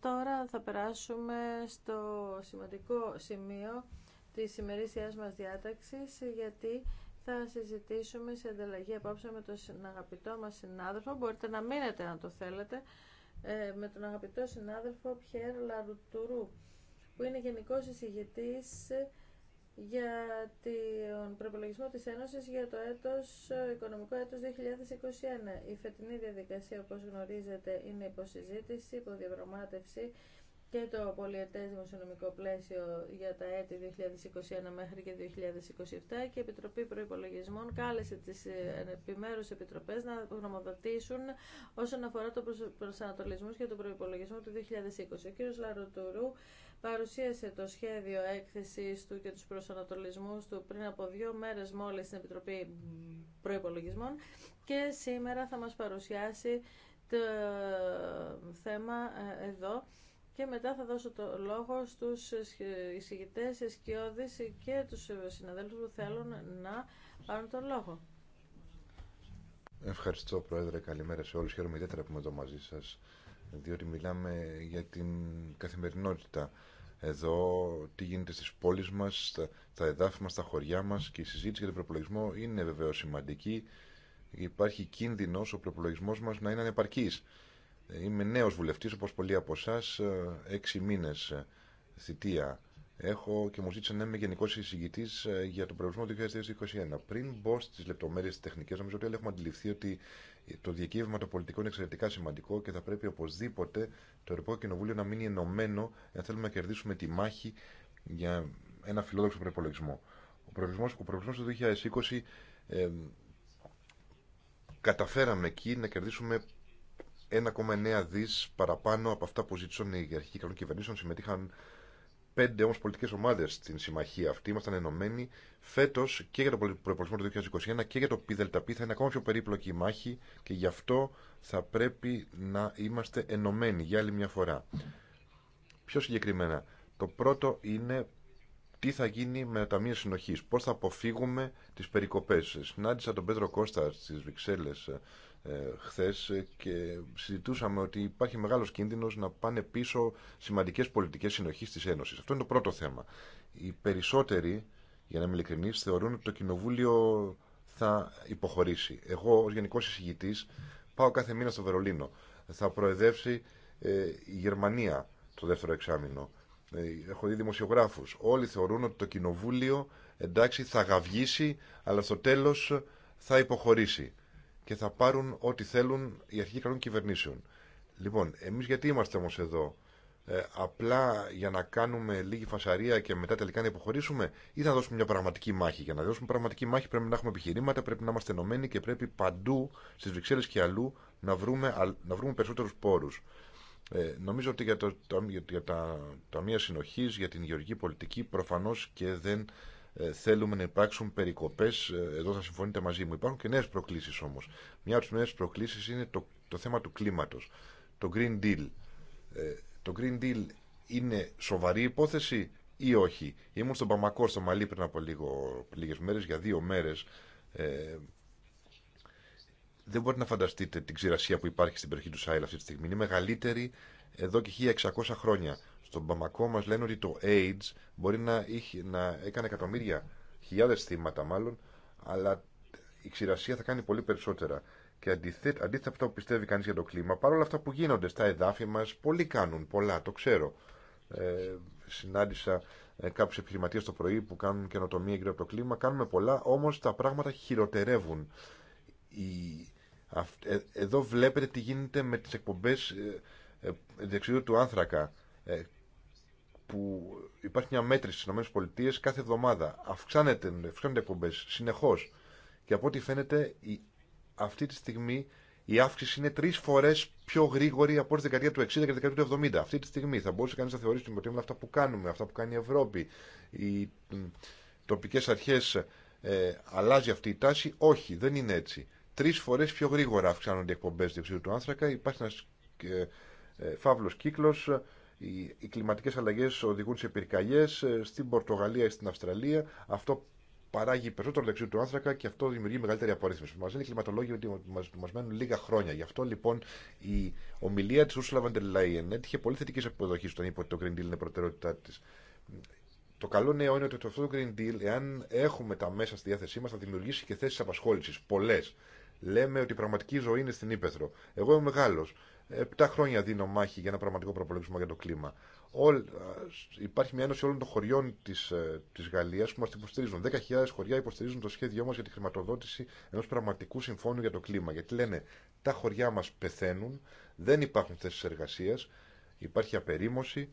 C: Τώρα θα περάσουμε στο σημαντικό σημείο της σημερίσιας μας διάταξης γιατί θα συζητήσουμε σε ανταλλαγή απόψε με τον αγαπητό μας συνάδελφο. Μπορείτε να μείνετε αν το θέλετε ε, με τον αγαπητό συνάδελφο Πιέρ Λαρουτουρού που είναι Γενικός Εισηγητής για τον προπολογισμό της Ένωσης για το έτος, οικονομικό έτος 2021. Η φετινή διαδικασία, όπως γνωρίζετε, είναι υποσυζήτηση, υποδιαπραγμάτευση και το πολιετές δημοσιονομικό πλαίσιο για τα έτη 2021 μέχρι και 2027 και η Επιτροπή Προϋπολογισμών κάλεσε τις ε, επιμέρους επιτροπές να γνωμοδοτήσουν όσον αφορά το προσανατολισμό και τον προϋπολογισμό του 2020. Ο κ. Λαροτουρού παρουσίασε το σχέδιο έκθεσης του και τους προσανατολισμούς του πριν από δύο μέρες μόλις στην Επιτροπή Προϋπολογισμών και σήμερα θα μας παρουσιάσει το θέμα ε, εδώ και μετά θα δώσω το λόγο στους εισηγητές, εσκιώδης και τους συναδέλφους που θέλουν να πάρουν τον λόγο.
A: Ευχαριστώ Πρόεδρε, καλημέρα σε όλους. Χαίρομαι ιδιαίτερα που είμαι εδώ μαζί σας, διότι μιλάμε για την καθημερινότητα εδώ τι γίνεται στις πόλεις μας, στα, στα εδάφη μας, στα χωριά μας και η συζήτηση για τον προπολογισμό είναι βεβαίω σημαντική. Υπάρχει κίνδυνος ο προπολογισμό μας να είναι ανεπαρκής. Είμαι νέος βουλευτής όπως πολλοί από εσά, ε, έξι μήνες ε, θητεία έχω και μου ζήτησαν να είμαι γενικό συζητητή ε, για τον προπολογισμό του 2021. Πριν μπω στι λεπτομέρειε τεχνικέ, νομίζω ότι όλοι έχουμε αντιληφθεί ότι το διακύβευμα των πολιτικών είναι εξαιρετικά σημαντικό και θα πρέπει οπωσδήποτε το Ευρωπαϊκό Κοινοβούλιο να μείνει ενωμένο να θέλουμε να κερδίσουμε τη μάχη για ένα φιλόδοξο προπολογισμό. Ο προπολογισμό του 2020 ε, καταφέραμε εκεί να κερδίσουμε 1,9 δι παραπάνω από αυτά που ζήτησαν οι αρχικοί καλών κυβερνήσεων. Συμμετείχαν πέντε όμω πολιτικέ ομάδε στην συμμαχία αυτή. Ήμασταν ενωμένοι. Φέτο και για το προπολογισμό του 2021 και για το ΠΔΠ θα είναι ακόμα πιο περίπλοκη η μάχη και γι' αυτό θα πρέπει να είμαστε ενωμένοι για άλλη μια φορά. Πιο συγκεκριμένα, το πρώτο είναι τι θα γίνει με τα ταμεία συνοχή, πώ θα αποφύγουμε τι περικοπέ. Συνάντησα τον Πέτρο Κώστα στι Βρυξέλλε ε, χθες και συζητούσαμε ότι υπάρχει μεγάλος κίνδυνος να πάνε πίσω σημαντικές πολιτικές συνοχής της Ένωσης. Αυτό είναι το πρώτο θέμα. Οι περισσότεροι, για να είμαι ειλικρινής, θεωρούν ότι το Κοινοβούλιο θα υποχωρήσει. Εγώ, ως Γενικός Εισηγητής, πάω κάθε μήνα στο Βερολίνο. Θα προεδρεύσει ε, η Γερμανία το δεύτερο εξάμεινο. Ε, έχω δει δημοσιογράφους. Όλοι θεωρούν ότι το Κοινοβούλιο, εντάξει, θα γαυγίσει, αλλά στο τέλος θα υποχωρήσει και θα πάρουν ό,τι θέλουν οι αρχικοί καλών κυβερνήσεων. Λοιπόν, εμείς γιατί είμαστε όμως εδώ, ε, απλά για να κάνουμε λίγη φασαρία και μετά τελικά να υποχωρήσουμε ή θα δώσουμε μια πραγματική μάχη. Για να δώσουμε πραγματική μάχη πρέπει να έχουμε επιχειρήματα, πρέπει να είμαστε ενωμένοι και πρέπει παντού στις Βρυξέλλες και αλλού να βρούμε, να βρούμε περισσότερους πόρους. Ε, νομίζω ότι για, το, για τα ταμεία συνοχής, για την γεωργική πολιτική προφανώς και δεν ε, θέλουμε να υπάρξουν περικοπέ. Ε, εδώ θα συμφωνείτε μαζί μου. Υπάρχουν και νέε προκλήσει όμω. Μια από τι νέε προκλήσει είναι το, το θέμα του κλίματο. Το Green Deal. Ε, το Green Deal είναι σοβαρή υπόθεση ή όχι. Ήμουν στον Παμακό, στο Μαλί πριν από λίγε μέρε, για δύο μέρε. Ε, δεν μπορείτε να φανταστείτε την ξηρασία που υπάρχει στην περιοχή του Σάιλ αυτή τη στιγμή. Είναι μεγαλύτερη εδώ και 1600 χρόνια. Στον Παμακό μα λένε ότι το AIDS μπορεί να, είχε, να έκανε εκατομμύρια, χιλιάδε θύματα μάλλον, αλλά η ξηρασία θα κάνει πολύ περισσότερα. Και αντίθετα από αυτό που πιστεύει κανεί για το κλίμα, παρόλα αυτά που γίνονται στα εδάφη μα, πολλοί κάνουν, πολλά, το ξέρω. Ε, συνάντησα ε, κάποιου επιχειρηματίε το πρωί που κάνουν καινοτομία γύρω από το κλίμα. Κάνουμε πολλά, όμω τα πράγματα χειροτερεύουν. Η... Ε, εδώ βλέπετε τι γίνεται με τι εκπομπέ ε, ε του άνθρακα. Ε, που υπάρχει μια μέτρηση στι ΗΠΑ κάθε εβδομάδα. Αυξάνεται, αυξάνονται εκπομπέ συνεχώ. Και από ό,τι φαίνεται, η, αυτή τη στιγμή η αύξηση είναι τρει φορέ πιο γρήγορη από τη δεκαετία του 60 και τη δεκαετία του 70. Αυτή τη στιγμή θα μπορούσε κανεί να θεωρήσει ότι με αυτά που κάνουμε, αυτά που κάνει η Ευρώπη, οι τοπικέ αρχέ, ε, αλλάζει αυτή η τάση. Όχι, δεν είναι έτσι. Τρει φορέ πιο γρήγορα αυξάνονται οι εκπομπέ διοξιδίου του άνθρακα. Υπάρχει ένα ε, ε, φαύλο κύκλο οι, οι κλιματικές αλλαγές οδηγούν σε πυρκαγιέ ε, στην Πορτογαλία ή στην Αυστραλία. Αυτό παράγει περισσότερο δεξιού του άνθρακα και αυτό δημιουργεί μεγαλύτερη απορρίθμιση. Μα λένε οι κλιματολόγοι ότι μα μένουν λίγα χρόνια. Γι' αυτό λοιπόν η ομιλία τη Ursula von der Leyen έτυχε πολύ θετική αποδοχή όταν είπε ότι το Green Deal είναι προτεραιότητά τη. Το καλό νέο είναι ότι το αυτό το Green Deal, εάν έχουμε τα μέσα στη διάθεσή μα, θα δημιουργήσει και θέσει απασχόληση. Πολλέ. Λέμε ότι η πραγματική ζωή είναι στην Ήπεθρο. Εγώ είμαι μεγάλο. Επτά χρόνια δίνω μάχη για ένα πραγματικό προπολογισμό για το κλίμα. υπάρχει μια ένωση όλων των χωριών τη της ε, Γαλλία που μα υποστηρίζουν. 10.000 χωριά υποστηρίζουν το σχέδιό μα για τη χρηματοδότηση ενό πραγματικού συμφώνου για το κλίμα. Γιατί λένε τα χωριά μα πεθαίνουν, δεν υπάρχουν θέσει εργασία, υπάρχει απερίμωση,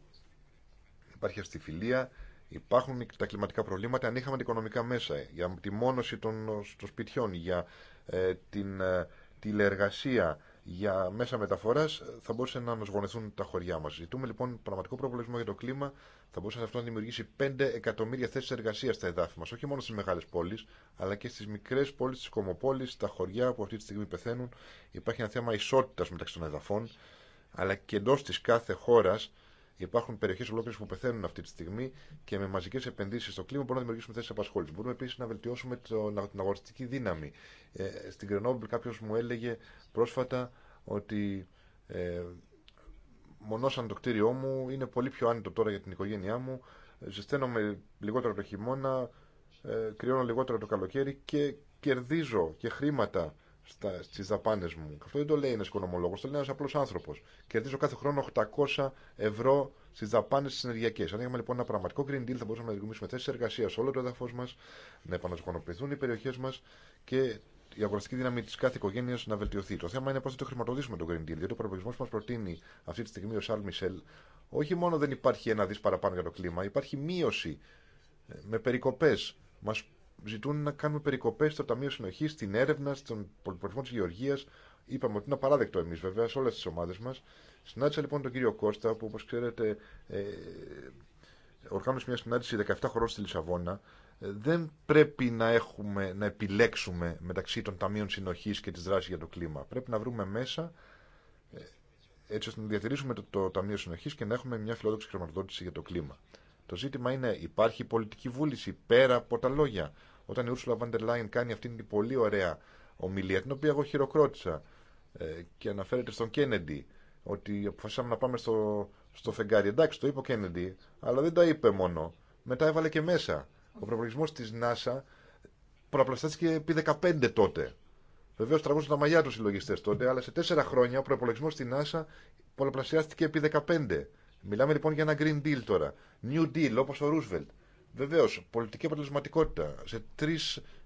A: υπάρχει αστιφιλία, υπάρχουν τα κλιματικά προβλήματα. Αν είχαμε τα οικονομικά μέσα για τη μόνωση των, ε, των σπιτιών, για ε, την ε, τηλεεργασία, για μέσα μεταφορά θα μπορούσε να ανασγονεθούν τα χωριά μα. Ζητούμε λοιπόν πραγματικό προβολισμό για το κλίμα. Θα μπορούσε αυτό να δημιουργήσει 5 εκατομμύρια θέσει εργασία στα εδάφη μα, όχι μόνο στι μεγάλε πόλει, αλλά και στι μικρέ πόλει, στι κομοπόλει, στα χωριά που αυτή τη στιγμή πεθαίνουν. Υπάρχει ένα θέμα ισότητα μεταξύ των εδαφών, αλλά και εντό τη κάθε χώρα Υπάρχουν περιοχέ ολόκληρε που πεθαίνουν αυτή τη στιγμή και με μαζικέ επενδύσει στο κλίμα μπορούμε να δημιουργήσουμε θέσει απασχόληση. Μπορούμε επίση να βελτιώσουμε το, την αγοραστική δύναμη. Ε, στην Κρενόμπιλ κάποιο μου έλεγε πρόσφατα ότι ε, σαν το κτίριό μου, είναι πολύ πιο άνετο τώρα για την οικογένειά μου, ζεσταίνομαι λιγότερο το χειμώνα, ε, κρυώνω λιγότερο το καλοκαίρι και κερδίζω και χρήματα στι δαπάνε μου. Αυτό δεν το λέει ένα οικονομολόγο, το λέει ένα απλό άνθρωπο. Κερδίζω κάθε χρόνο 800 ευρώ στι δαπάνε τι ενεργειακέ. Αν είχαμε λοιπόν ένα πραγματικό Green Deal, θα μπορούσαμε να δημιουργήσουμε θέσει εργασία σε όλο το έδαφο μα, να επαναζωογονοποιηθούν οι περιοχέ μα και η αγοραστική δύναμη τη κάθε οικογένεια να βελτιωθεί. Το θέμα είναι πώ θα το χρηματοδοτήσουμε το Green Deal, γιατί ο προπολογισμό μα προτείνει αυτή τη στιγμή ο όχι μόνο δεν υπάρχει ένα δι παραπάνω για το κλίμα, υπάρχει μείωση ε, με περικοπέ. Μα ζητούν να κάνουμε περικοπέ στο Ταμείο Συνοχή, στην έρευνα, στον πολιτισμό τη Γεωργία. Είπαμε ότι είναι απαράδεκτο εμεί βέβαια σε όλε τι ομάδε μα. Συνάντησα λοιπόν τον κύριο Κώστα που όπω ξέρετε ε, οργάνωσε μια συνάντηση 17 χρόνων στη Λισαβόνα. Ε, δεν πρέπει να, έχουμε, να επιλέξουμε μεταξύ των Ταμείων Συνοχή και τη δράση για το κλίμα. Πρέπει να βρούμε μέσα ε, έτσι ώστε να διατηρήσουμε το, το Ταμείο Συνοχή και να έχουμε μια φιλόδοξη χρηματοδότηση για το κλίμα. Το ζήτημα είναι, υπάρχει πολιτική βούληση πέρα από τα λόγια όταν η Ursula von der Leyen κάνει αυτήν την πολύ ωραία ομιλία, την οποία εγώ χειροκρότησα ε, και αναφέρεται στον Κέννεντι, ότι αποφασίσαμε να πάμε στο, στο φεγγάρι. Εντάξει, το είπε ο Κέννεντι, αλλά δεν τα είπε μόνο. Μετά έβαλε και μέσα. Ο προπολογισμό τη NASA πολλαπλασιάστηκε επί 15 τότε. Βεβαίω τραβούσαν τα μαγιά του συλλογιστέ τότε, αλλά σε 4 χρόνια ο προπολογισμό τη NASA πολλαπλασιάστηκε επί 15. Μιλάμε λοιπόν για ένα Green Deal τώρα. New Deal, όπω ο Ρούσβελτ. Βεβαίω, πολιτική αποτελεσματικότητα. Σε τρει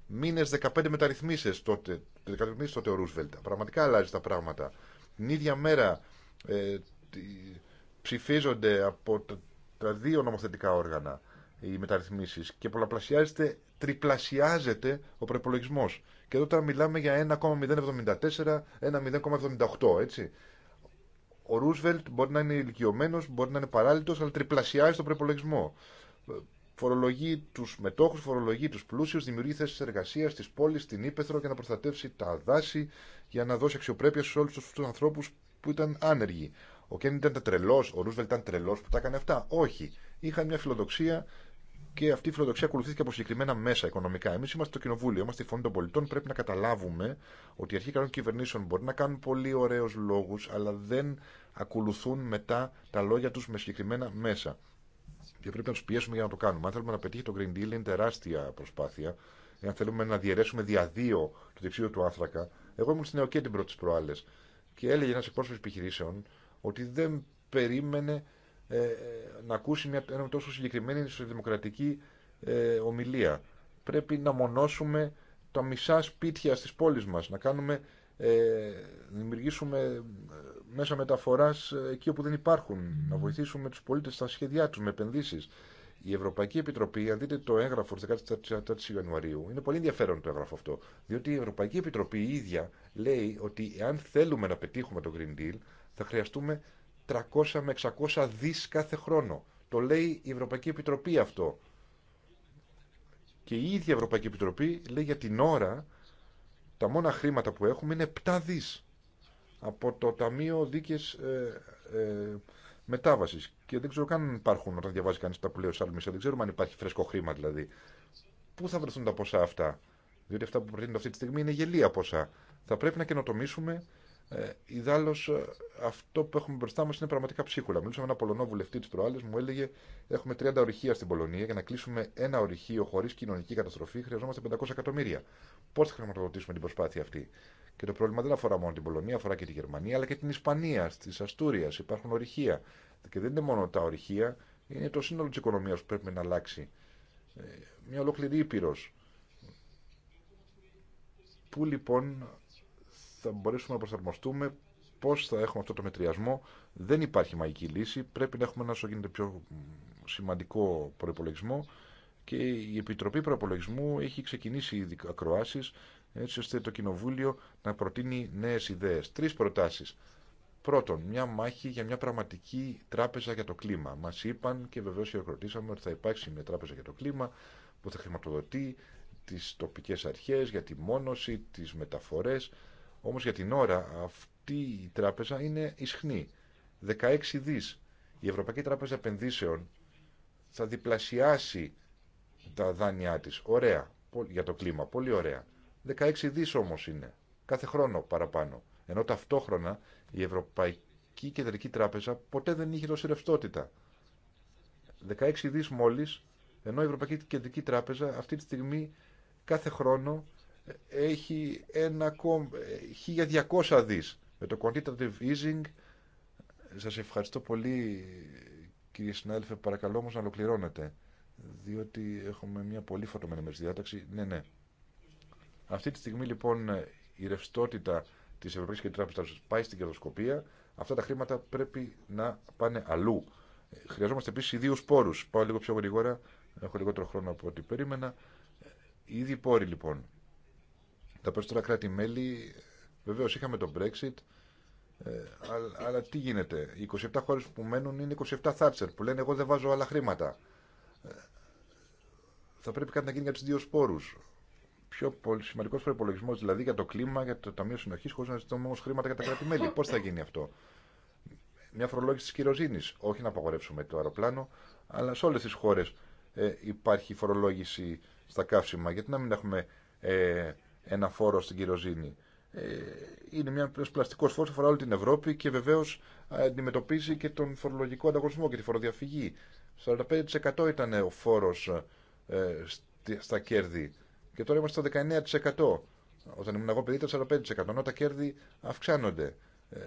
A: μήνε 15 μεταρρυθμίσει τότε, μεταρρυθμίσεις τότε ο Ρούσβελτ. Πραγματικά αλλάζει τα πράγματα. Την ίδια μέρα ε, ψηφίζονται από τα, τα δύο νομοθετικά όργανα οι μεταρρυθμίσει και πολλαπλασιάζεται, τριπλασιάζεται ο προπολογισμό. Και εδώ τώρα μιλάμε για 1,074, 1,078, έτσι. Ο Ρούσβελτ μπορεί να είναι ηλικιωμένο, μπορεί να είναι παράλληλο, αλλά τριπλασιάζει τον προπολογισμό φορολογεί του μετόχου, φορολογεί του πλούσιου, δημιουργεί θέσει εργασία στις πόλεις, στην ύπεθρο για να προστατεύσει τα δάση, για να δώσει αξιοπρέπεια σε όλου του ανθρώπου που ήταν άνεργοι. Ο Κέννη ήταν τρελό, ο Ρούσβελ ήταν τρελό που τα έκανε αυτά. Όχι. Είχαν μια φιλοδοξία και αυτή η φιλοδοξία ακολουθήθηκε από συγκεκριμένα μέσα οικονομικά. Εμεί είμαστε το Κοινοβούλιο, είμαστε η Φωνή των Πολιτών. Πρέπει να καταλάβουμε ότι οι αρχοί κυβερνήσεων μπορεί να κάνουν πολύ ωραίου λόγου, αλλά δεν ακολουθούν μετά τα λόγια του με συγκεκριμένα μέσα και πρέπει να του πιέσουμε για να το κάνουμε. Αν θέλουμε να πετύχει το Green Deal είναι τεράστια προσπάθεια. Εάν θέλουμε να διαιρέσουμε δύο το διεξίδιο του άνθρακα. Εγώ ήμουν στην ΕΟΚΕ την πρώτη προάλλε και έλεγε ένα εκπρόσωπο επιχειρήσεων ότι δεν περίμενε ε, να ακούσει μια, ένα τόσο συγκεκριμένη δημοκρατική ε, ομιλία. Πρέπει να μονώσουμε τα μισά σπίτια στι πόλεις μα, να κάνουμε, ε, δημιουργήσουμε μέσα μεταφοράς ε, εκεί όπου δεν υπάρχουν, να βοηθήσουμε τους πολίτες στα σχέδιά τους με επενδύσεις. Η Ευρωπαϊκή Επιτροπή, αν δείτε το έγγραφο 14η Ιανουαρίου, είναι πολύ ενδιαφέρον το έγγραφο αυτό. Διότι Ευρωπαϊκή Επιτροπή η ίδια λέει ότι εάν θέλουμε να πετύχουμε το Green Deal, θα χρειαστούμε 300 με 600 δι κάθε χρόνο. Το λέει η Ευρωπαϊκή Επιτροπή αυτό. Και η ίδια Ευρωπαϊκή Επιτροπή λέει για την ώρα τα μόνα χρήματα που έχουμε είναι 7 δις από το Ταμείο Δίκες ε, ε, Μετάβασης. Και δεν ξέρω καν αν υπάρχουν όταν διαβάζει κανείς τα που λέει ο Δεν ξέρουμε αν υπάρχει φρέσκο χρήμα δηλαδή. Πού θα βρεθούν τα ποσά αυτά. Διότι αυτά που προτείνονται αυτή τη στιγμή είναι γελία ποσά. Θα πρέπει να καινοτομήσουμε. Ε, Ιδάλω, ε, αυτό που έχουμε μπροστά μα είναι πραγματικά ψίχουλα. Μιλούσα με ένα Πολωνό βουλευτή τη στιγμη ειναι γελια ποσα θα πρεπει να καινοτομησουμε ε ιδαλω αυτο που εχουμε μπροστα μα ειναι πραγματικα ψιχουλα μιλουσα με ενα πολωνο βουλευτη τη προάλλης, μου έλεγε: Έχουμε 30 ορυχεία στην Πολωνία. Για να κλείσουμε ένα ορυχείο χωρί κοινωνική καταστροφή, χρειαζόμαστε 500 εκατομμύρια. Πώ θα χρηματοδοτήσουμε την προσπάθεια αυτή. Και το πρόβλημα δεν αφορά μόνο την Πολωνία, αφορά και τη Γερμανία, αλλά και την Ισπανία, τη Αστούρια. Υπάρχουν ορυχεία. Και δεν είναι μόνο τα ορυχεία, είναι το σύνολο τη οικονομία που πρέπει να αλλάξει. Ε, μια ολόκληρη ήπειρο. Πού λοιπόν θα μπορέσουμε να προσαρμοστούμε, πώ θα έχουμε αυτό το μετριασμό. Δεν υπάρχει μαγική λύση. Πρέπει να έχουμε ένα όσο γίνεται πιο σημαντικό προπολογισμό και η Επιτροπή Προπολογισμού έχει ξεκινήσει ήδη ακροάσει έτσι ώστε το Κοινοβούλιο να προτείνει νέε ιδέε. Τρει προτάσει. Πρώτον, μια μάχη για μια πραγματική τράπεζα για το κλίμα. Μα είπαν και βεβαίω χειροκροτήσαμε ότι θα υπάρξει μια τράπεζα για το κλίμα που θα χρηματοδοτεί τι τοπικέ αρχέ για τη μόνωση, τι μεταφορέ. Όμω για την ώρα αυτή η τράπεζα είναι ισχνή. 16 δι. Η Ευρωπαϊκή Τράπεζα Επενδύσεων θα διπλασιάσει τα δάνειά τη. Ωραία. Για το κλίμα. Πολύ ωραία. 16 δις όμως είναι, κάθε χρόνο παραπάνω. Ενώ ταυτόχρονα η Ευρωπαϊκή Κεντρική Τράπεζα ποτέ δεν είχε τόση ρευστότητα. 16 δις μόλις, ενώ η Ευρωπαϊκή Κεντρική Τράπεζα αυτή τη στιγμή κάθε χρόνο έχει 1.200 δις με το quantitative easing. Σας ευχαριστώ πολύ κύριε συνάδελφε, παρακαλώ όμως να ολοκληρώνετε διότι έχουμε μια πολύ φορτωμένη μέρη διάταξη. Ναι, ναι. Αυτή τη στιγμή λοιπόν η ρευστότητα τη Ευρωπαϊκή Κεντρική Τράπεζα πάει στην κερδοσκοπία. Αυτά τα χρήματα πρέπει να πάνε αλλού. Χρειαζόμαστε επίση ιδίου πόρου. Πάω λίγο πιο γρήγορα. Έχω λιγότερο χρόνο από ό,τι περίμενα. Οι ε, ίδιοι πόροι λοιπόν. Τα περισσότερα κράτη-μέλη, βεβαίω είχαμε το Brexit, ε, αλλά, αλλά τι γίνεται. Οι 27 χώρε που μένουν είναι 27 Θάτσερ που λένε Εγώ δεν βάζω άλλα χρήματα. Ε, θα πρέπει κάτι να γίνει για του δύο σπόρου πιο πολύ σημαντικό προπολογισμό δηλαδή για το κλίμα, για το Ταμείο Συνοχή, χωρί να ζητούμε όμω χρήματα για τα κράτη-μέλη. Πώ θα γίνει αυτό, Μια φορολόγηση τη κυροζήνη. Όχι να απαγορεύσουμε το αεροπλάνο, αλλά σε όλε τι χώρε ε, υπάρχει φορολόγηση στα καύσιμα. Γιατί να μην έχουμε ε, ένα φόρο στην κυροζήνη. Ε, είναι μια πλαστικό φόρο, αφορά όλη την Ευρώπη και βεβαίω αντιμετωπίζει και τον φορολογικό ανταγωνισμό και τη φοροδιαφυγή. 45% ήταν ο φόρο ε, στα κέρδη και τώρα είμαστε στο 19%. Όταν ήμουν εγώ παιδί ήταν 45%, ενώ τα κέρδη αυξάνονται. Ε,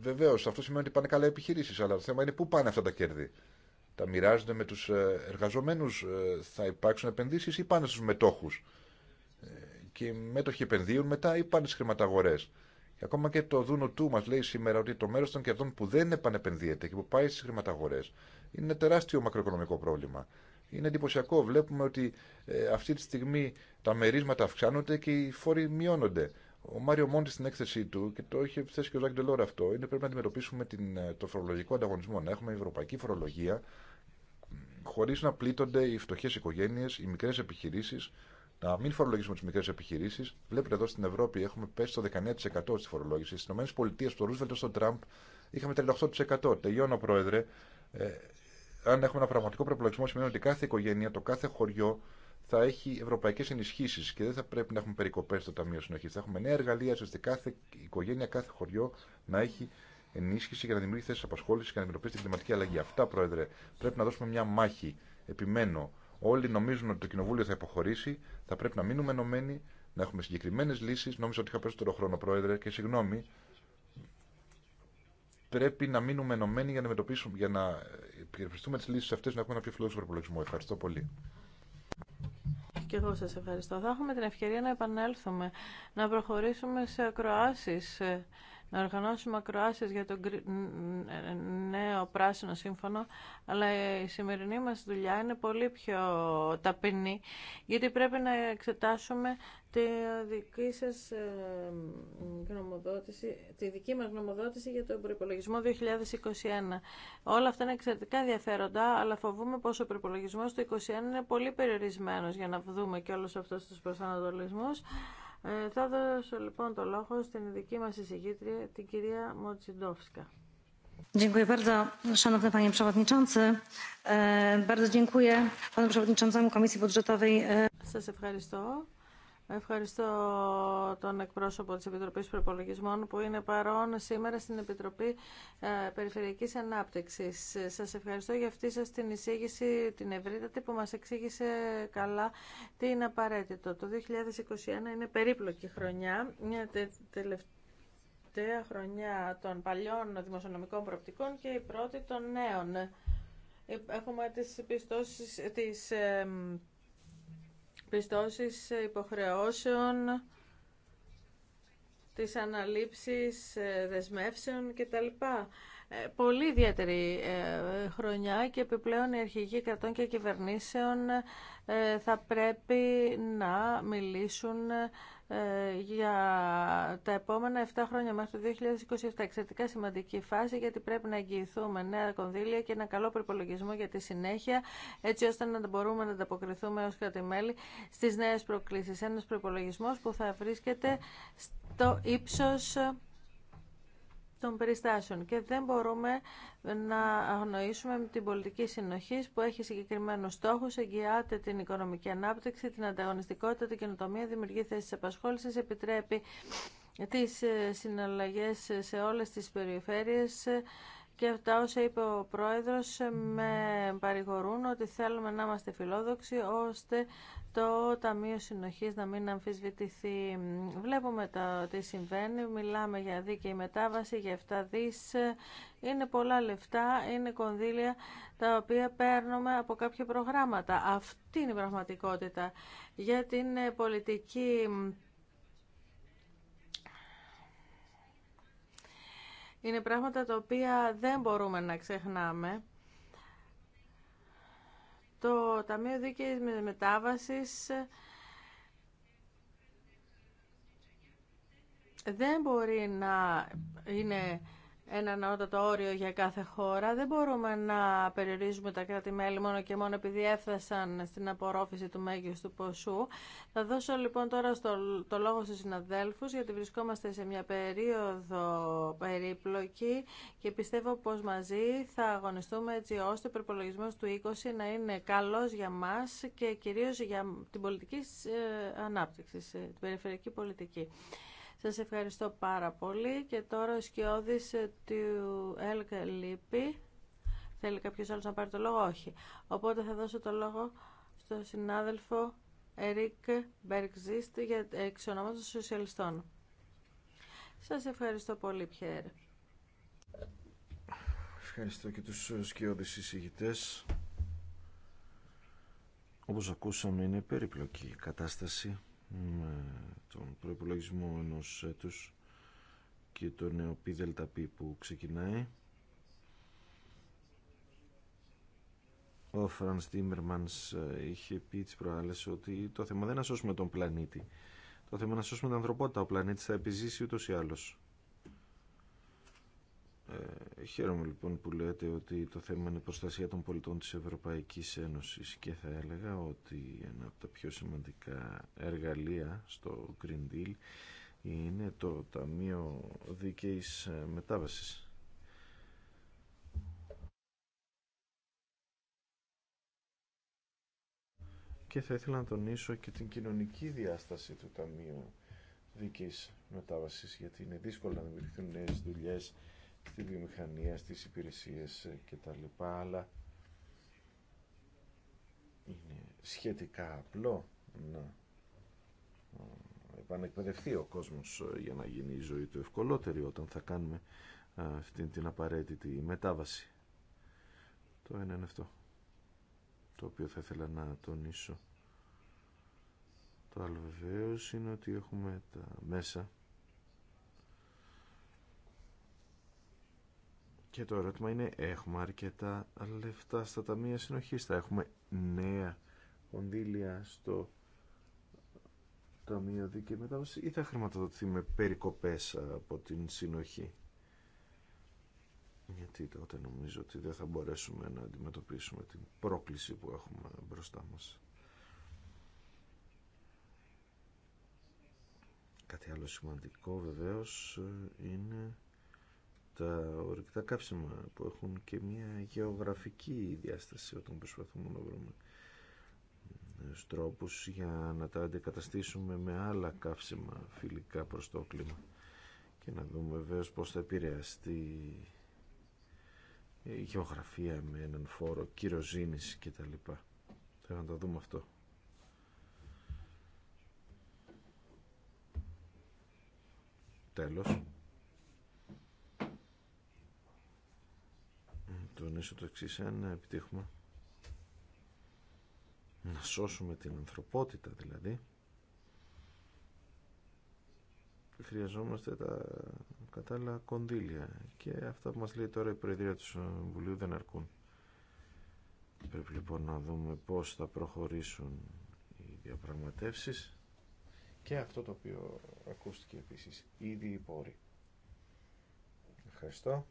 A: Βεβαίω, αυτό σημαίνει ότι πάνε καλά επιχειρήσει, αλλά το θέμα είναι πού πάνε αυτά τα κέρδη. Τα μοιράζονται με του ε, εργαζομένου, ε, θα υπάρξουν επενδύσει ή πάνε στου μετόχου. Ε, και οι μέτοχοι επενδύουν μετά ή πάνε στι χρηματαγορέ. Και ακόμα και το Δούνο του μα λέει σήμερα ότι το μέρο των κερδών που δεν επανεπενδύεται και που πάει στι χρηματαγορέ είναι ένα τεράστιο μακροοικονομικό πρόβλημα. Είναι εντυπωσιακό. Βλέπουμε ότι ε, αυτή τη στιγμή τα μερίσματα αυξάνονται και οι φόροι μειώνονται. Ο Μάριο Μόντι στην έκθεσή του, και το είχε θέσει και ο Ζάκ Ντελόρ αυτό, είναι πρέπει να αντιμετωπίσουμε την, ε, το φορολογικό ανταγωνισμό. Να έχουμε ευρωπαϊκή φορολογία χωρί να πλήττονται οι φτωχέ οικογένειε, οι μικρέ επιχειρήσει, να μην φορολογήσουμε τι μικρέ επιχειρήσει. Βλέπετε εδώ στην Ευρώπη έχουμε πέσει το 19% στη φορολόγηση. Στι ΗΠΑ, στο Ρούσβελτ, στον Τραμπ, είχαμε 38%. Τελειώνω, Πρόεδρε. Ε, αν έχουμε ένα πραγματικό προπολογισμό, σημαίνει ότι κάθε οικογένεια, το κάθε χωριό θα έχει ευρωπαϊκέ ενισχύσει και δεν θα πρέπει να έχουμε περικοπέ στο Ταμείο Συνοχή. Θα έχουμε νέα εργαλεία ώστε κάθε οικογένεια, κάθε χωριό να έχει ενίσχυση για να δημιουργεί θέσει απασχόληση και να αντιμετωπίσει την κλιματική αλλαγή. Αυτά, Πρόεδρε, πρέπει να δώσουμε μια μάχη. Επιμένω. Όλοι νομίζουν ότι το Κοινοβούλιο θα υποχωρήσει. Θα πρέπει να μείνουμε ενωμένοι, να έχουμε συγκεκριμένε λύσει. Νόμιζα ότι είχα περισσότερο χρόνο, Πρόεδρε, και συγγνώμη πρέπει να μείνουμε ενωμένοι για να μετωπίσουμε, για να υπηρεστούμε τι λύσει αυτέ, να έχουμε ένα πιο φιλόδοξο προπολογισμό. Ευχαριστώ πολύ.
C: Και εγώ σας ευχαριστώ. Θα έχουμε την ευκαιρία να επανέλθουμε, να προχωρήσουμε σε ακροάσεις ε, να οργανώσουμε ακροάσει για το νέο πράσινο σύμφωνο, αλλά η σημερινή μας δουλειά είναι πολύ πιο ταπεινή, γιατί πρέπει να εξετάσουμε τη δική σας ε, γνωμοδότηση, τη δική μας γνωμοδότηση για τον προπολογισμό 2021. Όλα αυτά είναι εξαιρετικά ενδιαφέροντα, αλλά φοβούμε πως ο προπολογισμό του 2021 είναι πολύ περιορισμένο για να δούμε και όλου αυτού του προσανατολισμούς. Ε, θα δώσω λοιπόν το λόγο στην δική μας εισηγήτρια, την κυρία Μοτσιντόφσκα. Dziękuję bardzo, szanowny panie przewodniczący. Bardzo dziękuję panu przewodniczącemu Komisji Budżetowej. Σας ευχαριστώ. Ευχαριστώ τον εκπρόσωπο της Επιτροπής Προπολογισμών που είναι παρόν σήμερα στην Επιτροπή ε, Περιφερειακής Ανάπτυξης. Σας ευχαριστώ για αυτή σας την εισήγηση, την ευρύτατη που μας εξήγησε καλά τι είναι απαραίτητο. Το 2021 είναι περίπλοκη χρονιά, μια τελευταία χρονιά των παλιών δημοσιονομικών προοπτικών και η πρώτη των νέων. Ε, έχουμε τις πιστώσεις, τις ε, πιστώσεις υποχρεώσεων, τις αναλήψεις ε, δεσμεύσεων κτλ. Ε, πολύ ιδιαίτερη ε, χρονιά και επιπλέον οι αρχηγοί κρατών και κυβερνήσεων θα πρέπει να μιλήσουν ε, για τα επόμενα 7 χρόνια μέχρι το 2027. Εξαιρετικά σημαντική φάση γιατί πρέπει να εγγυηθούμε νέα κονδύλια και ένα καλό προπολογισμό για τη συνέχεια έτσι ώστε να μπορούμε να ανταποκριθούμε ως κρατημέλη στις νέες προκλήσεις. Ένας προπολογισμό που θα βρίσκεται στο ύψος των περιστάσεων και δεν μπορούμε να αγνοήσουμε την πολιτική συνοχή που έχει συγκεκριμένου στόχου, εγγυάται την οικονομική ανάπτυξη, την ανταγωνιστικότητα, την καινοτομία, δημιουργεί θέσει απασχόληση, επιτρέπει τι συναλλαγέ σε όλες τις περιφέρειες και αυτά όσα είπε ο Πρόεδρος με παρηγορούν ότι θέλουμε να είμαστε φιλόδοξοι ώστε το Ταμείο Συνοχής να μην αμφισβητηθεί. Βλέπουμε το τι συμβαίνει, μιλάμε για δίκαιη μετάβαση, για 7 δις. Είναι πολλά λεφτά, είναι κονδύλια τα οποία παίρνουμε από κάποια προγράμματα. Αυτή είναι η πραγματικότητα για την πολιτική Είναι πράγματα τα οποία δεν μπορούμε να ξεχνάμε. Το Ταμείο Δίκαιης Μετάβασης ε, δεν μπορεί να είναι ένα ανώτατο όριο για κάθε χώρα. Δεν μπορούμε να περιορίζουμε τα κράτη-μέλη μόνο και μόνο επειδή έφτασαν στην απορρόφηση του μέγιστου ποσού. Θα δώσω λοιπόν τώρα στο, το λόγο στους συναδέλφους γιατί βρισκόμαστε σε μια περίοδο περίπλοκη και πιστεύω πως μαζί θα αγωνιστούμε έτσι ώστε ο προπολογισμό του 20 να είναι καλός για μας και κυρίως για την πολιτική ε, ανάπτυξη, την περιφερειακή πολιτική. Σας ευχαριστώ πάρα πολύ και τώρα ο σκιώδης ε, του ΕΛΚ Θέλει κάποιος άλλος να πάρει το λόγο, όχι. Οπότε θα δώσω το λόγο στον συνάδελφο Ερικ Μπερξίστ για ε, εξ ονόματος των Σοσιαλιστών. Σας ευχαριστώ πολύ, Πιέρ.
B: Ευχαριστώ και τους σκιώδης εισηγητές. Όπως ακούσαμε είναι περίπλοκη κατάσταση με τον προπολογισμό ενός έτους και το νέο πι που ξεκινάει. Ο Φρανς Τίμερμανς ε, είχε πει τις προάλλες ότι το θέμα δεν είναι να σώσουμε τον πλανήτη. Το θέμα είναι να σώσουμε την ανθρωπότητα. Ο πλανήτης θα επιζήσει ούτως ή άλλως. Ε, χαίρομαι λοιπόν που λέτε ότι το θέμα είναι η προστασία των πολιτών της Ευρωπαϊκής Ένωσης και θα έλεγα ότι ένα από τα πιο σημαντικά εργαλεία στο Green Deal είναι το Ταμείο Δίκαιης Μετάβασης. Και θα ήθελα να τονίσω και την κοινωνική διάσταση του Ταμείου Δίκαιης Μετάβασης γιατί είναι δύσκολο να δημιουργηθούν νέες δουλειές στη βιομηχανία, στις υπηρεσίες ε, και τα λοιπά, Αλλά είναι σχετικά απλό να ε, επανεκπαιδευτεί ο κόσμος ε, για να γίνει η ζωή του ευκολότερη όταν θα κάνουμε αυτή την απαραίτητη μετάβαση. Το ένα είναι αυτό το οποίο θα ήθελα να τονίσω. Το άλλο βεβαίω είναι ότι έχουμε τα μέσα Και το ερώτημα είναι, έχουμε αρκετά λεφτά στα ταμεία συνοχής, θα έχουμε νέα κονδύλια στο ταμείο δίκαιη μετάβαση ή θα χρηματοδοτηθεί με περικοπές από την συνοχή. Γιατί τότε νομίζω ότι δεν θα μπορέσουμε να αντιμετωπίσουμε την πρόκληση που έχουμε μπροστά μας. Κάτι άλλο σημαντικό βεβαίως ε, είναι τα ορυκτά καύσιμα που έχουν και μια γεωγραφική διάσταση όταν προσπαθούμε να βρούμε τρόπους για να τα αντικαταστήσουμε με άλλα καύσιμα φιλικά προς το κλίμα και να δούμε βέβαιως πώς θα επηρεαστεί η γεωγραφία με έναν φόρο κυροζήνης και τα λοιπά. Θέλω να το δούμε αυτό. Τέλος. στο το εξή αν επιτύχουμε να σώσουμε την ανθρωπότητα δηλαδή χρειαζόμαστε τα κατάλληλα κονδύλια και αυτά που μας λέει τώρα η Προεδρία του Συμβουλίου δεν αρκούν πρέπει λοιπόν να δούμε πώς θα προχωρήσουν οι διαπραγματεύσεις και αυτό το οποίο ακούστηκε επίσης ήδη οι πόροι ευχαριστώ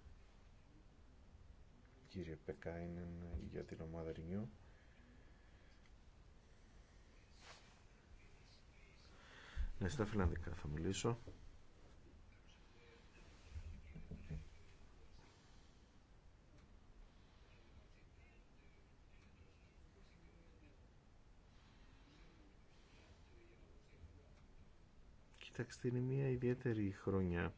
B: κύριε Πεκάινεν για την ομάδα Ρινιού. Ναι, στα φιλανδικά θα μιλήσω. Κοιτάξτε, είναι μια ιδιαίτερη χρονιά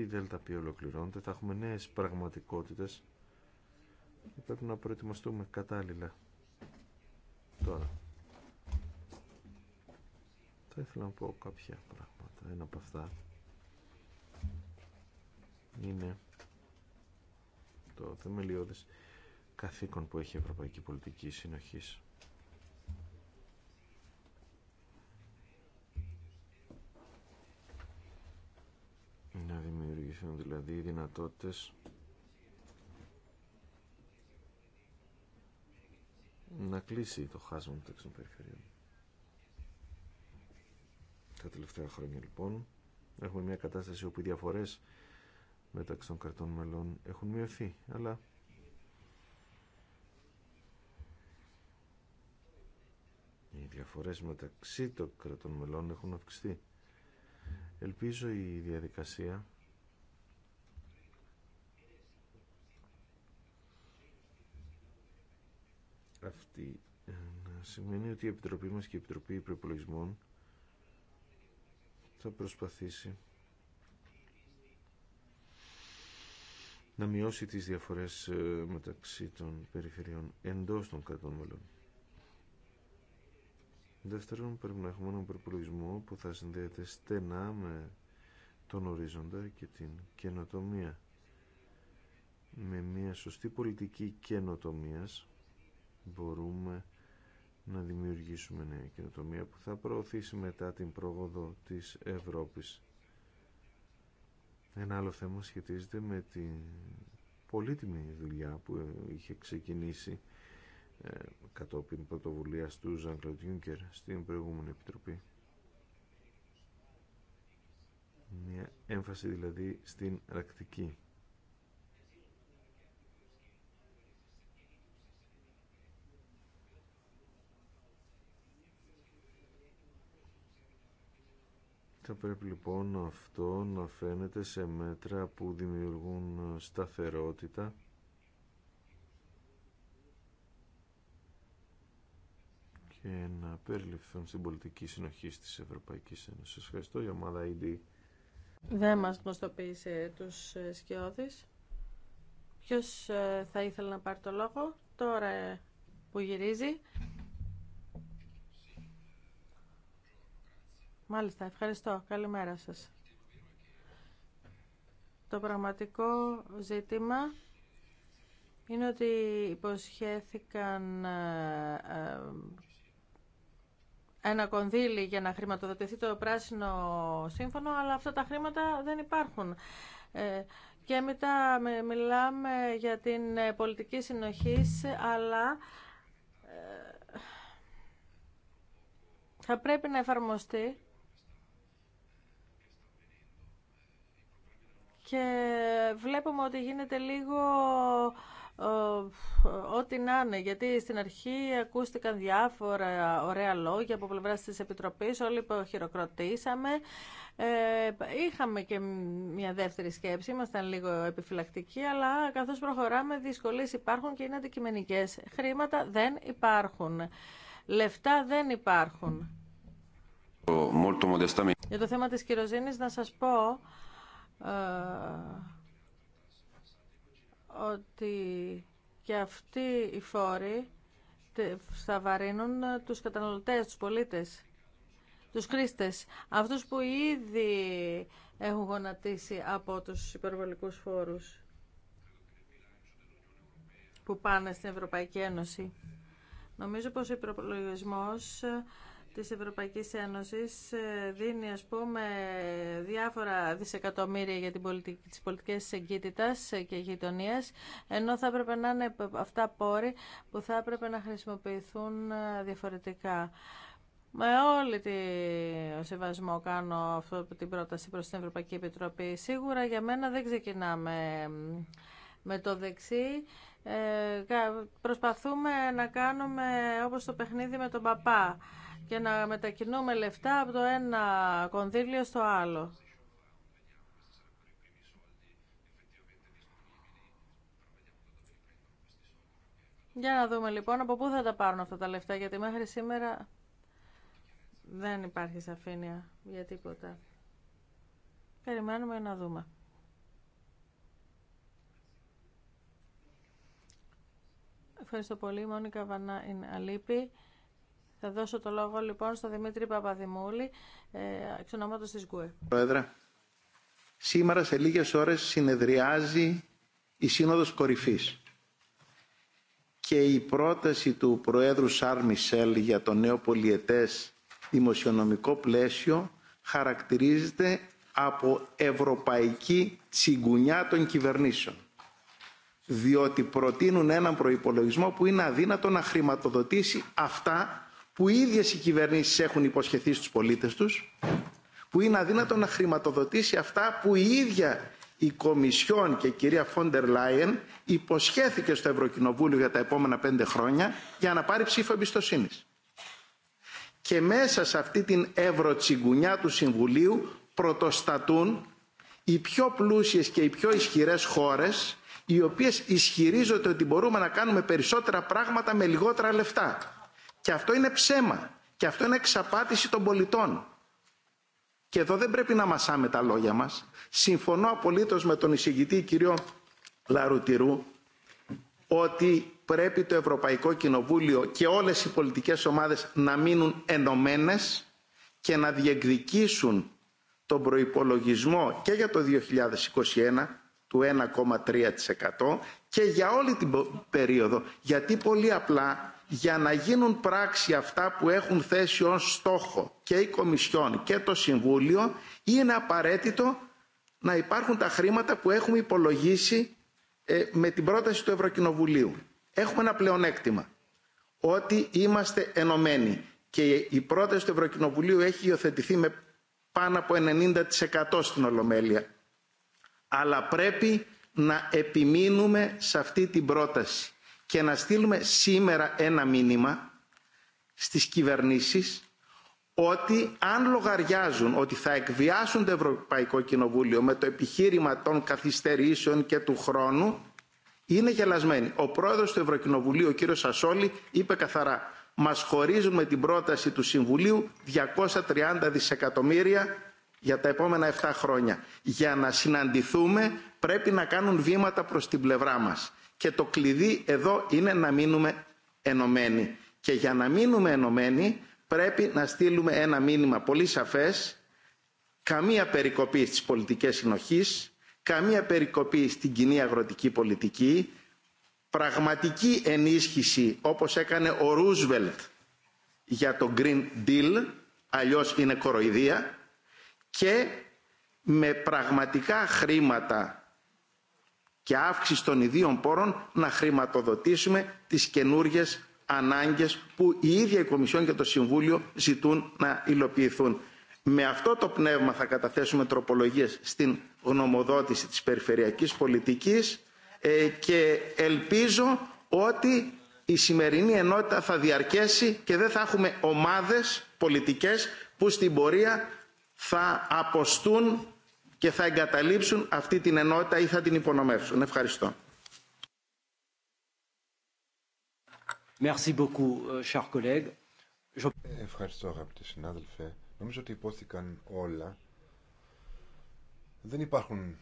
B: η ΔΕΛΤΑΠΗ ολοκληρώνεται, θα έχουμε νέε πραγματικότητες και πρέπει να προετοιμαστούμε κατάλληλα τώρα. Θα ήθελα να πω κάποια πράγματα. Ένα από αυτά είναι το θεμελιώδες καθήκον που έχει η Ευρωπαϊκή Πολιτική Συνοχής Υπάρχουν δηλαδή οι δυνατότητες να κλείσει το χάσμα μεταξύ των περιφερειών. Τα τελευταία χρόνια λοιπόν έχουμε μια κατάσταση όπου οι διαφορές μεταξύ των κρατών μελών έχουν μειωθεί, αλλά οι διαφορές μεταξύ των κρατών μελών έχουν αυξηθεί. Ελπίζω η διαδικασία αυτή ε, σημαίνει ότι η Επιτροπή μας και η Επιτροπή Προπολογισμών θα προσπαθήσει να μειώσει τις διαφορές ε, μεταξύ των περιφερειών εντός των κρατών μελών. Δεύτερον, πρέπει να έχουμε έναν προπολογισμό που θα συνδέεται στενά με τον ορίζοντα και την καινοτομία. Με μια σωστή πολιτική καινοτομίας μπορούμε να δημιουργήσουμε νέα κοινοτομία που θα προωθήσει μετά την πρόοδο της Ευρώπης. Ένα άλλο θέμα σχετίζεται με την πολύτιμη δουλειά που είχε ξεκινήσει ε, κατόπιν πρωτοβουλία του Ζαν Κλοντ στην προηγούμενη επιτροπή. Μια έμφαση δηλαδή στην ρακτική Θα πρέπει λοιπόν αυτό να φαίνεται σε μέτρα που δημιουργούν σταθερότητα και να περιληφθούν στην πολιτική συνοχή της Ευρωπαϊκής Ένωσης. Ευχαριστώ η ομάδα ID.
C: Δεν μα γνωστοποίησε τους ε, σκιώδει. Ποιο ε, θα ήθελε να πάρει το λόγο τώρα ε, που γυρίζει. Μάλιστα, ευχαριστώ. Καλημέρα σας. Το πραγματικό ζήτημα είναι ότι υποσχέθηκαν ε, ε, ένα κονδύλι για να χρηματοδοτηθεί το πράσινο σύμφωνο, αλλά αυτά τα χρήματα δεν υπάρχουν. Ε, και μετά μιλάμε για την πολιτική συνοχής, αλλά θα πρέπει να εφαρμοστεί και βλέπουμε ότι γίνεται λίγο ε, ό,τι να είναι, γιατί στην αρχή ακούστηκαν διάφορα ωραία λόγια από πλευράς της Επιτροπής, όλοι που χειροκροτήσαμε. Ε, είχαμε και μια δεύτερη σκέψη, ήμασταν λίγο επιφυλακτικοί, αλλά καθώς προχωράμε δυσκολίες υπάρχουν και είναι αντικειμενικές. Χρήματα δεν υπάρχουν. Λεφτά δεν υπάρχουν. Για το θέμα της κυροζήνης να σας πω ε, ότι και αυτοί οι φόροι θα βαρύνουν τους καταναλωτές, τους πολίτες, τους χρήστες, αυτούς που ήδη έχουν γονατίσει από τους υπερβολικούς φόρους που πάνε στην Ευρωπαϊκή Ένωση. Νομίζω πως ο υπερβολισμός της Ευρωπαϊκής Ένωσης ε, δίνει ας πούμε διάφορα δισεκατομμύρια για τι πολιτικέ τις πολιτικές ε, και γειτονία, ενώ θα έπρεπε να είναι αυτά πόροι που θα έπρεπε να χρησιμοποιηθούν ε, διαφορετικά. Με όλη τη σεβασμό κάνω αυτό, την πρόταση προς την Ευρωπαϊκή Επιτροπή. Σίγουρα για μένα δεν ξεκινάμε με το δεξί. Ε, προσπαθούμε να κάνουμε όπως το παιχνίδι με τον παπά και να μετακινούμε λεφτά από το ένα κονδύλιο στο άλλο. Για να δούμε λοιπόν από πού θα τα πάρουν αυτά τα λεφτά, γιατί μέχρι σήμερα δεν υπάρχει σαφήνεια για τίποτα. Περιμένουμε να δούμε. Ευχαριστώ πολύ, Μόνικα Βανά είναι αλήπη. Θα δώσω το λόγο λοιπόν στον Δημήτρη Παπαδημούλη, ε, εξ ονόματος της ΓΚΟΕ.
D: Πρόεδρε, σήμερα σε λίγες ώρες συνεδριάζει η Σύνοδος Κορυφής και η πρόταση του Προέδρου Σαρ Μισελ για το νέο πολιετές δημοσιονομικό πλαίσιο χαρακτηρίζεται από ευρωπαϊκή τσιγκουνιά των κυβερνήσεων. Διότι προτείνουν έναν προϋπολογισμό που είναι αδύνατο να χρηματοδοτήσει αυτά που οι ίδιες οι κυβερνήσεις έχουν υποσχεθεί στους πολίτες τους, που είναι αδύνατο να χρηματοδοτήσει αυτά που η ίδια η Κομισιόν και η κυρία Φόντερ Λάιεν υποσχέθηκε στο Ευρωκοινοβούλιο για τα επόμενα πέντε χρόνια για να πάρει ψήφο εμπιστοσύνη. Και μέσα σε αυτή την ευρωτσιγκουνιά του Συμβουλίου πρωτοστατούν οι πιο πλούσιες και οι πιο ισχυρές χώρες οι οποίες ισχυρίζονται ότι μπορούμε να κάνουμε περισσότερα πράγματα με λιγότερα λεφτά και αυτό είναι ψέμα. Και αυτό είναι εξαπάτηση των πολιτών. Και εδώ δεν πρέπει να μασάμε τα λόγια μας. Συμφωνώ απολύτως με τον εισηγητή κύριο Λαρουτηρού ότι πρέπει το Ευρωπαϊκό Κοινοβούλιο και όλες οι πολιτικές ομάδες να μείνουν ενωμένες και να διεκδικήσουν τον προϋπολογισμό και για το 2021 του 1,3% και για όλη την περίοδο. Γιατί πολύ απλά για να γίνουν πράξη αυτά που έχουν θέσει ως στόχο και η Κομισιόν και το Συμβούλιο είναι απαραίτητο να υπάρχουν τα χρήματα που έχουμε υπολογίσει ε, με την πρόταση του Ευρωκοινοβουλίου. Έχουμε ένα πλεονέκτημα ότι είμαστε ενωμένοι και η πρόταση του Ευρωκοινοβουλίου έχει υιοθετηθεί με πάνω από 90% στην Ολομέλεια. Αλλά πρέπει να επιμείνουμε σε αυτή την πρόταση και να στείλουμε σήμερα ένα μήνυμα στις κυβερνήσεις ότι αν λογαριάζουν ότι θα εκβιάσουν το Ευρωπαϊκό Κοινοβούλιο με το επιχείρημα των καθυστερήσεων και του χρόνου, είναι γελασμένοι. Ο πρόεδρος του Ευρωκοινοβουλίου, ο κύριος Σασόλη, είπε καθαρά «Μας χωρίζουν με την πρόταση του Συμβουλίου 230 δισεκατομμύρια για τα επόμενα 7 χρόνια. Για να συναντηθούμε πρέπει να κάνουν βήματα προς την πλευρά μας και το κλειδί εδώ είναι να μείνουμε ενωμένοι. Και για να μείνουμε ενωμένοι πρέπει να στείλουμε ένα μήνυμα πολύ σαφές, καμία περικοπή στις πολιτικές συνοχής, καμία περικοπή στην κοινή αγροτική πολιτική, πραγματική ενίσχυση όπως έκανε ο Ρούσβελτ για το Green Deal, αλλιώς είναι κοροϊδία, και με πραγματικά χρήματα και αύξηση των ιδίων πόρων να χρηματοδοτήσουμε τις καινούριε ανάγκες που η ίδια η Κομισιόν και το Συμβούλιο ζητούν να υλοποιηθούν. Με αυτό το πνεύμα θα καταθέσουμε τροπολογίες στην γνωμοδότηση της περιφερειακής πολιτικής ε, και ελπίζω ότι η σημερινή ενότητα θα διαρκέσει και δεν θα έχουμε ομάδες πολιτικές που στην πορεία θα αποστούν και θα εγκαταλείψουν αυτή την ενότητα ή θα την υπονομεύσουν. Ευχαριστώ.
A: Euh, Ευχαριστώ αγαπητοί συνάδελφε. Νομίζω ότι υπόθηκαν όλα. Δεν υπάρχουν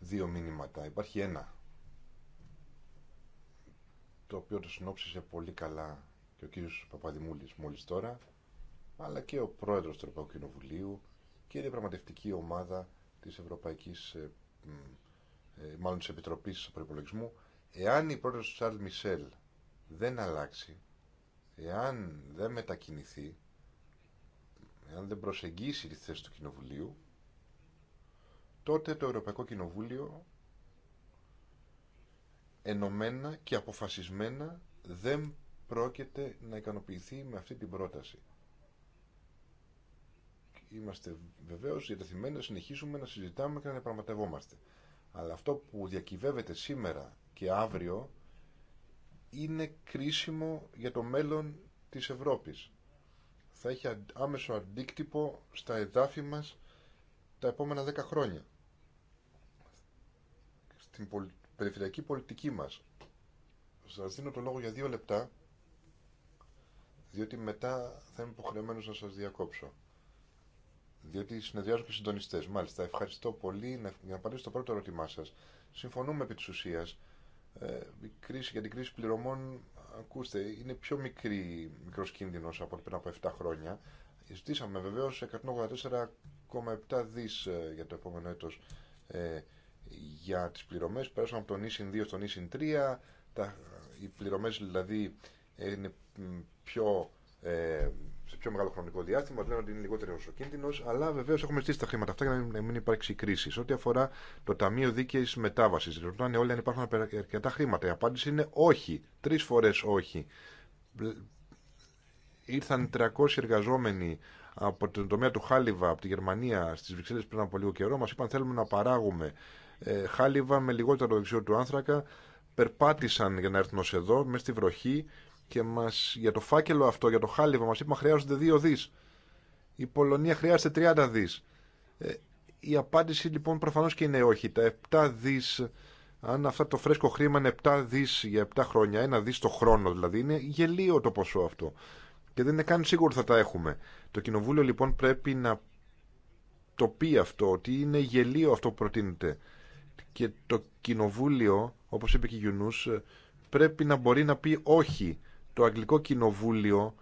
A: δύο μήνυματα, υπάρχει ένα. Το οποίο το συνόψισε πολύ καλά και ο κύριος Παπαδημούλης μόλις τώρα, αλλά και ο πρόεδρος του Ευρωπαϊκού Κοινοβουλίου και η διαπραγματευτική ομάδα της Ευρωπαϊκής ε, ε, μάλλον της Επιτροπής Προπολογισμού εάν η του Τσάρλ Μισελ δεν αλλάξει εάν δεν μετακινηθεί εάν δεν προσεγγίσει τη θέση του Κοινοβουλίου τότε το Ευρωπαϊκό Κοινοβούλιο ενωμένα και αποφασισμένα δεν πρόκειται να ικανοποιηθεί με αυτή την πρόταση είμαστε βεβαίω διατεθειμένοι να συνεχίσουμε να συζητάμε και να διαπραγματευόμαστε. Αλλά αυτό που διακυβεύεται σήμερα και αύριο είναι κρίσιμο για το μέλλον της Ευρώπης. Θα έχει άμεσο αντίκτυπο στα εδάφη μας τα επόμενα δέκα χρόνια. Στην περιφερειακή πολιτική μας. Σας δίνω το λόγο για δύο λεπτά, διότι μετά θα είμαι υποχρεωμένος να σας διακόψω διότι συνεδριάζουν και συντονιστέ. Μάλιστα, ευχαριστώ πολύ. Για να απαντήσω στο πρώτο ερώτημά σα, συμφωνούμε επί τη ουσία. Ε, κρίση για την κρίση πληρωμών, ακούστε, είναι πιο μικρή, μικρός κίνδυνος από πριν από 7 χρόνια. Ζητήσαμε βεβαίω 184,7 δις ε, για το επόμενο έτος ε, για τις πληρωμές. Πέρασαν από τον ίσιν 2 στον ίσιν 3. Τα, οι πληρωμές δηλαδή είναι πιο ε, σε πιο μεγάλο χρονικό διάστημα. Λένε ότι είναι λιγότερο ο κίνδυνο, αλλά βεβαίω έχουμε ζητήσει τα χρήματα αυτά για να μην υπάρξει κρίση. Σε ό,τι αφορά το Ταμείο Δίκαιη Μετάβαση, ρωτάνε όλοι αν υπάρχουν αρκετά χρήματα. Η απάντηση είναι όχι. Τρει φορέ όχι. Ήρθαν 300 εργαζόμενοι από την τομέα του Χάλιβα, από τη Γερμανία, στι Βρυξέλλε πριν από λίγο καιρό. Μα είπαν θέλουμε να παράγουμε ε, Χάλιβα με λιγότερο δεξιό του άνθρακα. Περπάτησαν για να έρθουν ω εδώ, με στη βροχή και μας, για το φάκελο αυτό, για το χάλιβα, μας είπαν χρειάζονται 2 δις. Η Πολωνία χρειάζεται 30 δις. Ε, η απάντηση λοιπόν προφανώς και είναι όχι. Τα 7 δις, αν αυτό το φρέσκο χρήμα είναι 7 δις για 7 χρόνια, ένα δις το χρόνο δηλαδή, είναι γελίο το ποσό αυτό. Και δεν είναι καν σίγουρο ότι θα τα έχουμε. Το Κοινοβούλιο λοιπόν πρέπει να το πει αυτό, ότι είναι γελίο αυτό που προτείνεται. Και το Κοινοβούλιο, όπως είπε και η Γιουνούς, πρέπει να μπορεί να πει όχι το Αγγλικό Κοινοβούλιο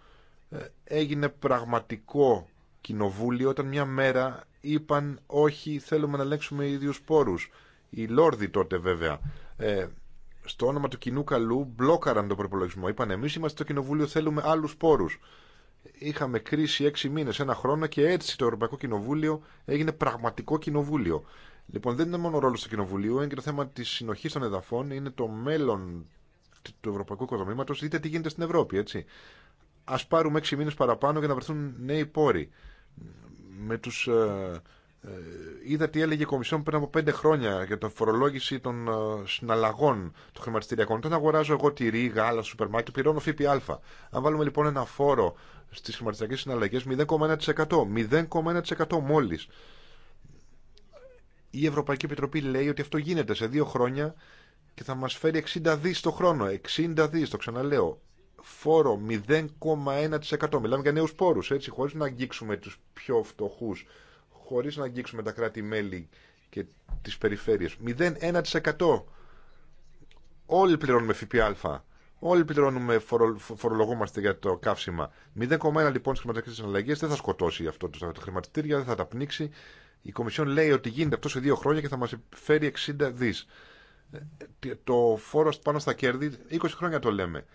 A: ε, έγινε πραγματικό κοινοβούλιο όταν μια μέρα είπαν όχι θέλουμε να ελέγξουμε ίδιους πόρους. Οι Λόρδοι τότε βέβαια ε, στο όνομα του κοινού καλού μπλόκαραν τον προπολογισμό. Είπαν εμείς είμαστε το κοινοβούλιο θέλουμε άλλους πόρους. Είχαμε κρίση έξι μήνες, ένα χρόνο και έτσι το Ευρωπαϊκό Κοινοβούλιο έγινε πραγματικό κοινοβούλιο. Λοιπόν, δεν είναι μόνο ο ρόλο του Κοινοβουλίου, είναι και το θέμα τη συνοχή των εδαφών, είναι το μέλλον του ευρωπαϊκού οικοδομήματο, δείτε τι γίνεται στην Ευρώπη, έτσι. Α πάρουμε έξι μήνε παραπάνω για να βρεθούν νέοι πόροι. Με ε, ε, είδα τι έλεγε η Κομισιόν πριν από πέντε χρόνια για την φορολόγηση των ε, συναλλαγών των χρηματιστηριακών. Όταν αγοράζω εγώ τυρί, γάλα, σούπερ μάρκετ, πληρώνω ΦΠΑ. Αν βάλουμε λοιπόν ένα φόρο στι χρηματιστηριακέ συναλλαγέ 0,1%. 0,1% μόλι. Η Ευρωπαϊκή Επιτροπή λέει ότι αυτό γίνεται σε δύο χρόνια και θα μας φέρει 60 δις το χρόνο. 60 δις, το ξαναλέω. Φόρο 0,1%. Μιλάμε για νέους πόρους, έτσι, χωρίς να αγγίξουμε τους πιο φτωχούς, χωρίς να αγγίξουμε τα κράτη-μέλη και τις περιφέρειες. 0,1%. Όλοι πληρώνουμε ΦΠΑ. Όλοι πληρώνουμε, φορο, για το καύσιμα. 0,1 λοιπόν στις χρηματικές συναλλαγές. δεν θα σκοτώσει αυτό το χρηματιστήριο, δεν θα τα πνίξει. Η Κομισιόν λέει ότι γίνεται αυτό σε δύο χρόνια και θα μα φέρει 60 δι. Ε, ε, το φόρο πάνω στα κέρδη 20 χρόνια το λέμε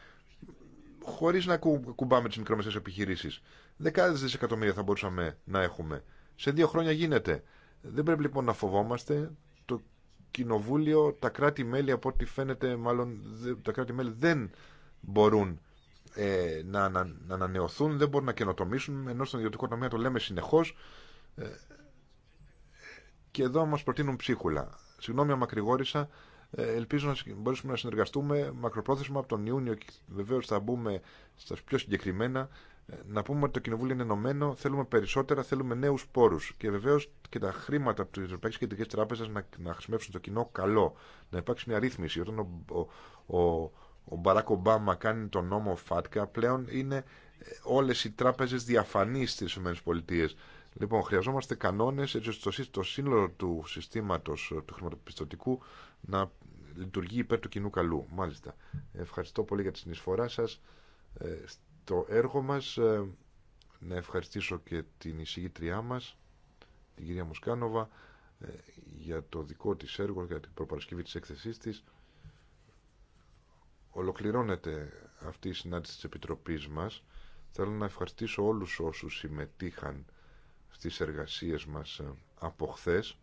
A: χωρίς να κουμπάμε τι μικρομεσαίες επιχειρήσεις δεκάδες δισεκατομμύρια θα μπορούσαμε να έχουμε σε δύο χρόνια γίνεται δεν πρέπει λοιπόν να φοβόμαστε το κοινοβούλιο τα κράτη-μέλη από ό,τι φαίνεται μάλλον τα κράτη-μέλη δεν μπορούν ε, να, να, να ανανεωθούν δεν μπορούν να καινοτομήσουν ενώ στον ιδιωτικό τομέα το λέμε συνεχώ. Ε, και εδώ μα προτείνουν ψίχουλα συγγνώμη αμακρηγόρησα. Ε, ελπίζω να μπορέσουμε να συνεργαστούμε μακροπρόθεσμα από τον Ιούνιο και βεβαίω θα μπούμε στα πιο συγκεκριμένα. Ε, να πούμε ότι το Κοινοβούλιο είναι ενωμένο, θέλουμε περισσότερα, θέλουμε νέου πόρου. Και βεβαίω και τα χρήματα από τι Ευρωπαϊκέ Κεντρικέ Τράπεζε να, να χρησιμεύσουν το κοινό καλό. Να υπάρξει μια ρύθμιση. Όταν ο, ο, ο, ο Μπαράκ Ομπάμα κάνει τον νόμο ΦΑΤΚΑ, πλέον είναι ε, όλε οι τράπεζε διαφανεί στι ΗΠΑ. Λοιπόν, χρειαζόμαστε κανόνε έτσι ώστε το σύνολο του συστήματο του χρηματοπιστωτικού να λειτουργεί υπέρ του κοινού καλού. Μάλιστα. Ευχαριστώ πολύ για τη συνεισφορά σας ε, στο έργο μας. Ε, να ευχαριστήσω και την εισηγήτριά μας, την κυρία Μουσκάνοβα, ε, για το δικό της έργο, για την προπαρασκευή της έκθεσής της. Ολοκληρώνεται αυτή η συνάντηση της Επιτροπής μας. Θέλω να ευχαριστήσω όλους όσους συμμετείχαν στις εργασίες μας από χθες.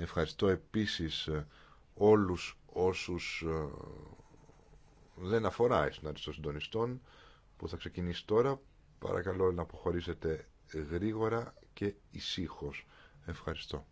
A: Ευχαριστώ επίσης ε, όλους όσους ε, δεν αφορά η συντονιστών που θα ξεκινήσει τώρα. Παρακαλώ να αποχωρήσετε γρήγορα και ησύχως. Ευχαριστώ.